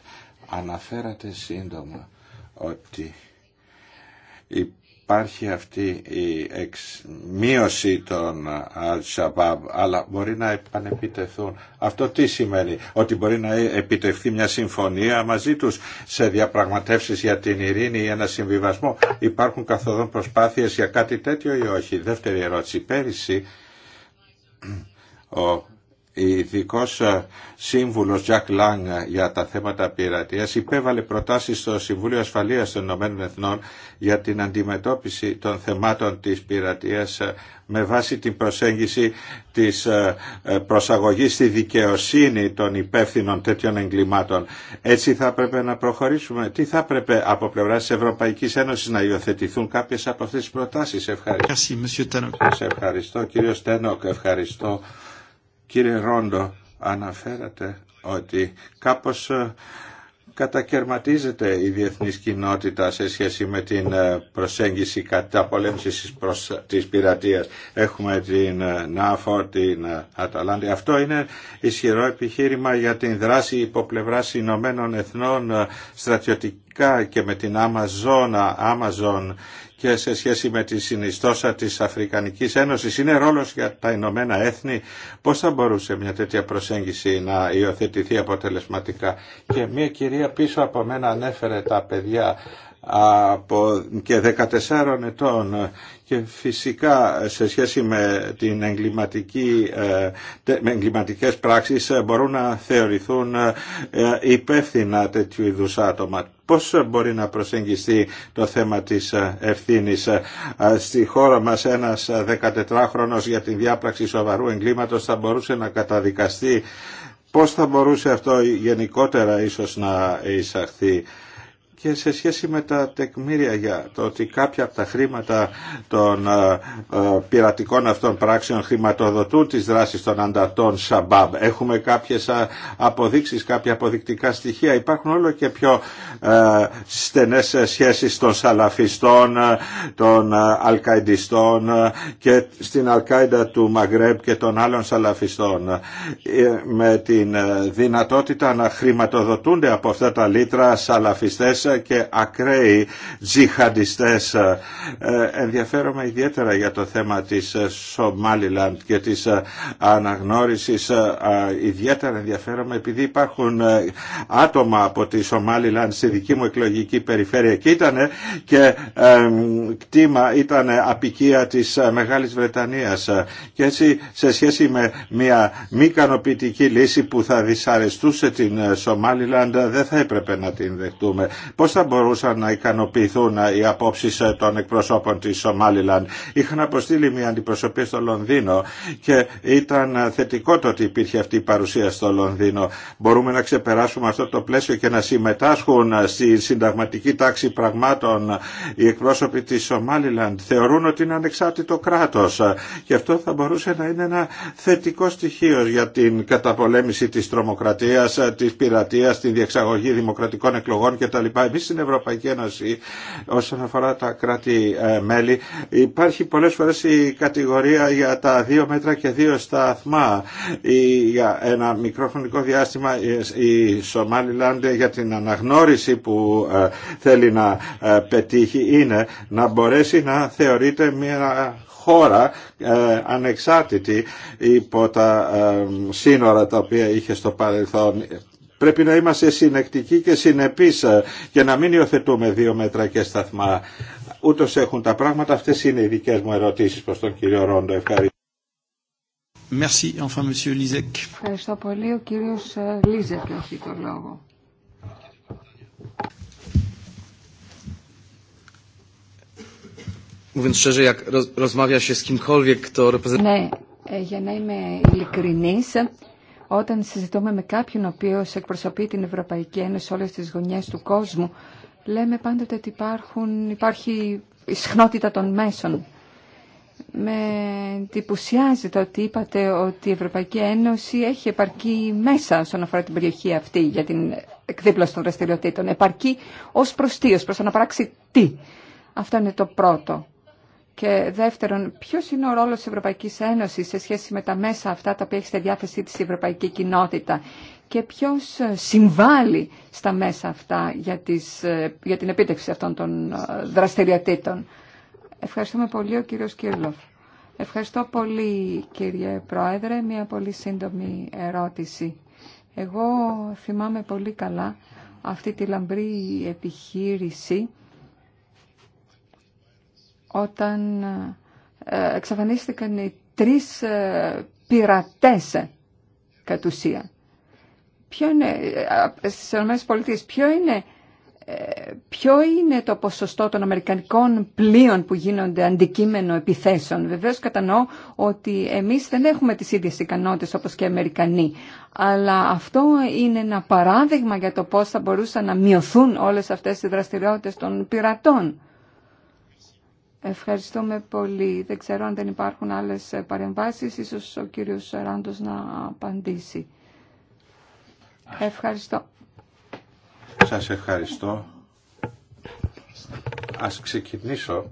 Αναφέρατε σύντομα ότι η υπάρχει αυτή η εξ, μείωση των Al-Shabaab αλλά μπορεί να επανεπιτεθούν. Αυτό τι σημαίνει, ότι μπορεί να επιτευχθεί μια συμφωνία μαζί τους σε διαπραγματεύσεις για την ειρήνη ή ένα συμβιβασμό. Υπάρχουν καθοδόν προσπάθειες για κάτι τέτοιο ή όχι. Δεύτερη ερώτηση, πέρυσι ο ειδικό ε, σύμβουλο Jack Lang για τα θέματα πειρατεία υπέβαλε προτάσει στο Συμβούλιο Ασφαλεία των Ηνωμένων Εθνών για την αντιμετώπιση των θεμάτων τη πειρατεία ε, με βάση την προσέγγιση τη ε, προσαγωγή στη δικαιοσύνη των υπεύθυνων τέτοιων εγκλημάτων. Έτσι θα έπρεπε να προχωρήσουμε. Τι θα έπρεπε από πλευρά τη Ευρωπαϊκή Ένωση να υιοθετηθούν κάποιε από αυτέ τι προτάσει. Ευχαριστώ. Ευχαριστώ ευχαριστώ κύριο Στένοκ. Ευχαριστώ Κύριε Ρόντο, αναφέρατε ότι κάπως ε, κατακαιρματίζεται η διεθνής κοινότητα σε σχέση με την ε, προσέγγιση κατά πολέμησης της πειρατείας. Έχουμε την ε, ΝΑΦΟ, την Αταλάντη. Αυτό είναι ισχυρό επιχείρημα για την δράση υποπλευράς Ηνωμένων Εθνών στρατιωτικά και με την Amazon, Amazon και σε σχέση με τη συνιστόσα της Αφρικανικής Ένωσης. Είναι ρόλος για τα Ηνωμένα Έθνη. Πώς θα μπορούσε μια τέτοια προσέγγιση να υιοθετηθεί αποτελεσματικά. Και μια κυρία πίσω από μένα ανέφερε τα παιδιά από και 14 ετών και φυσικά σε σχέση με, την εγκληματική, ε, με εγκληματικές πράξεις μπορούν να θεωρηθούν ε, υπεύθυνα τέτοιου είδους άτομα πώς μπορεί να προσεγγιστεί το θέμα της ε, ευθύνης. Ε, ε, στη χώρα μας ένας 14χρονος για την διάπραξη σοβαρού εγκλήματος θα μπορούσε να καταδικαστεί. Πώς θα μπορούσε αυτό γενικότερα ίσως να εισαχθεί και σε σχέση με τα τεκμήρια για το ότι κάποια από τα χρήματα των ε, ε, πειρατικών αυτών πράξεων χρηματοδοτούν τις δράσεις των αντατών Σαμπάμ. Έχουμε κάποιες ε, αποδείξεις, κάποια αποδεικτικά στοιχεία. Υπάρχουν όλο και πιο στενές σχέσεις των Σαλαφιστών, των Αλκαϊντιστών και στην Αλκάιντα του Μαγκρέμπ και των άλλων Σαλαφιστών με την δυνατότητα να χρηματοδοτούνται από αυτά τα λίτρα Σαλαφιστές και ακραίοι τζιχαντιστές. Ε, ενδιαφέρομαι ιδιαίτερα για το θέμα της Σομάλιλαντ ε, και της ε, αναγνώρισης. Ιδιαίτερα ενδιαφέρομαι επειδή υπάρχουν άτομα από τη Σομάλιλαντ στη δική μου εκλογική περιφέρεια και ήταν και κτήμα, ήταν απικία της Μεγάλης Βρετανίας και έτσι σε σχέση με μια μη ικανοποιητική λύση που θα δυσαρεστούσε την Σομάλιλαντ δεν θα έπρεπε να την δεχτούμε πώς θα μπορούσαν να ικανοποιηθούν ε, οι απόψεις ε, των εκπροσώπων της Σομάλιλαν. Είχαν αποστείλει μια αντιπροσωπή στο Λονδίνο και ήταν ε, θετικό το ότι υπήρχε αυτή η παρουσία στο Λονδίνο. Μπορούμε να ξεπεράσουμε αυτό το πλαίσιο και να συμμετάσχουν στη συνταγματική τάξη πραγμάτων οι εκπρόσωποι της Σομάλιλαν. Θεωρούν ότι είναι ανεξάρτητο κράτος και αυτό θα μπορούσε να είναι ένα θετικό στοιχείο για την καταπολέμηση της τρομοκρατίας, της πειρατείας, τη διεξαγωγή δημοκρατικών εκλογών κτλ. Εμείς στην Ευρωπαϊκή Ένωση όσον αφορά τα κράτη-μέλη υπάρχει πολλές φορές η κατηγορία για τα δύο μέτρα και δύο σταθμά ή για ένα μικρό χρονικό διάστημα η Σομάλι Λάντε για την αναγνώριση που ε, θέλει να ε, πετύχει είναι να μπορέσει να θεωρείται μια χώρα ε, ανεξάρτητη υπό τα σύνορα τα οποία είχε στο παρελθόν. Πρέπει να είμαστε συνεκτικοί και συνεπείς και ε, να μην υιοθετούμε δύο μέτρα και σταθμά. Ούτως έχουν τα πράγματα. Αυτές είναι οι δικές μου ερωτήσεις προς τον κύριο Ρόντο. Ευχαριστώ. Merci, enfin, monsieur Ευχαριστώ πολύ. Ο κύριος ε, Λίζεκ έχει το λόγο. Ναι, e, για να είμαι ειλικρινής, όταν συζητούμε με κάποιον ο οποίος εκπροσωπεί την Ευρωπαϊκή Ένωση σε όλες τις γωνιές του κόσμου, λέμε πάντοτε ότι υπάρχουν, υπάρχει η συχνότητα των μέσων. Με εντυπωσιάζει το ότι είπατε ότι η Ευρωπαϊκή Ένωση έχει επαρκή μέσα όσον αφορά την περιοχή αυτή για την εκδίπλωση των δραστηριοτήτων. Επαρκή ως προς προς να παράξει τι. Αυτό είναι το πρώτο. Και δεύτερον, ποιο είναι ο ρόλο τη Ευρωπαϊκή Ένωση σε σχέση με τα μέσα αυτά τα οποία έχει στη διάθεσή τη η Ευρωπαϊκή Κοινότητα και ποιο ε, συμβάλλει στα μέσα αυτά για, τις, ε, για την επίτευξη αυτών των ε, δραστηριοτήτων. Ευχαριστούμε πολύ ο κύριος Κύρλοφ. Ευχαριστώ πολύ κύριε Πρόεδρε. Μια πολύ σύντομη ερώτηση. Εγώ θυμάμαι πολύ καλά αυτή τη λαμπρή επιχείρηση όταν ε, εξαφανίστηκαν οι τρεις ε, πειρατές ε, κατ' ουσία. Ποιο είναι, στις ΗΠΑ, ποιο είναι, ποιο είναι το ποσοστό των Αμερικανικών πλοίων που γίνονται αντικείμενο επιθέσεων. Βεβαίως κατανοώ ότι εμείς δεν έχουμε τις ίδιες ικανότητες όπως και οι Αμερικανοί. Αλλά αυτό είναι ένα παράδειγμα για το πώς θα μπορούσαν να μειωθούν όλες αυτές οι δραστηριότητες των πειρατών. Ευχαριστούμε πολύ. Δεν ξέρω αν δεν υπάρχουν άλλες παρεμβάσεις. Ίσως ο κύριος Ράντος να απαντήσει. Ευχαριστώ. Σας ευχαριστώ. Ας ξεκινήσω.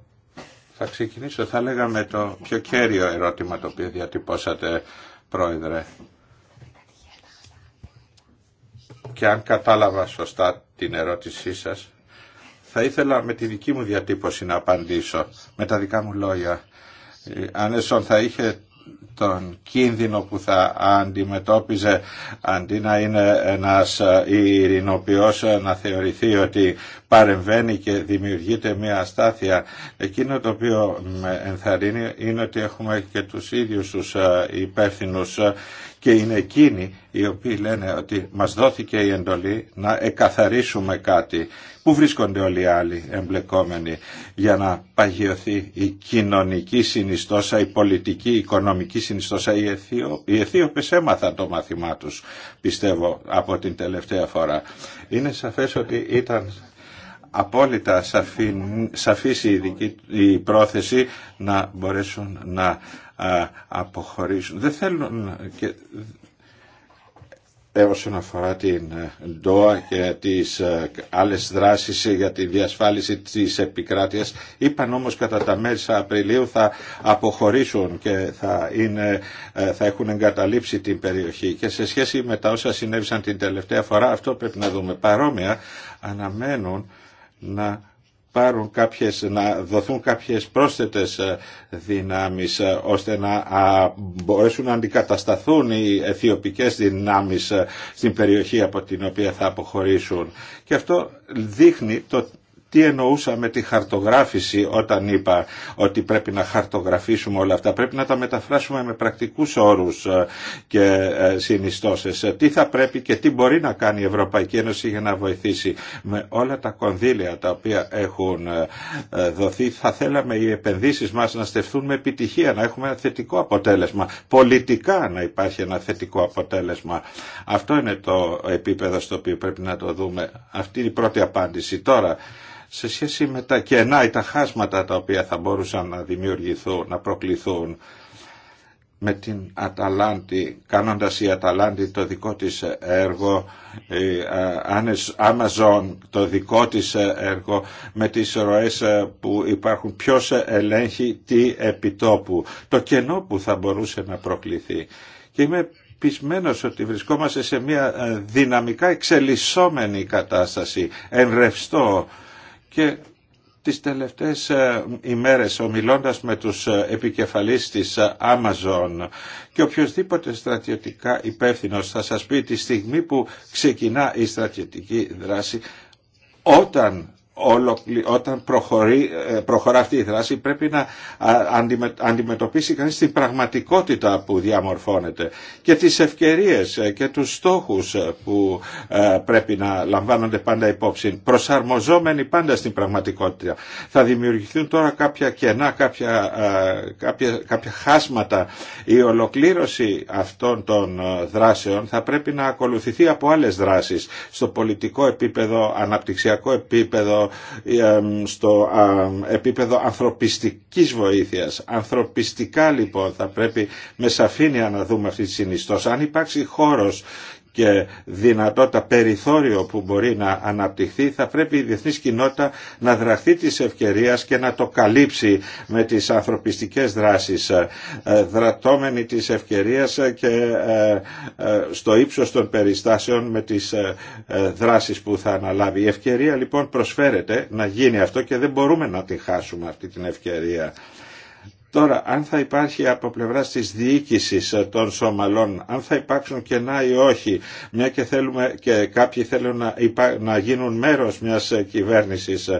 Θα ξεκινήσω, θα λέγαμε το πιο κέριο ερώτημα το οποίο διατυπώσατε, Πρόεδρε. Και αν κατάλαβα σωστά την ερώτησή σας, θα ήθελα με τη δική μου διατύπωση να απαντήσω, με τα δικά μου λόγια. Αν ε, εσόν θα είχε τον κίνδυνο που θα αντιμετώπιζε αντί να είναι ένας ε, ειρηνοποιός ε, να θεωρηθεί ότι παρεμβαίνει και δημιουργείται μια αστάθεια. Εκείνο το οποίο με ενθαρρύνει είναι ότι έχουμε και τους ίδιους τους υπεύθυνους και είναι εκείνοι οι οποίοι λένε ότι μας δόθηκε η εντολή να εκαθαρίσουμε κάτι. Πού βρίσκονται όλοι οι άλλοι εμπλεκόμενοι για να παγιωθεί η κοινωνική συνιστόσα, η πολιτική, η οικονομική συνιστόσα. Οι, Αιθίω, οι Αιθίωπες έμαθαν το μάθημά τους, πιστεύω, από την τελευταία φορά. Είναι σαφές ότι ήταν απόλυτα σαφή, σαφής η πρόθεση να μπορέσουν να αποχωρήσουν. Δεν θέλουν και ε, όσον αφορά την ε, ΝΤΟΑ και τις ε, άλλες δράσεις για τη διασφάλιση της επικράτειας. Είπαν όμως κατά τα μέσα Απριλίου θα αποχωρήσουν και θα, είναι, θα έχουν εγκαταλείψει την περιοχή. Και σε σχέση με τα όσα συνέβησαν την τελευταία φορά, αυτό πρέπει να δούμε. Παρόμοια αναμένουν να πάρουν κάποιες, να δοθούν κάποιες πρόσθετες ε, δυνάμεις ε, ώστε να μπορέσουν να αντικατασταθούν οι αιθιοπικές δυνάμεις ε, στην περιοχή από την οποία θα αποχωρήσουν. Και αυτό δείχνει το τι εννοούσα με τη χαρτογράφηση όταν είπα ότι πρέπει να χαρτογραφήσουμε όλα αυτά. Πρέπει να τα μεταφράσουμε με πρακτικούς όρους ε, και ε, συνιστώσεις. Ε, τι θα πρέπει και τι μπορεί να κάνει η Ευρωπαϊκή Ένωση για να βοηθήσει με όλα τα κονδύλια τα οποία έχουν δοθεί. Θα θέλαμε οι επενδύσεις μας να στεφθούν με επιτυχία, να έχουμε ένα θετικό αποτέλεσμα. Πολιτικά να υπάρχει ένα θετικό αποτέλεσμα. Αυτό είναι το επίπεδο στο οποίο πρέπει να το δούμε. Αυτή είναι η πρώτη απάντηση. Τώρα, σε σχέση με τα κενά ή τα χάσματα τα οποία θα μπορούσαν να δημιουργηθούν, να προκληθούν με την Αταλάντη, κάνοντας η Αταλάντη το δικό της έργο, η Amazon το δικό της έργο, με τις ροές ε, που υπάρχουν, ποιος ελέγχει τι επιτόπου, το κενό που θα μπορούσε να προκληθεί. Και είμαι πεισμένος ότι βρισκόμαστε σε μια ε, δυναμικά εξελισσόμενη κατάσταση, ενρευστό, και τις τελευταίες ε, ημέρες ομιλώντας με τους ε, επικεφαλείς της ε, Amazon και οποιοδήποτε στρατιωτικά υπεύθυνος θα σας πει τη στιγμή που ξεκινά η στρατιωτική δράση όταν όταν προχωρεί, ε, προχωρά αυτή η δράση πρέπει να αντιμετωπίσει κανείς την πραγματικότητα που διαμορφώνεται και τις ευκαιρίες ε, και τους στόχους ε, που πρέπει να λαμβάνονται πάντα υπόψη προσαρμοζόμενοι πάντα στην πραγματικότητα. Θα δημιουργηθούν τώρα κάποια κενά, κάποια, κάποια, κάποια χάσματα. Η ολοκλήρωση αυτών των δράσεων θα πρέπει να ακολουθηθεί από άλλες δράσεις στο πολιτικό επίπεδο, αναπτυξιακό επίπεδο, ε, στο, επίπεδο ανθρωπιστικής βοήθειας. Ανθρωπιστικά λοιπόν θα πρέπει με σαφήνεια να δούμε αυτή τη συνιστόση Αν υπάρξει χώρος και δυνατότητα περιθώριο που μπορεί να αναπτυχθεί θα πρέπει η διεθνής κοινότητα να δραχθεί της ευκαιρίας και να το καλύψει με τις ανθρωπιστικές δράσεις ε, δρατώμενη της ευκαιρίας και ε, ε, στο ύψος των περιστάσεων με τις δράσεις που θα αναλάβει. Η ευκαιρία λοιπόν προσφέρεται να γίνει αυτό και δεν μπορούμε να τη χάσουμε αυτή την ευκαιρία. Τώρα, αν θα υπάρχει από πλευρά τη διοίκηση ε, των Σομαλών, αν θα υπάρξουν κενά ή όχι, μια και, θέλουμε, και κάποιοι θέλουν να, να γίνουν μέρο μια ε, κυβέρνηση, ε,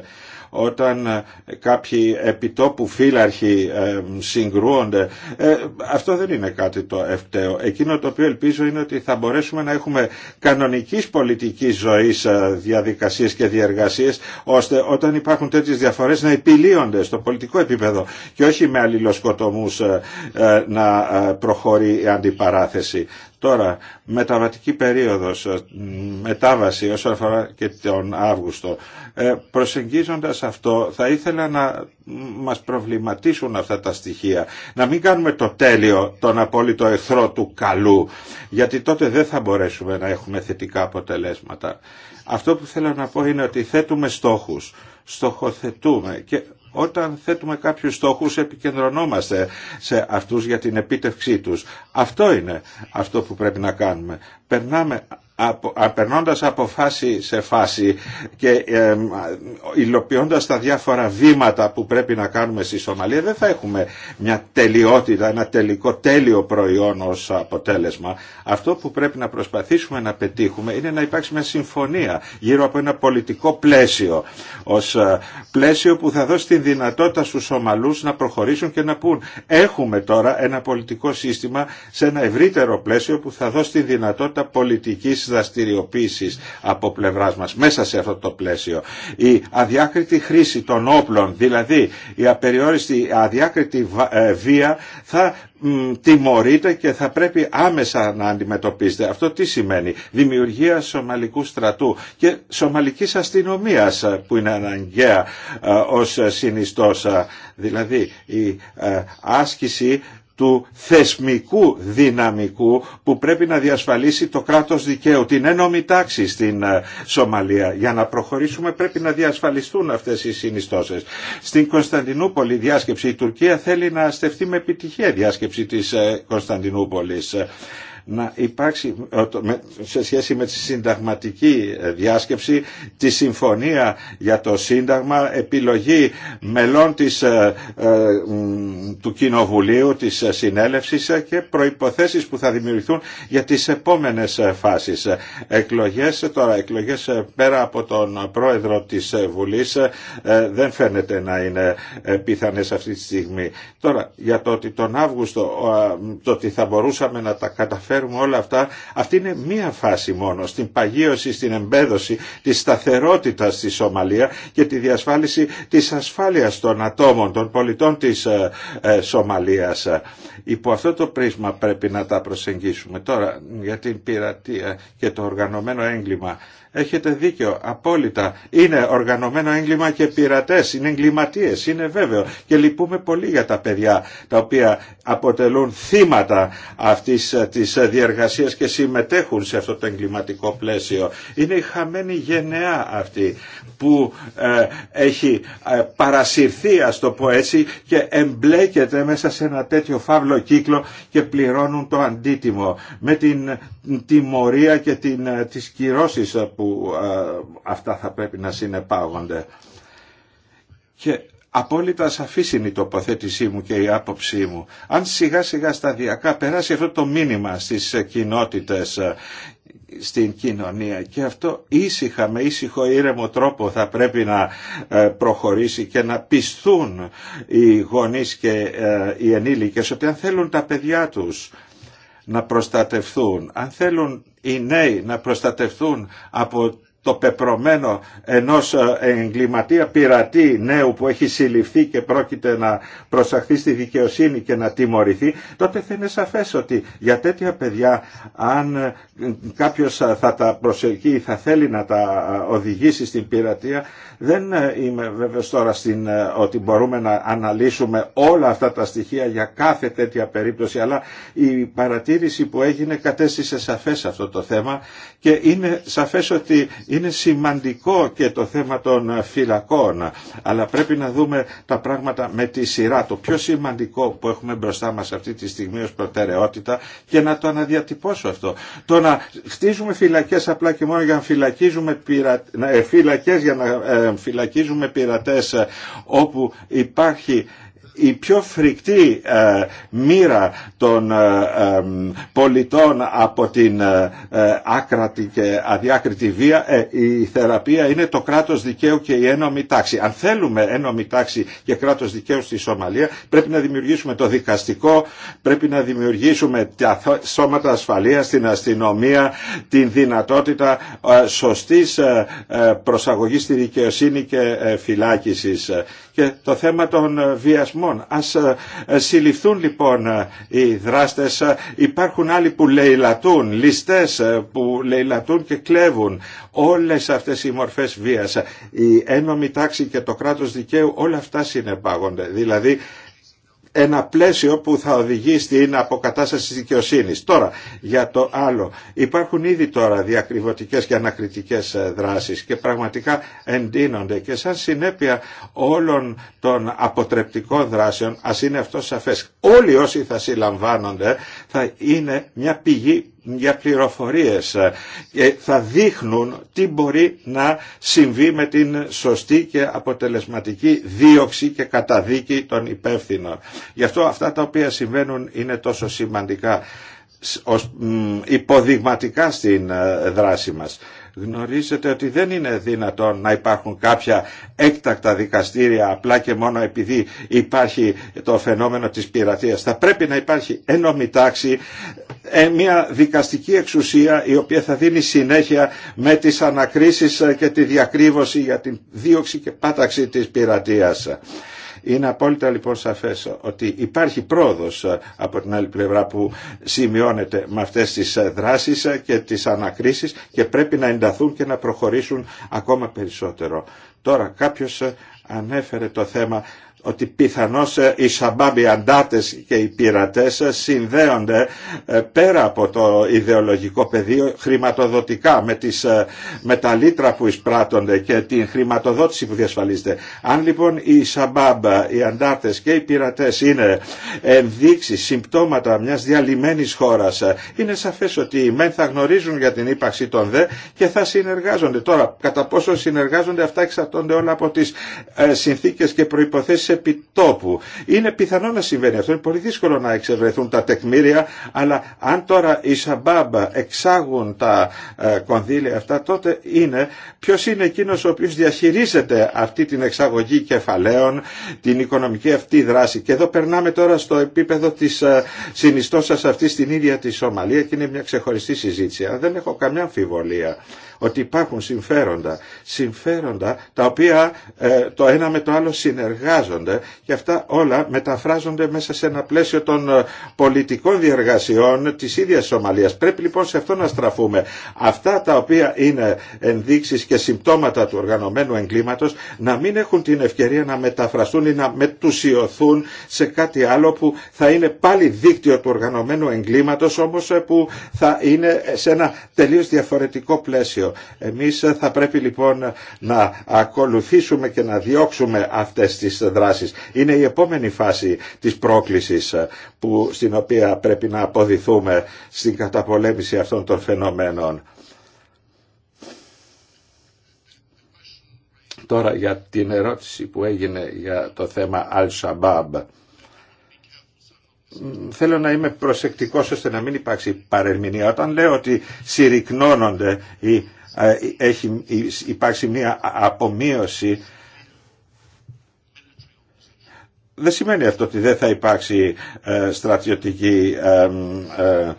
όταν ε, κάποιοι επιτόπου φύλαρχοι ε, συγκρούονται. Ε, αυτό δεν είναι κάτι το ευταίο. Εκείνο το οποίο ελπίζω είναι ότι θα μπορέσουμε να έχουμε κανονικής πολιτικής ζωής διαδικασίες και διεργασίες ώστε όταν υπάρχουν τέτοιες διαφορές να επιλύονται στο πολιτικό επίπεδο και όχι με αλληλοσκοτομούς να προχωρεί η αντιπαράθεση. Τώρα, μεταβατική περίοδος, μετάβαση όσον αφορά και τον Αύγουστο. Ε, προσεγγίζοντας αυτό θα ήθελα να μας προβληματίσουν αυτά τα στοιχεία. Να μην κάνουμε το τέλειο, τον απόλυτο εχθρό του καλού, γιατί τότε δεν θα μπορέσουμε να έχουμε θετικά αποτελέσματα. Αυτό που θέλω να πω είναι ότι θέτουμε στόχους, στοχοθετούμε και όταν θέτουμε κάποιους στόχους επικεντρωνόμαστε σε αυτούς για την επίτευξή τους. Αυτό είναι αυτό που πρέπει να κάνουμε. Περνάμε απο, περνώντας από φάση σε φάση και ε, υλοποιώντας τα διάφορα βήματα που πρέπει να κάνουμε στη Σομαλία δεν θα έχουμε μια τελειότητα, ένα τελικό τέλειο προϊόν ως αποτέλεσμα. Αυτό που πρέπει να προσπαθήσουμε να πετύχουμε είναι να υπάρξει μια συμφωνία γύρω από ένα πολιτικό πλαίσιο ως ε, πλαίσιο που θα δώσει τη δυνατότητα στους Σομαλούς να προχωρήσουν και να πούν έχουμε τώρα ένα πολιτικό σύστημα σε ένα ευρύτερο πλαίσιο που θα δώσει τη δυνατότητα πολιτικής στα από πλευρά μας μέσα σε αυτό το πλαίσιο. Η αδιάκριτη χρήση των όπλων, δηλαδή η απεριόριστη αδιάκριτη ε, βία θα τιμωρείται και θα πρέπει άμεσα να αντιμετωπίσετε. Αυτό τι σημαίνει. Δημιουργία σομαλικού στρατού και σομαλικής αστυνομίας ε, που είναι αναγκαία ε, ως συνιστός. Δηλαδή η άσκηση του θεσμικού δυναμικού που πρέπει να διασφαλίσει το κράτος δικαίου, την ένωμη τάξη στην ε, Σομαλία. Για να προχωρήσουμε πρέπει να διασφαλιστούν αυτές οι συνιστώσεις. Στην Κωνσταντινούπολη διάσκεψη η Τουρκία θέλει να στεφτεί με επιτυχία διάσκεψη της ε, Κωνσταντινούπολης να υπάρξει ε, σε σχέση με τη συνταγματική ε, διάσκεψη τη συμφωνία για το Σύνταγμα, επιλογή μελών της, ε, του Κοινοβουλίου, της συνέλευσης και προϋποθέσεις που θα δημιουργηθούν για τις επόμενες φάσεις. Εκλογές, τώρα εκλογές πέρα από τον πρόεδρο της Βουλής δεν φαίνεται να είναι πιθανές αυτή τη στιγμή. Τώρα για το ότι τον Αύγουστο το ότι θα μπορούσαμε να τα καταφέρουμε καταφέρουμε αυτά, αυτή είναι μία φάση μόνο στην παγίωση, στην εμπέδωση της σταθερότητας στη Σομαλία και τη διασφάλιση της ασφάλειας των ατόμων, των πολιτών της ε, ε, Σομαλίας. Υπό αυτό το πρίσμα πρέπει να τα προσεγγίσουμε. Τώρα για την πειρατεία και το οργανωμένο έγκλημα Έχετε δίκιο, απόλυτα. Είναι οργανωμένο έγκλημα και πειρατέ, είναι εγκληματίε, είναι βέβαιο. Και λυπούμε πολύ για τα παιδιά τα οποία αποτελούν θύματα αυτή τη διεργασία και συμμετέχουν σε αυτό το εγκληματικό πλαίσιο. Είναι η χαμένη γενεά αυτή που ε, έχει ε, παρασυρθεί, α το πω έτσι, και εμπλέκεται μέσα σε ένα τέτοιο φαύλο κύκλο και πληρώνουν το αντίτιμο με την τιμωρία και την, ε, τις κυρώσεις ε, που ε, αυτά θα πρέπει να συνεπάγονται. Και απόλυτα σαφής είναι η τοποθέτησή μου και η άποψή μου. Αν σιγά σιγά σταδιακά περάσει αυτό το μήνυμα στις κοινότητες στην κοινωνία και αυτό ήσυχα με ήσυχο ήρεμο τρόπο θα πρέπει να προχωρήσει και να πιστούν οι γονείς και οι ενήλικες ότι αν θέλουν τα παιδιά τους να προστατευθούν. Αν θέλουν οι νέοι να προστατευθούν από το πεπρωμένο ενός ε, εγκληματία πειρατή νέου που έχει συλληφθεί και πρόκειται να προσαχθεί στη δικαιοσύνη και να τιμωρηθεί, τότε θα είναι σαφές ότι για τέτοια παιδιά αν ε, κάποιος ε, θα τα ή θα θέλει να τα οδηγήσει στην πειρατεία, δεν είμαι βέβαιος τώρα ότι μπορούμε να αναλύσουμε όλα αυτά τα στοιχεία για κάθε τέτοια περίπτωση, αλλά η παρατήρηση που έγινε κατέστησε σαφές αυτό το θέμα και είναι σαφές ότι είναι σημαντικό και το θέμα των φυλακών, αλλά πρέπει να δούμε τα πράγματα με τη σειρά. Το πιο σημαντικό που έχουμε μπροστά μας αυτή τη στιγμή ως προτεραιότητα και να το αναδιατυπώσω αυτό. Το να χτίζουμε φυλακές απλά και μόνο για να φυλακίζουμε, πειρα... Ε, φυλακές για να ε, φυλακίζουμε πειρατές ε, όπου υπάρχει η πιο φρικτή ε, μοίρα των ε, πολιτών από την ε, ε, άκρατη και αδιάκριτη βία η θεραπεία είναι το κράτος δικαίου και η ένομη τάξη. Αν θέλουμε ένομη τάξη και κράτος δικαίου στη Σομαλία πρέπει να δημιουργήσουμε το δικαστικό, πρέπει να δημιουργήσουμε τα σώματα ασφαλείας, την αστυνομία, την δυνατότητα σωστής προσαγωγής στη δικαιοσύνη και φυλάκισης. Και το θέμα των βιασμών Α Ας ε, ε, συλληφθούν λοιπόν ε, οι δράστες, υπάρχουν άλλοι που λαιλατούν, ληστές που λαιλατούν και κλέβουν. Όλες αυτές οι μορφές βίας, η ένομη τάξη και το κράτος δικαίου όλα αυτά συνεπάγονται. Δηλαδή ένα πλαίσιο που θα οδηγεί στην αποκατάσταση της δικαιοσύνης. Τώρα, για το άλλο, υπάρχουν ήδη τώρα διακριβωτικές και ανακριτικές ε, δράσεις και πραγματικά εντείνονται και σαν συνέπεια όλων των αποτρεπτικών δράσεων, ας είναι αυτό σαφές, όλοι όσοι θα συλλαμβάνονται θα είναι μια πηγή για πληροφορίες ε, και θα δείχνουν τι μπορεί να συμβεί με την σωστή και αποτελεσματική δίωξη και καταδίκη των υπεύθυνων. Γι' αυτό αυτά τα οποία συμβαίνουν είναι τόσο σημαντικά ως υποδειγματικά στην ε, δράση μας γνωρίζετε ότι δεν είναι δυνατόν να υπάρχουν κάποια έκτακτα δικαστήρια απλά και μόνο επειδή υπάρχει το φαινόμενο της πειρατείας. Θα πρέπει να υπάρχει ένωμη τάξη, ε, μια δικαστική εξουσία η οποία θα δίνει συνέχεια με τις ανακρίσεις και τη διακρίβωση για την δίωξη και πάταξη της πειρατείας. Είναι απόλυτα λοιπόν σαφές ότι υπάρχει πρόοδος ε, από την άλλη πλευρά που σημειώνεται με αυτές τις ε, δράσεις ε, και τις ανακρίσεις και πρέπει να ενταθούν και να προχωρήσουν ακόμα περισσότερο. Τώρα κάποιος ανέφερε το θέμα ότι πιθανώς ε, οι οι αντάτες και οι πειρατές ε, συνδέονται ε, πέρα από το ιδεολογικό πεδίο χρηματοδοτικά με, τις, με τα λίτρα που εισπράττονται και την χρηματοδότηση που διασφαλίζεται. Αν λοιπόν οι σαμπάμπ, οι αντάρτες και οι πειρατές είναι ενδείξεις, συμπτώματα μιας διαλυμένης χώρας, είναι σαφές ότι οι μεν θα γνωρίζουν για την ύπαρξη των δε και θα συνεργάζονται. Τώρα, κατά πόσο συνεργάζονται αυτά εξαρτώνται όλα από τις συνθήκες και προϋποθέσεις επιτόπου. Είναι πιθανό να συμβαίνει αυτό. Είναι πολύ δύσκολο να εξευρεθούν τα τεκμήρια, αλλά αν τώρα οι Σαμπάμπα εξάγουν τα ε, κονδύλια αυτά, τότε είναι ποιο είναι εκείνο ο οποίο διαχειρίζεται αυτή την εξαγωγή κεφαλαίων, την οικονομική αυτή δράση. Και εδώ περνάμε τώρα στο επίπεδο τη ε, συνιστόσα αυτή στην ίδια τη Σομαλία και είναι μια ξεχωριστή συζήτηση. δεν έχω καμιά αμφιβολία ότι υπάρχουν συμφέροντα. Συμφέροντα τα οποία ε, το ένα με το άλλο συνεργάζονται και αυτά όλα μεταφράζονται μέσα σε ένα πλαίσιο των ε, πολιτικών διεργασιών της ίδιας Σομαλίας. Πρέπει λοιπόν σε αυτό να στραφούμε. Αυτά τα οποία είναι ενδείξεις και συμπτώματα του οργανωμένου εγκλήματος να μην έχουν την ευκαιρία να μεταφραστούν ή να μετουσιωθούν σε κάτι άλλο που θα είναι πάλι δίκτυο του οργανωμένου εγκλήματος όμως ε, που θα είναι σε ένα τελείως διαφορετικό πλαίσιο. Εμείς θα πρέπει λοιπόν να ακολουθήσουμε και να διώξουμε αυτές τις δράσεις. Είναι η επόμενη φάση της πρόκλησης που, στην οποία πρέπει να αποδηθούμε στην καταπολέμηση αυτών των φαινομένων. Τώρα για την ερώτηση που έγινε για το θέμα Al-Shabaab. Θέλω να είμαι προσεκτικός ώστε να μην υπάρξει παρερμηνία. Όταν λέω ότι συρρυκνώνονται οι ε, έχει υπάρξει μια απομείωση δεν σημαίνει αυτό ότι δεν θα υπάρξει ε, στρατιωτική ε,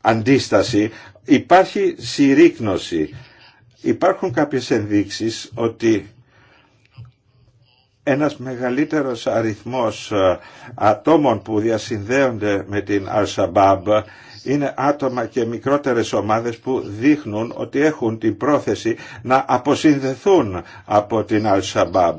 αντίσταση. Υπάρχει συρρήκνωση. Υπάρχουν κάποιες ενδείξεις ότι ένας μεγαλύτερος αριθμός ατόμων που διασυνδέονται με την Αρσαμπάμπ είναι άτομα και μικρότερες ομάδες που δείχνουν ότι έχουν την πρόθεση να αποσυνδεθούν από την Al-Shabaab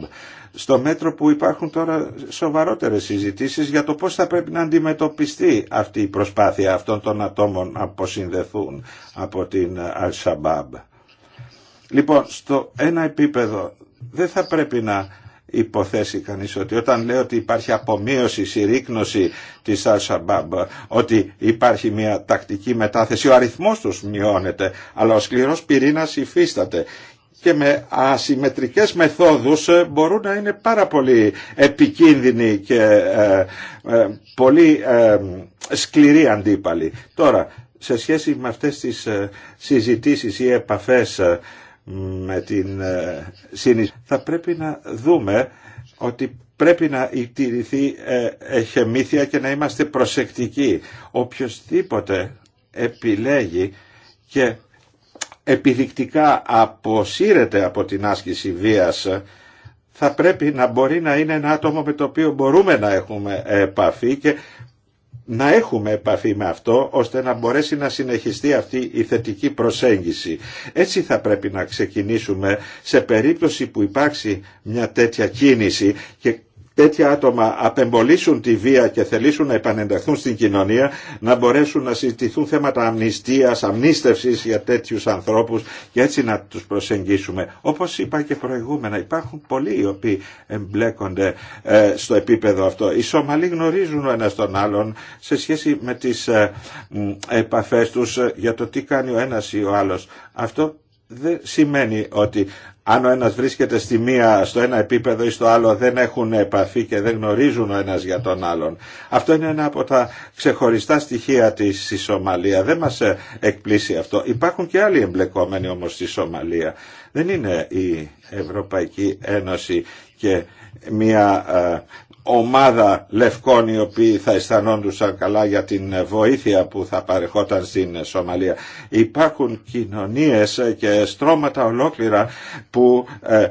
στο μέτρο που υπάρχουν τώρα σοβαρότερες συζητήσεις για το πώς θα πρέπει να αντιμετωπιστεί αυτή η προσπάθεια αυτών των ατόμων να αποσυνδεθούν από την Al-Shabaab. Λοιπόν, στο ένα επίπεδο δεν θα πρέπει να υποθέσει κανείς ότι όταν λέω ότι υπάρχει απομείωση, συρρήκνωση της al ότι υπάρχει μια τακτική μετάθεση, ο αριθμός τους μειώνεται, αλλά ο σκληρός πυρήνας υφίσταται και με ασυμμετρικές μεθόδους ε, μπορούν να είναι πάρα πολύ επικίνδυνοι και ε, ε, πολύ ε, σκληροί αντίπαλοι. Τώρα, σε σχέση με αυτές τις συζητήσεις ή επαφές με την ε, Θα πρέπει να δούμε ότι πρέπει να τηρηθεί ε, εχεμήθεια και να είμαστε προσεκτικοί. Οποιοςδήποτε επιλέγει και επιδεικτικά αποσύρεται από την άσκηση βίας θα πρέπει να μπορεί να είναι ένα άτομο με το οποίο μπορούμε να έχουμε επαφή και να έχουμε επαφή με αυτό ώστε να μπορέσει να συνεχιστεί αυτή η θετική προσέγγιση. Έτσι θα πρέπει να ξεκινήσουμε σε περίπτωση που υπάρξει μια τέτοια κίνηση και τέτοια άτομα απεμπολίσουν τη βία και θελήσουν να επανενταχθούν στην κοινωνία, να μπορέσουν να συζητηθούν θέματα αμνηστίας, αμνίστευσης για τέτοιους ανθρώπους και έτσι να τους προσεγγίσουμε. Όπως είπα και προηγούμενα, υπάρχουν πολλοί οι οποίοι εμπλέκονται ε, στο επίπεδο αυτό. Οι Σομαλοί γνωρίζουν ο ένας τον άλλον σε σχέση με τις ε, επαφές τους για το τι κάνει ο ένας ή ο άλλος. Αυτό δεν σημαίνει ότι αν ο ένας βρίσκεται στη μία, στο ένα επίπεδο ή στο άλλο δεν έχουν επαφή και δεν γνωρίζουν ο ένας για τον άλλον. Αυτό είναι ένα από τα ξεχωριστά στοιχεία της Σομαλία. Δεν μας ε, εκπλήσει αυτό. Υπάρχουν και άλλοι εμπλεκόμενοι όμως στη Σομαλία. Δεν είναι η Ευρωπαϊκή Ένωση και μια ε, ομάδα λευκών οι οποίοι θα αισθανόντουσαν καλά για την βοήθεια που θα παρεχόταν στην Σομαλία. Υπάρχουν κοινωνίες και στρώματα ολόκληρα που ε,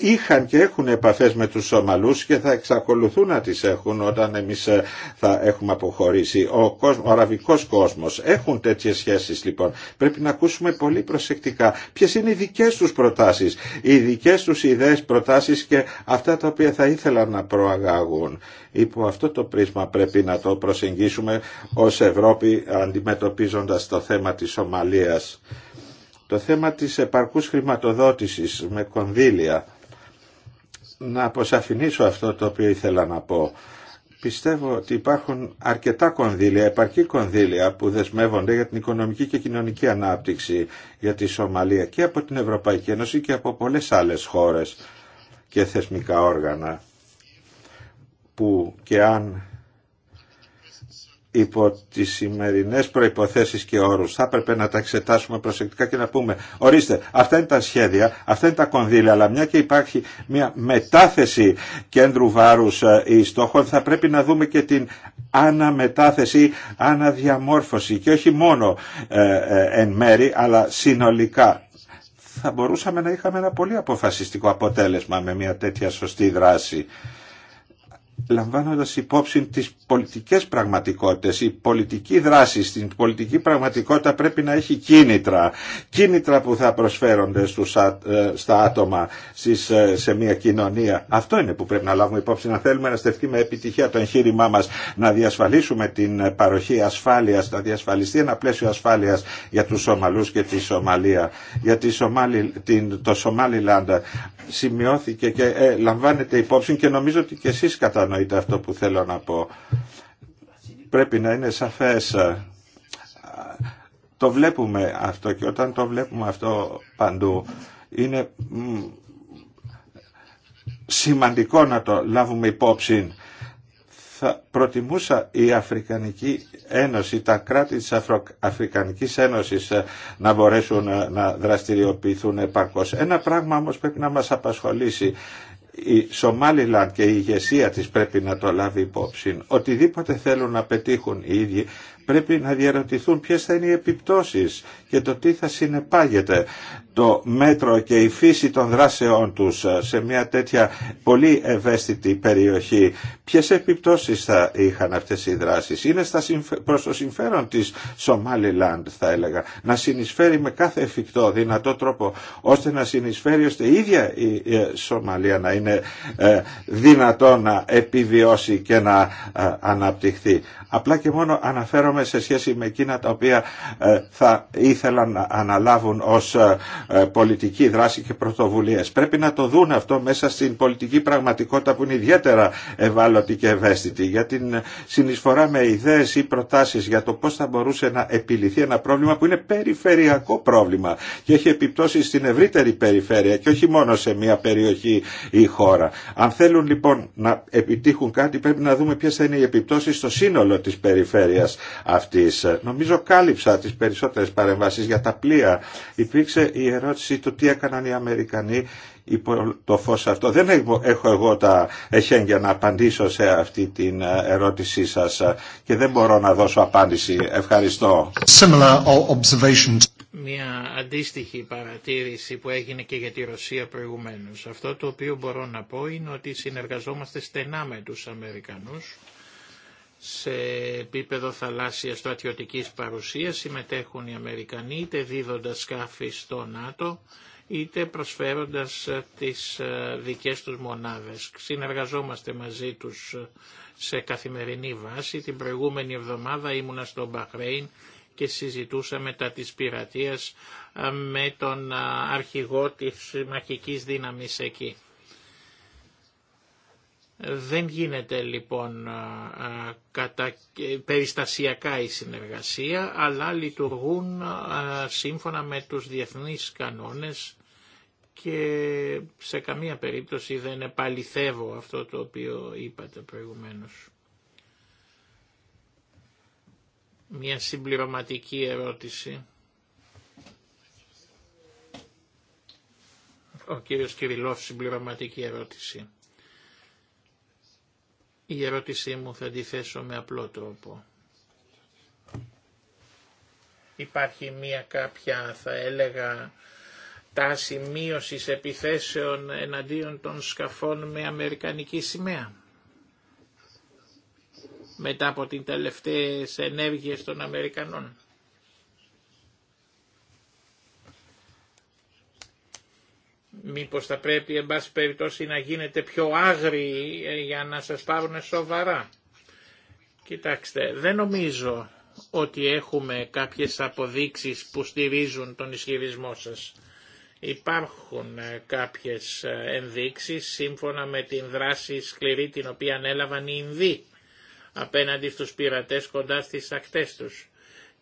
είχαν και έχουν επαφές με τους Σομαλούς και θα εξακολουθούν να τις έχουν όταν εμείς ε, θα έχουμε αποχωρήσει. Ο, κόσμο, αραβικός κόσμος έχουν τέτοιες σχέσεις λοιπόν. Πρέπει να ακούσουμε πολύ προσεκτικά ποιες είναι οι δικές τους προτάσεις, οι δικές τους ιδέες, προτάσεις και αυτά τα οποία θα ήθελαν να προαγάγουν. Υπό αυτό το πρίσμα πρέπει να το προσεγγίσουμε ως Ευρώπη αντιμετωπίζοντας το θέμα της Σομαλίας. Το θέμα της επαρκούς χρηματοδότησης με κονδύλια να αποσαφηνίσω αυτό το οποίο ήθελα να πω. Πιστεύω ότι υπάρχουν αρκετά κονδύλια, επαρκή κονδύλια που δεσμεύονται για την οικονομική και κοινωνική ανάπτυξη για τη Σομαλία και από την Ευρωπαϊκή Ένωση και από πολλές άλλες χώρες και θεσμικά όργανα που και αν υπό τις σημερινές προϋποθέσεις και όρους. Θα έπρεπε να τα εξετάσουμε προσεκτικά και να πούμε ορίστε αυτά είναι τα σχέδια, αυτά είναι τα κονδύλια αλλά μια και υπάρχει μια μετάθεση κέντρου βάρους ε, ή στόχων θα πρέπει να δούμε και την αναμετάθεση, αναδιαμόρφωση και όχι μόνο ε, ε, εν μέρη αλλά συνολικά θα μπορούσαμε να είχαμε ένα πολύ αποφασιστικό αποτέλεσμα με μια τέτοια σωστή δράση λαμβάνοντας υπόψη τις πολιτικές πραγματικότητες. Η πολιτική δράση στην πολιτική πραγματικότητα πρέπει να έχει κίνητρα. Κίνητρα που θα προσφέρονται στους, ε, στα άτομα στις, ε, σε μια κοινωνία. Αυτό είναι που πρέπει να λάβουμε υπόψη. Να θέλουμε να στεφτεί με επιτυχία το εγχείρημά μας να διασφαλίσουμε την παροχή ασφάλειας, να διασφαλιστεί ένα πλαίσιο ασφάλειας για τους Σομαλούς και τη Σομαλία. Για τη Σομάλι, την, το Σομάλι Λάντα σημειώθηκε και ε, λαμβάνεται υπόψη και νομίζω ότι και εσείς κατανοείτε κατανοείτε αυτό που θέλω να πω. Πρέπει να είναι σαφές. Το βλέπουμε αυτό και όταν το βλέπουμε αυτό παντού είναι σημαντικό να το λάβουμε υπόψη. Θα προτιμούσα η Αφρικανική Ένωση, τα κράτη της Αφρικανικής Ένωσης ε, να μπορέσουν ε, να δραστηριοποιηθούν επαρκώς. Ένα πράγμα όμως πρέπει να μας απασχολήσει η Σομάλιλαντ και η ηγεσία της πρέπει να το λάβει υπόψη. Οτιδήποτε θέλουν να πετύχουν οι ίδιοι πρέπει να διαρωτηθούν ποιες θα είναι οι επιπτώσεις και το τι θα συνεπάγεται το μέτρο και η φύση των δράσεών τους σε μια τέτοια πολύ ευαίσθητη περιοχή. Ποιες επιπτώσεις θα είχαν αυτές οι δράσεις. Είναι στα προς το συμφέρον της Σομάλιλαντ θα έλεγα να συνεισφέρει με κάθε εφικτό δυνατό τρόπο ώστε να συνεισφέρει ώστε η ίδια η ε, Σομαλία να είναι ε, δυνατό να επιβιώσει και να ε, αναπτυχθεί. Απλά και μόνο αναφέρομαι κάνουμε σε σχέση με εκείνα τα οποία ε, θα ήθελαν να αναλάβουν ως ε, ε, πολιτική δράση και πρωτοβουλίες. Πρέπει να το δουν αυτό μέσα στην πολιτική πραγματικότητα που είναι ιδιαίτερα ευάλωτη και ευαίσθητη για την συνεισφορά με ιδέες ή προτάσεις για το πώς θα μπορούσε να επιληθεί ένα πρόβλημα που είναι περιφερειακό πρόβλημα και έχει επιπτώσει στην ευρύτερη περιφέρεια και όχι μόνο σε μια περιοχή ή χώρα. Αν θέλουν λοιπόν να επιτύχουν κάτι πρέπει να δούμε ποιες θα είναι οι επιπτώσεις στο σύνολο της περιφέρειας αυτής. Νομίζω κάλυψα τις περισσότερες παρεμβάσεις για τα πλοία. Υπήρξε η ερώτηση του τι έκαναν οι Αμερικανοί υπό το φως αυτό. Δεν έχω εγώ τα εχέγγια να απαντήσω σε αυτή την ε, ερώτησή σας και δεν μπορώ να δώσω απάντηση. Ευχαριστώ. Μια αντίστοιχη παρατήρηση που έγινε και για τη Ρωσία προηγουμένως. Αυτό το οποίο μπορώ να πω είναι ότι συνεργαζόμαστε στενά με τους Αμερικανούς σε επίπεδο θαλάσσια στρατιωτική παρουσίας συμμετέχουν οι Αμερικανοί είτε δίδοντας σκάφη στο ΝΑΤΟ είτε προσφέροντας τι ε, δικές τους μονάδες. Συνεργαζόμαστε μαζί τους ε, σε καθημερινή βάση. Την προηγούμενη εβδομάδα ήμουνα στο Μπαχρέιν και συζητούσα μετά της πειρατεία ε, με τον αρχηγό της μαχικής δύναμης εκεί. Δεν γίνεται λοιπόν κατα... περιστασιακά η συνεργασία, αλλά λειτουργούν σύμφωνα με τους διεθνείς κανόνες και σε καμία περίπτωση δεν επαληθεύω αυτό το οποίο είπατε προηγουμένως. Μια συμπληρωματική ερώτηση. Ο κύριος Κυριλόφ, συμπληρωματική ερώτηση. Η ερώτησή μου θα τη με απλό τρόπο. Υπάρχει μία κάποια, θα έλεγα, τάση μείωσης επιθέσεων εναντίον των σκαφών με αμερικανική σημαία. Μετά από την τελευταίες ενέργειες των Αμερικανών. Μήπως θα πρέπει εν πάση περιπτώσει να γίνετε πιο άγριοι ε, για να σας πάρουν σοβαρά. Κοιτάξτε, δεν νομίζω ότι έχουμε κάποιες αποδείξεις που στηρίζουν τον ισχυρισμό σας. Υπάρχουν ε, κάποιες ε, ενδείξεις σύμφωνα με την δράση σκληρή την οποία ανέλαβαν οι Ινδοί απέναντι στους πειρατές κοντά στις ακτές τους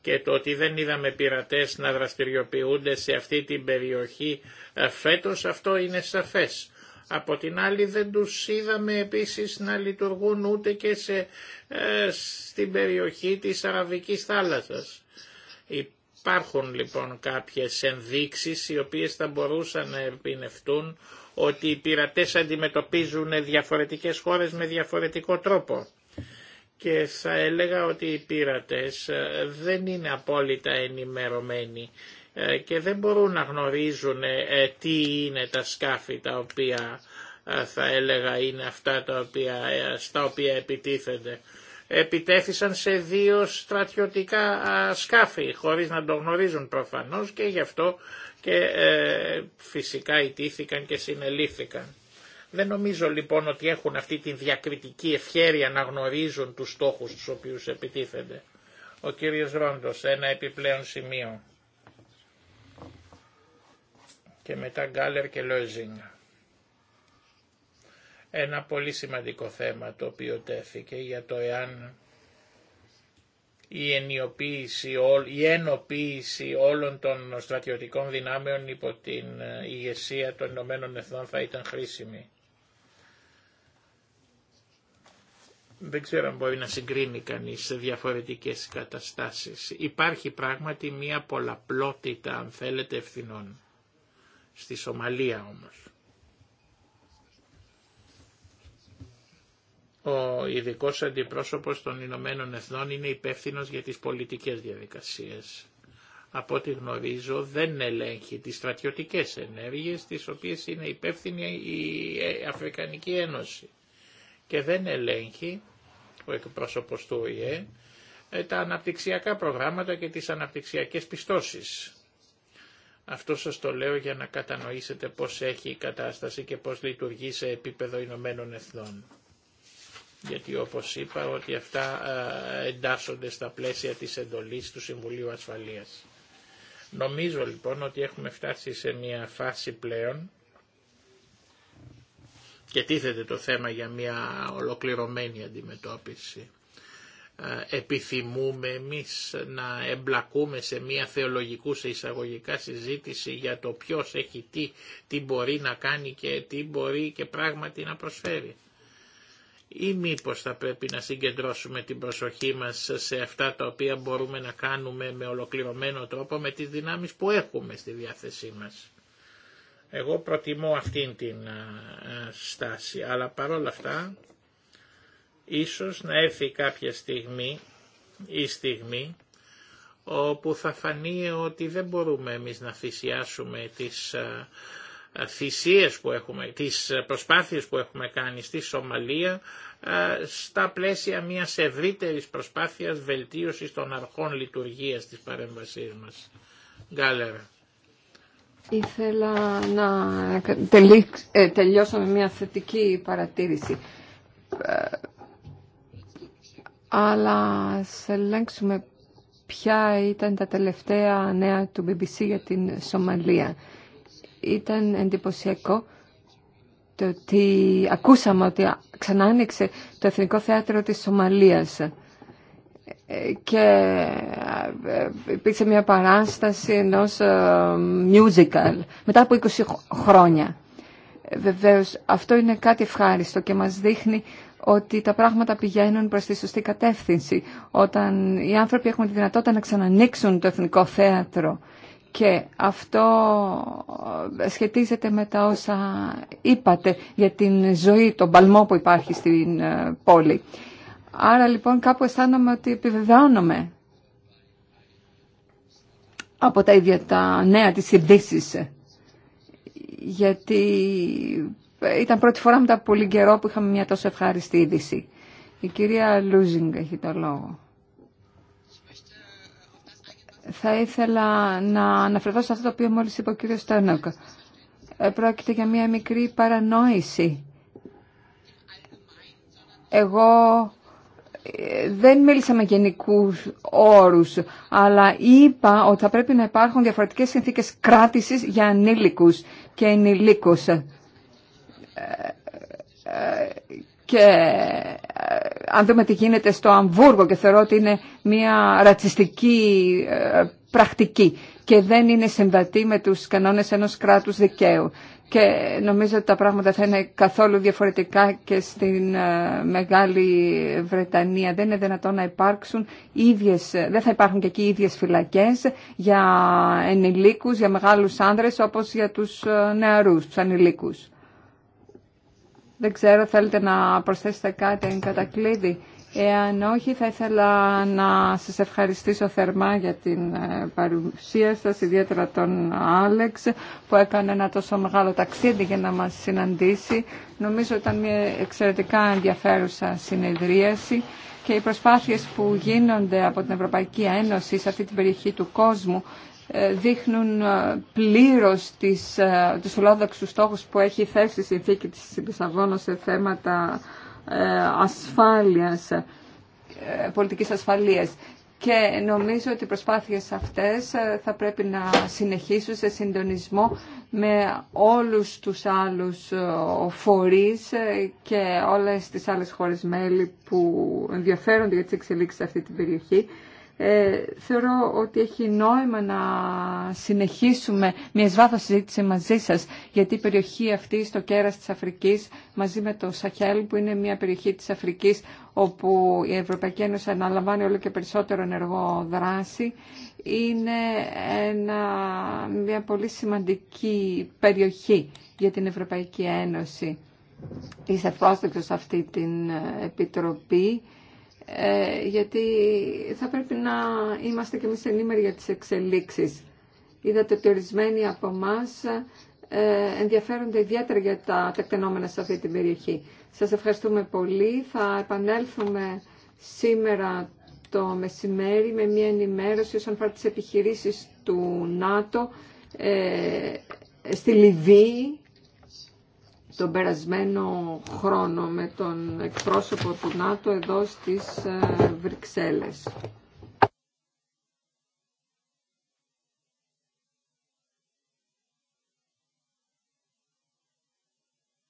και το ότι δεν είδαμε πειρατές να δραστηριοποιούνται σε αυτή την περιοχή ε, φέτος, αυτό είναι σαφές. Από την άλλη δεν τους είδαμε επίσης να λειτουργούν ούτε και σε, ε, στην περιοχή της Αραβικής θάλασσας. Υπάρχουν λοιπόν κάποιες ενδείξεις οι οποίες θα μπορούσαν να επινευτούν ότι οι πειρατές αντιμετωπίζουν διαφορετικές χώρες με διαφορετικό τρόπο και θα έλεγα ότι οι πείρατες ε, δεν είναι απόλυτα ενημερωμένοι ε, και δεν μπορούν να γνωρίζουν ε, τι είναι τα σκάφη τα οποία θα έλεγα είναι αυτά τα οποία, στα οποία επιτίθενται. Επιτέθησαν σε δύο στρατιωτικά σκάφη χωρίς να το γνωρίζουν προφανώς και γι' αυτό και φυσικά ιτήθηκαν και συνελήφθηκαν. Δεν νομίζω λοιπόν ότι έχουν αυτή τη διακριτική ευχέρεια να γνωρίζουν τους στόχους τους οποίους επιτίθενται. Ο κύριος Ρόντος, ένα επιπλέον σημείο. Και μετά Γκάλερ και Λόιζινγκ. Ένα πολύ σημαντικό θέμα το οποίο τέθηκε για το εάν η ενιοποίηση, η ενοποίηση όλων των στρατιωτικών δυνάμεων υπό την ηγεσία των Ηνωμένων Εθνών θα ήταν χρήσιμη. δεν ξέρω αν μπορεί να συγκρίνει κανείς σε διαφορετικές καταστάσεις. Υπάρχει πράγματι μία πολλαπλότητα, αν θέλετε, ευθυνών. Στη Σομαλία όμως. Ο ειδικό αντιπρόσωπος των Ηνωμένων Εθνών είναι υπεύθυνο για τις πολιτικές διαδικασίες. Από ό,τι γνωρίζω δεν ελέγχει τις στρατιωτικές ενέργειες τις οποίες είναι υπεύθυνη η Αφρικανική Ένωση και δεν ελέγχει ο εκπρόσωπος του ΟΗΕ ε, τα αναπτυξιακά προγράμματα και τις αναπτυξιακές πιστώσεις. Αυτό σας το λέω για να κατανοήσετε πώς έχει η κατάσταση και πώς λειτουργεί σε επίπεδο Ηνωμένων Εθνών. Γιατί όπως είπα ότι αυτά ε, εντάσσονται στα πλαίσια της εντολής του Συμβουλίου Ασφαλείας. Νομίζω λοιπόν ότι έχουμε φτάσει σε μια φάση πλέον και τίθεται το θέμα για μια ολοκληρωμένη αντιμετώπιση. Ε, επιθυμούμε εμείς να εμπλακούμε σε μια σε εισαγωγικά συζήτηση για το ποιος έχει τι, τι μπορεί να κάνει και τι μπορεί και πράγματι να προσφέρει. Ή μήπω θα πρέπει να συγκεντρώσουμε την προσοχή μας σε αυτά τα οποία μπορούμε να κάνουμε με ολοκληρωμένο τρόπο με τις δυνάμεις που έχουμε στη διάθεσή μας. Εγώ προτιμώ αυτήν την στάση, αλλά παρόλα αυτά ίσως να έρθει κάποια στιγμή ή στιγμή όπου θα φανεί ότι δεν μπορούμε εμείς να θυσιάσουμε τις θυσίες που έχουμε, τις προσπάθειες που έχουμε κάνει στη Σομαλία στα πλαίσια μιας ευρύτερης προσπάθειας βελτίωσης των αρχών λειτουργίας της παρέμβασής μας. Γκάλερα. Ήθελα να ε, τελειώσω με μια θετική παρατήρηση. Ε, αλλά σε ελέγξουμε ποια ήταν τα τελευταία νέα του BBC για την Σομαλία. Ήταν εντυπωσιακό το ότι ακούσαμε ότι ξανά άνοιξε το Εθνικό Θέατρο της Σομαλίας ε, και ε, υπήρξε μια παράσταση ενός ε, musical μετά από 20 χρόνια. Ε, βεβαίως αυτό είναι κάτι ευχάριστο και μας δείχνει ότι τα πράγματα πηγαίνουν προς τη σωστή κατεύθυνση όταν οι άνθρωποι έχουν τη δυνατότητα να ξανανοίξουν το Εθνικό Θέατρο και αυτό σχετίζεται με τα όσα είπατε για την ζωή, τον παλμό που υπάρχει στην πόλη. Άρα λοιπόν κάπου αισθάνομαι ότι επιβεβαιώνομαι από τα ίδια τα νέα της ειδήσει. Γιατί ήταν πρώτη φορά μετά πολύ καιρό που είχαμε μια τόσο ευχάριστη είδηση. Η κυρία Λούζινγκ έχει το λόγο. Θα ήθελα να αναφερθώ σε αυτό το οποίο μόλις είπε ο κύριος Στένοκ. Ε, πρόκειται για μια μικρή παρανόηση. Εγώ δεν μίλησα με γενικού όρους, αλλά είπα ότι θα πρέπει να υπάρχουν διαφορετικές συνθήκες κράτησης για ανήλικους και ενηλίκους. Ε, ε, και ε, αν δούμε τι γίνεται στο Αμβούργο και θεωρώ ότι είναι μια ρατσιστική πρακτική και δεν είναι συμβατή με τους κανόνες ενός κράτους δικαίου και νομίζω ότι τα πράγματα θα είναι καθόλου διαφορετικά και στην ε, Μεγάλη Βρετανία. Δεν είναι δυνατόν να υπάρξουν ίδιες, δεν θα υπάρχουν και εκεί ίδιες φυλακές για ενηλίκους, για μεγάλους άνδρες όπως για τους ε, νεαρούς, τους ανηλίκους. Δεν ξέρω, θέλετε να προσθέσετε κάτι εν κατακλείδη. Εάν όχι, θα ήθελα να σας ευχαριστήσω θερμά για την ε, παρουσία σας, ιδιαίτερα τον Άλεξ που έκανε ένα τόσο μεγάλο ταξίδι για να μας συναντήσει. Νομίζω ήταν μια εξαιρετικά ενδιαφέρουσα συνεδρίαση και οι προσπάθειες που γίνονται από την Ευρωπαϊκή Ένωση σε αυτή την περιοχή του κόσμου ε, δείχνουν ε, πλήρως τις, τους ολόδοξους που έχει θέσει η συνθήκη της Λισαβόνα σε θέματα ε, ασφάλειας, ε, πολιτικής ασφαλείας. Και νομίζω ότι οι προσπάθειες αυτές ε, θα πρέπει να συνεχίσουν σε συντονισμό με όλους τους άλλους φορείς και όλες τις άλλες χώρες μέλη που ενδιαφέρονται για τις εξελίξεις σε αυτή την περιοχή ε, θεωρώ ότι έχει νόημα να συνεχίσουμε μια σβάθος συζήτηση μαζί σας γιατί η περιοχή αυτή στο κέρας της Αφρικής μαζί με το Σαχέλ που είναι μια περιοχή της Αφρικής όπου η Ευρωπαϊκή Ένωση αναλαμβάνει όλο και περισσότερο ενεργό δράση είναι μια πολύ σημαντική περιοχή για την Ευρωπαϊκή Ένωση. Είσαι σε αυτή την ε, επιτροπή ε, γιατί θα πρέπει να είμαστε και εμείς ενήμεροι για τις εξελίξεις. Είδατε ότι ορισμένοι από εμά ε, ενδιαφέρονται ιδιαίτερα για τα τεκτενόμενα σε αυτή την περιοχή. Σας ευχαριστούμε πολύ. Θα επανέλθουμε σήμερα το μεσημέρι με μια ενημέρωση όσον αφορά τις επιχειρήσεις του ΝΑΤΟ ε, στη Λιβύη τον περασμένο χρόνο με τον εκπρόσωπο του ΝΑΤΟ εδώ στις ε, Βρυξέλλες.